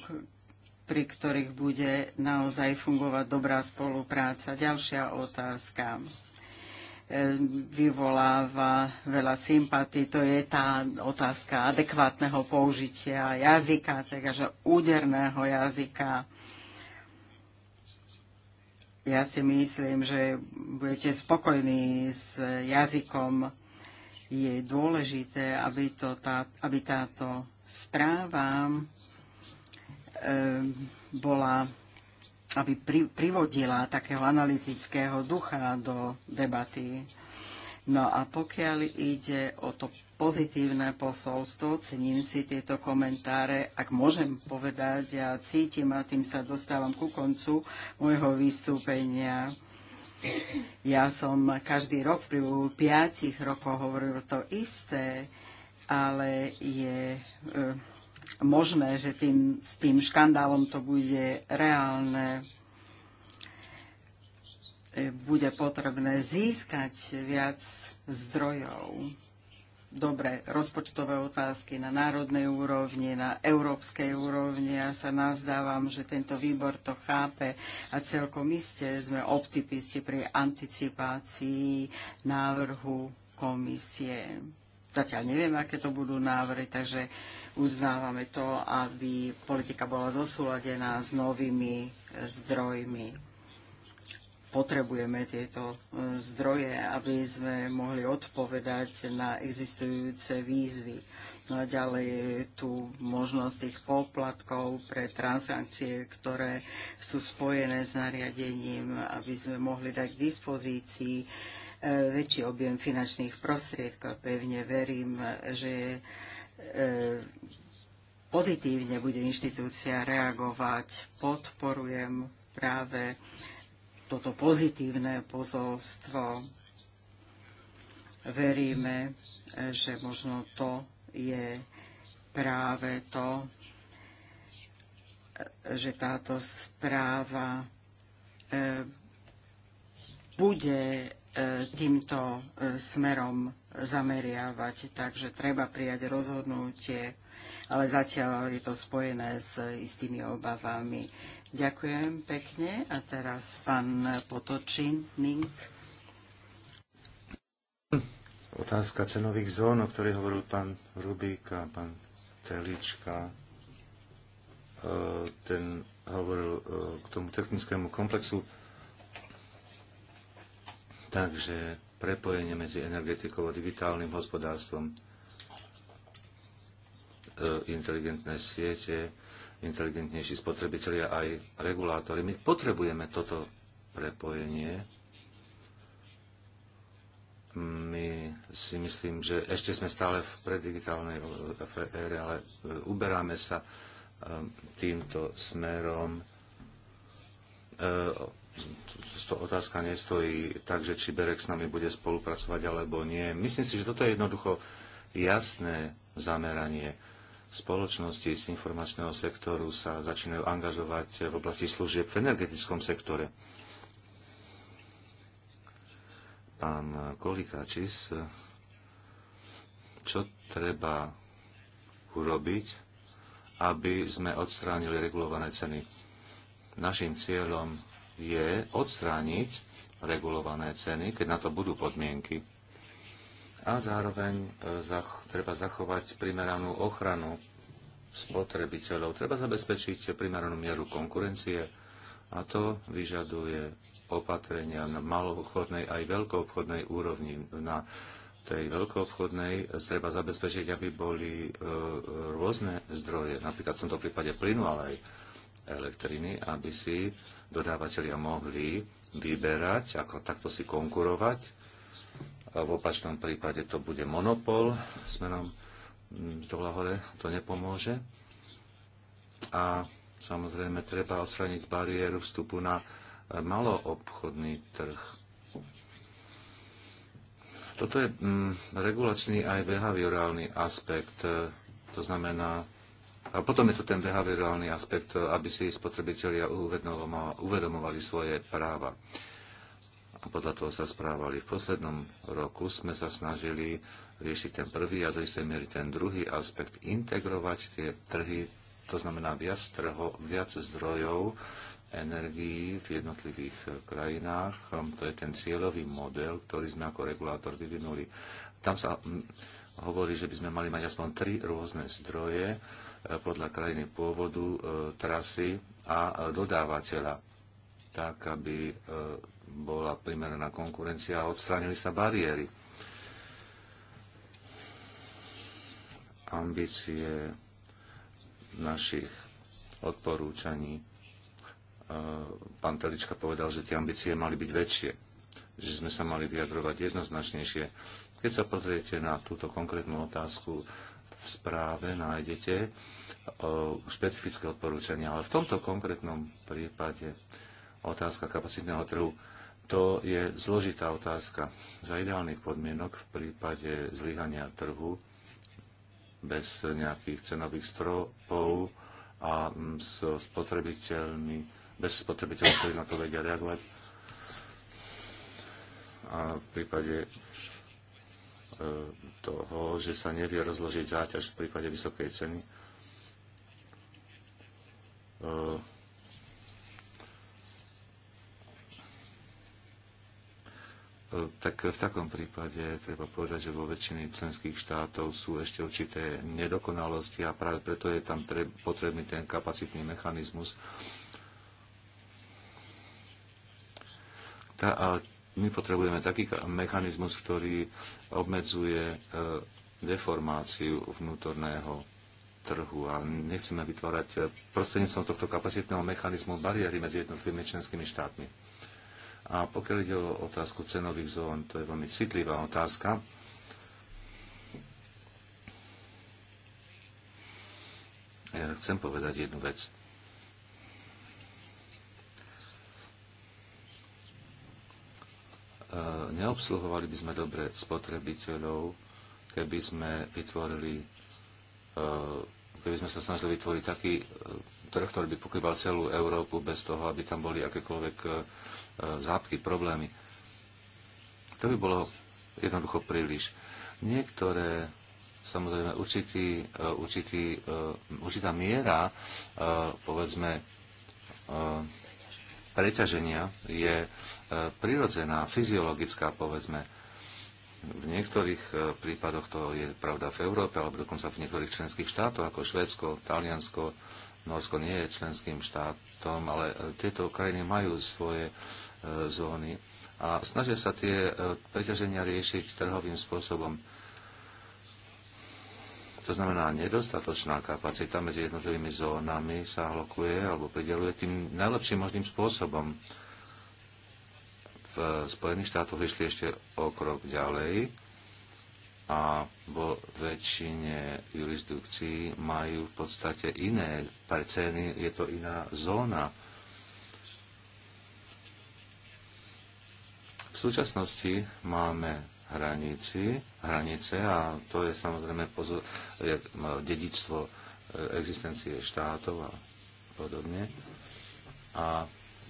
pri ktorých bude naozaj fungovať dobrá spolupráca. Ďalšia otázka e, vyvoláva veľa sympatí. To je tá otázka adekvátneho použitia jazyka, takže úderného jazyka. Ja si myslím, že budete spokojní s jazykom. Je dôležité, aby, to tá, aby táto správa Eh, bola aby pri, privodila takého analytického ducha do debaty. No a pokiaľ ide o to pozitívne posolstvo, cením si tieto komentáre, ak môžem povedať, ja cítim a tým sa dostávam ku koncu môjho vystúpenia. Ja som každý rok pri piatich rokoch hovoril to isté, ale je eh, možné, že tým, s tým škandálom to bude reálne. E, bude potrebné získať viac zdrojov. Dobre, rozpočtové otázky na národnej úrovni, na európskej úrovni. Ja sa nazdávam, že tento výbor to chápe a celkom iste sme optimisti pri anticipácii návrhu komisie Zatiaľ neviem, aké to budú návrhy, takže uznávame to, aby politika bola zosúladená s novými e, zdrojmi. Potrebujeme tieto e, zdroje, aby sme mohli odpovedať na existujúce výzvy. No a ďalej je tu možnosť tých poplatkov pre transakcie, ktoré sú spojené s nariadením, aby sme mohli dať k dispozícii E, väčší objem finančných prostriedkov. Pevne verím, že e, pozitívne bude inštitúcia reagovať. Podporujem práve toto pozitívne pozolstvo. Veríme, že možno to je práve to, že táto správa e, bude E, týmto e, smerom zameriavať, takže treba prijať rozhodnutie, ale zatiaľ je to spojené s istými obavami. Ďakujem pekne a teraz pán Potočin Nink. Otázka cenových zón, o ktorej hovoril pán Rubík a pán Telička. E, ten hovoril k tomu technickému komplexu Takže prepojenie medzi energetikou a digitálnym hospodárstvom, e, inteligentné siete, inteligentnejší spotrebitelia aj regulátory. My potrebujeme toto prepojenie. My si myslím, že ešte sme stále v preddigitálnej ére, ale e, uberáme sa e, týmto smerom to otázka nestojí tak, že či Berek s nami bude spolupracovať alebo nie. Myslím si, že toto je jednoducho jasné zameranie spoločnosti z informačného sektoru sa začínajú angažovať v oblasti služieb v energetickom sektore. Pán Kolikáčis, čo treba urobiť, aby sme odstránili regulované ceny? Našim cieľom je odstrániť regulované ceny, keď na to budú podmienky. A zároveň e, zach- treba zachovať primeranú ochranu spotrebiteľov. Treba zabezpečiť primeranú mieru konkurencie a to vyžaduje opatrenia na maloobchodnej aj veľkoobchodnej úrovni. Na tej veľkoobchodnej treba zabezpečiť, aby boli e, rôzne zdroje, napríklad v tomto prípade plynu, ale aj elektriny, aby si dodávateľia mohli vyberať, ako takto si konkurovať. A v opačnom prípade to bude monopol nám to hore, to nepomôže. A samozrejme treba odstraniť bariéru vstupu na e, maloobchodný trh. Toto je mm, regulačný aj behaviorálny aspekt. E, to znamená, a potom je tu ten behaviorálny aspekt, aby si spotrebitelia uvedomovali svoje práva. A podľa toho sa správali. V poslednom roku sme sa snažili riešiť ten prvý a do istej miery ten druhý aspekt, integrovať tie trhy, to znamená viac trhov, viac zdrojov energií v jednotlivých krajinách. Hm, to je ten cieľový model, ktorý sme ako regulátor vyvinuli. Tam sa hm, hovorí, že by sme mali mať aspoň tri rôzne zdroje, podľa krajiny pôvodu e, trasy a e, dodávateľa, tak aby e, bola primeraná konkurencia a odstránili sa bariéry. Ambície našich odporúčaní. Pán Telička povedal, že tie ambície mali byť väčšie, že sme sa mali vyjadrovať jednoznačnejšie. Keď sa pozriete na túto konkrétnu otázku, v správe nájdete e, špecifické odporúčania, ale v tomto konkrétnom prípade otázka kapacitného trhu, to je zložitá otázka. Za ideálnych podmienok v prípade zlyhania trhu bez nejakých cenových stropov a mm, so spotrebiteľmi, bez spotrebiteľov, ktorí na to vedia reagovať, a v prípade E, toho, že sa nevie rozložiť záťaž v prípade vysokej ceny. E, e, tak v takom prípade treba povedať, že vo väčšine členských štátov sú ešte určité nedokonalosti a práve preto je tam potrebný ten kapacitný mechanizmus. Tá, my potrebujeme taký mechanizmus, ktorý obmedzuje e, deformáciu vnútorného trhu a nechceme vytvárať e, prostredníctvom tohto kapacitného mechanizmu bariéry medzi jednotlivými členskými štátmi. A pokiaľ ide o otázku cenových zón, to je veľmi citlivá otázka. Ja chcem povedať jednu vec. E, neobsluhovali by sme dobre spotrebiteľov, keby sme vytvorili e, keby sme sa snažili vytvoriť taký e, trh, ktorý by pokrýval celú Európu bez toho, aby tam boli akékoľvek zápky, problémy. To by bolo jednoducho príliš. Niektoré samozrejme určitý, určitý, určitá miera, povedzme, preťaženia je prirodzená, fyziologická, povedzme. V niektorých e, prípadoch to je pravda v Európe, alebo dokonca v niektorých členských štátoch, ako Švédsko, Taliansko, Norsko nie je členským štátom, ale e, tieto krajiny majú svoje e, zóny a snažia sa tie preťaženia riešiť trhovým spôsobom. To znamená, nedostatočná kapacita medzi jednotlivými zónami sa lokuje alebo prideluje tým najlepším možným spôsobom. Spojených štátoch išli ešte o krok ďalej a vo väčšine jurisdikcií majú v podstate iné parcény, je to iná zóna. V súčasnosti máme hranici, hranice a to je samozrejme pozor, je, e, dedičstvo e, existencie štátov a podobne. A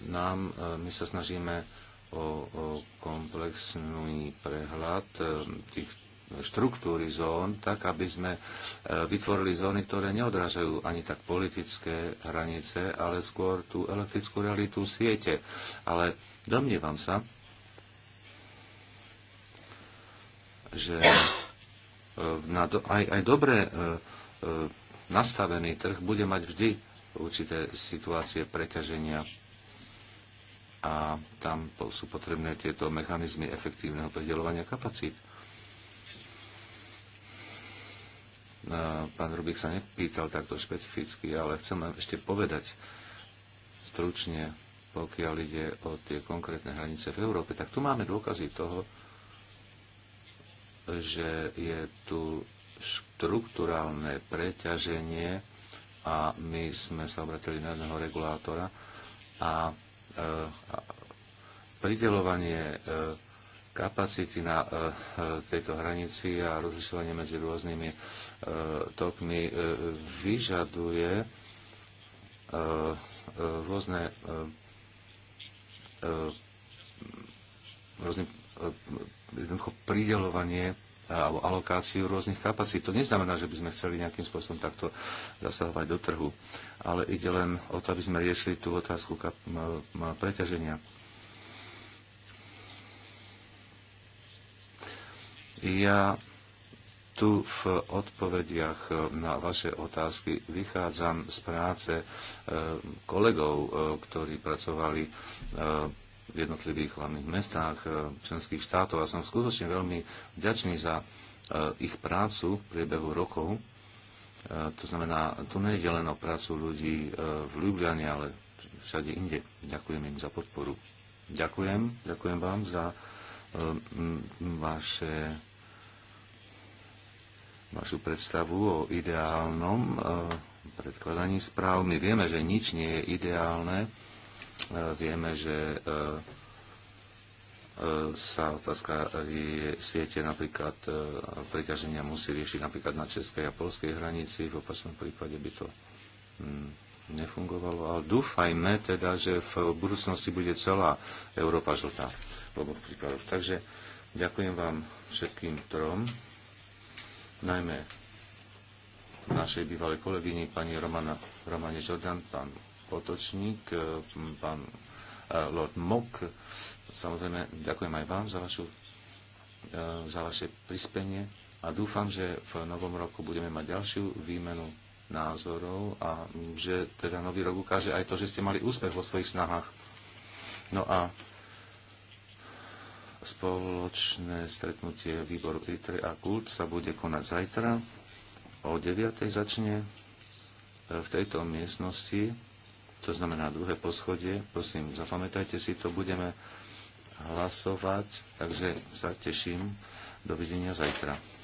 nám, e, my sa snažíme o, o komplexný prehľad e, tých štruktúry zón, tak aby sme e, vytvorili zóny, ktoré neodrážajú ani tak politické hranice, ale skôr tú elektrickú realitu siete. Ale domnievam sa, že e, na do, aj, aj dobre nastavený trh bude mať vždy určité situácie preťaženia a tam sú potrebné tieto mechanizmy efektívneho predelovania kapacít. Pán Rubik sa nepýtal takto špecificky, ale chcem vám ešte povedať stručne, pokiaľ ide o tie konkrétne hranice v Európe, tak tu máme dôkazy toho, že je tu štruktúrálne preťaženie a my sme sa obratili na jedného regulátora a E, pridelovanie e, kapacity na e, tejto hranici a rozlišovanie medzi rôznymi tokmi vyžaduje rôzne rôzne jednoducho pridelovanie alebo alokáciu rôznych kapacít. To neznamená, že by sme chceli nejakým spôsobom takto zasahovať do trhu, ale ide len o to, aby sme riešili tú otázku preťaženia. Ja tu v odpovediach e, na vaše otázky vychádzam z práce e, kolegov, e, ktorí pracovali v jednotlivých hlavných mestách e, členských štátov a som skutočne veľmi vďačný za e, ich prácu v priebehu rokov. E, to znamená, tu nejde len o prácu ľudí v Ljubljane, ale všade inde. Ďakujem im za podporu. Ďakujem, ďakujem vám za vaše, vašu predstavu o ideálnom predkladaní správ. My vieme, že nič nie je ideálne, E, vieme, že e, e, sa otázka siete napríklad preťaženia musí riešiť napríklad na českej a polskej hranici, v opačnom prípade by to mm, nefungovalo. Ale dúfajme teda, že v budúcnosti bude celá Európa žltá v oboch prípadoch. Takže ďakujem vám všetkým trom, najmä našej bývalej kolegyni pani Romana, Romane Žordan, pán Potočník, eh, pán eh, Lord Mok. Samozrejme, ďakujem aj vám za, vašu, eh, za vaše prispenie a dúfam, že v novom roku budeme mať ďalšiu výmenu názorov a že teda nový rok ukáže aj to, že ste mali úspech vo svojich snahách. No a spoločné stretnutie výboru ITRE a KULT sa bude konať zajtra. O 9.00 začne v tejto miestnosti to znamená druhé poschodie. Prosím, zapamätajte si to, budeme hlasovať, takže sa teším. Dovidenia zajtra.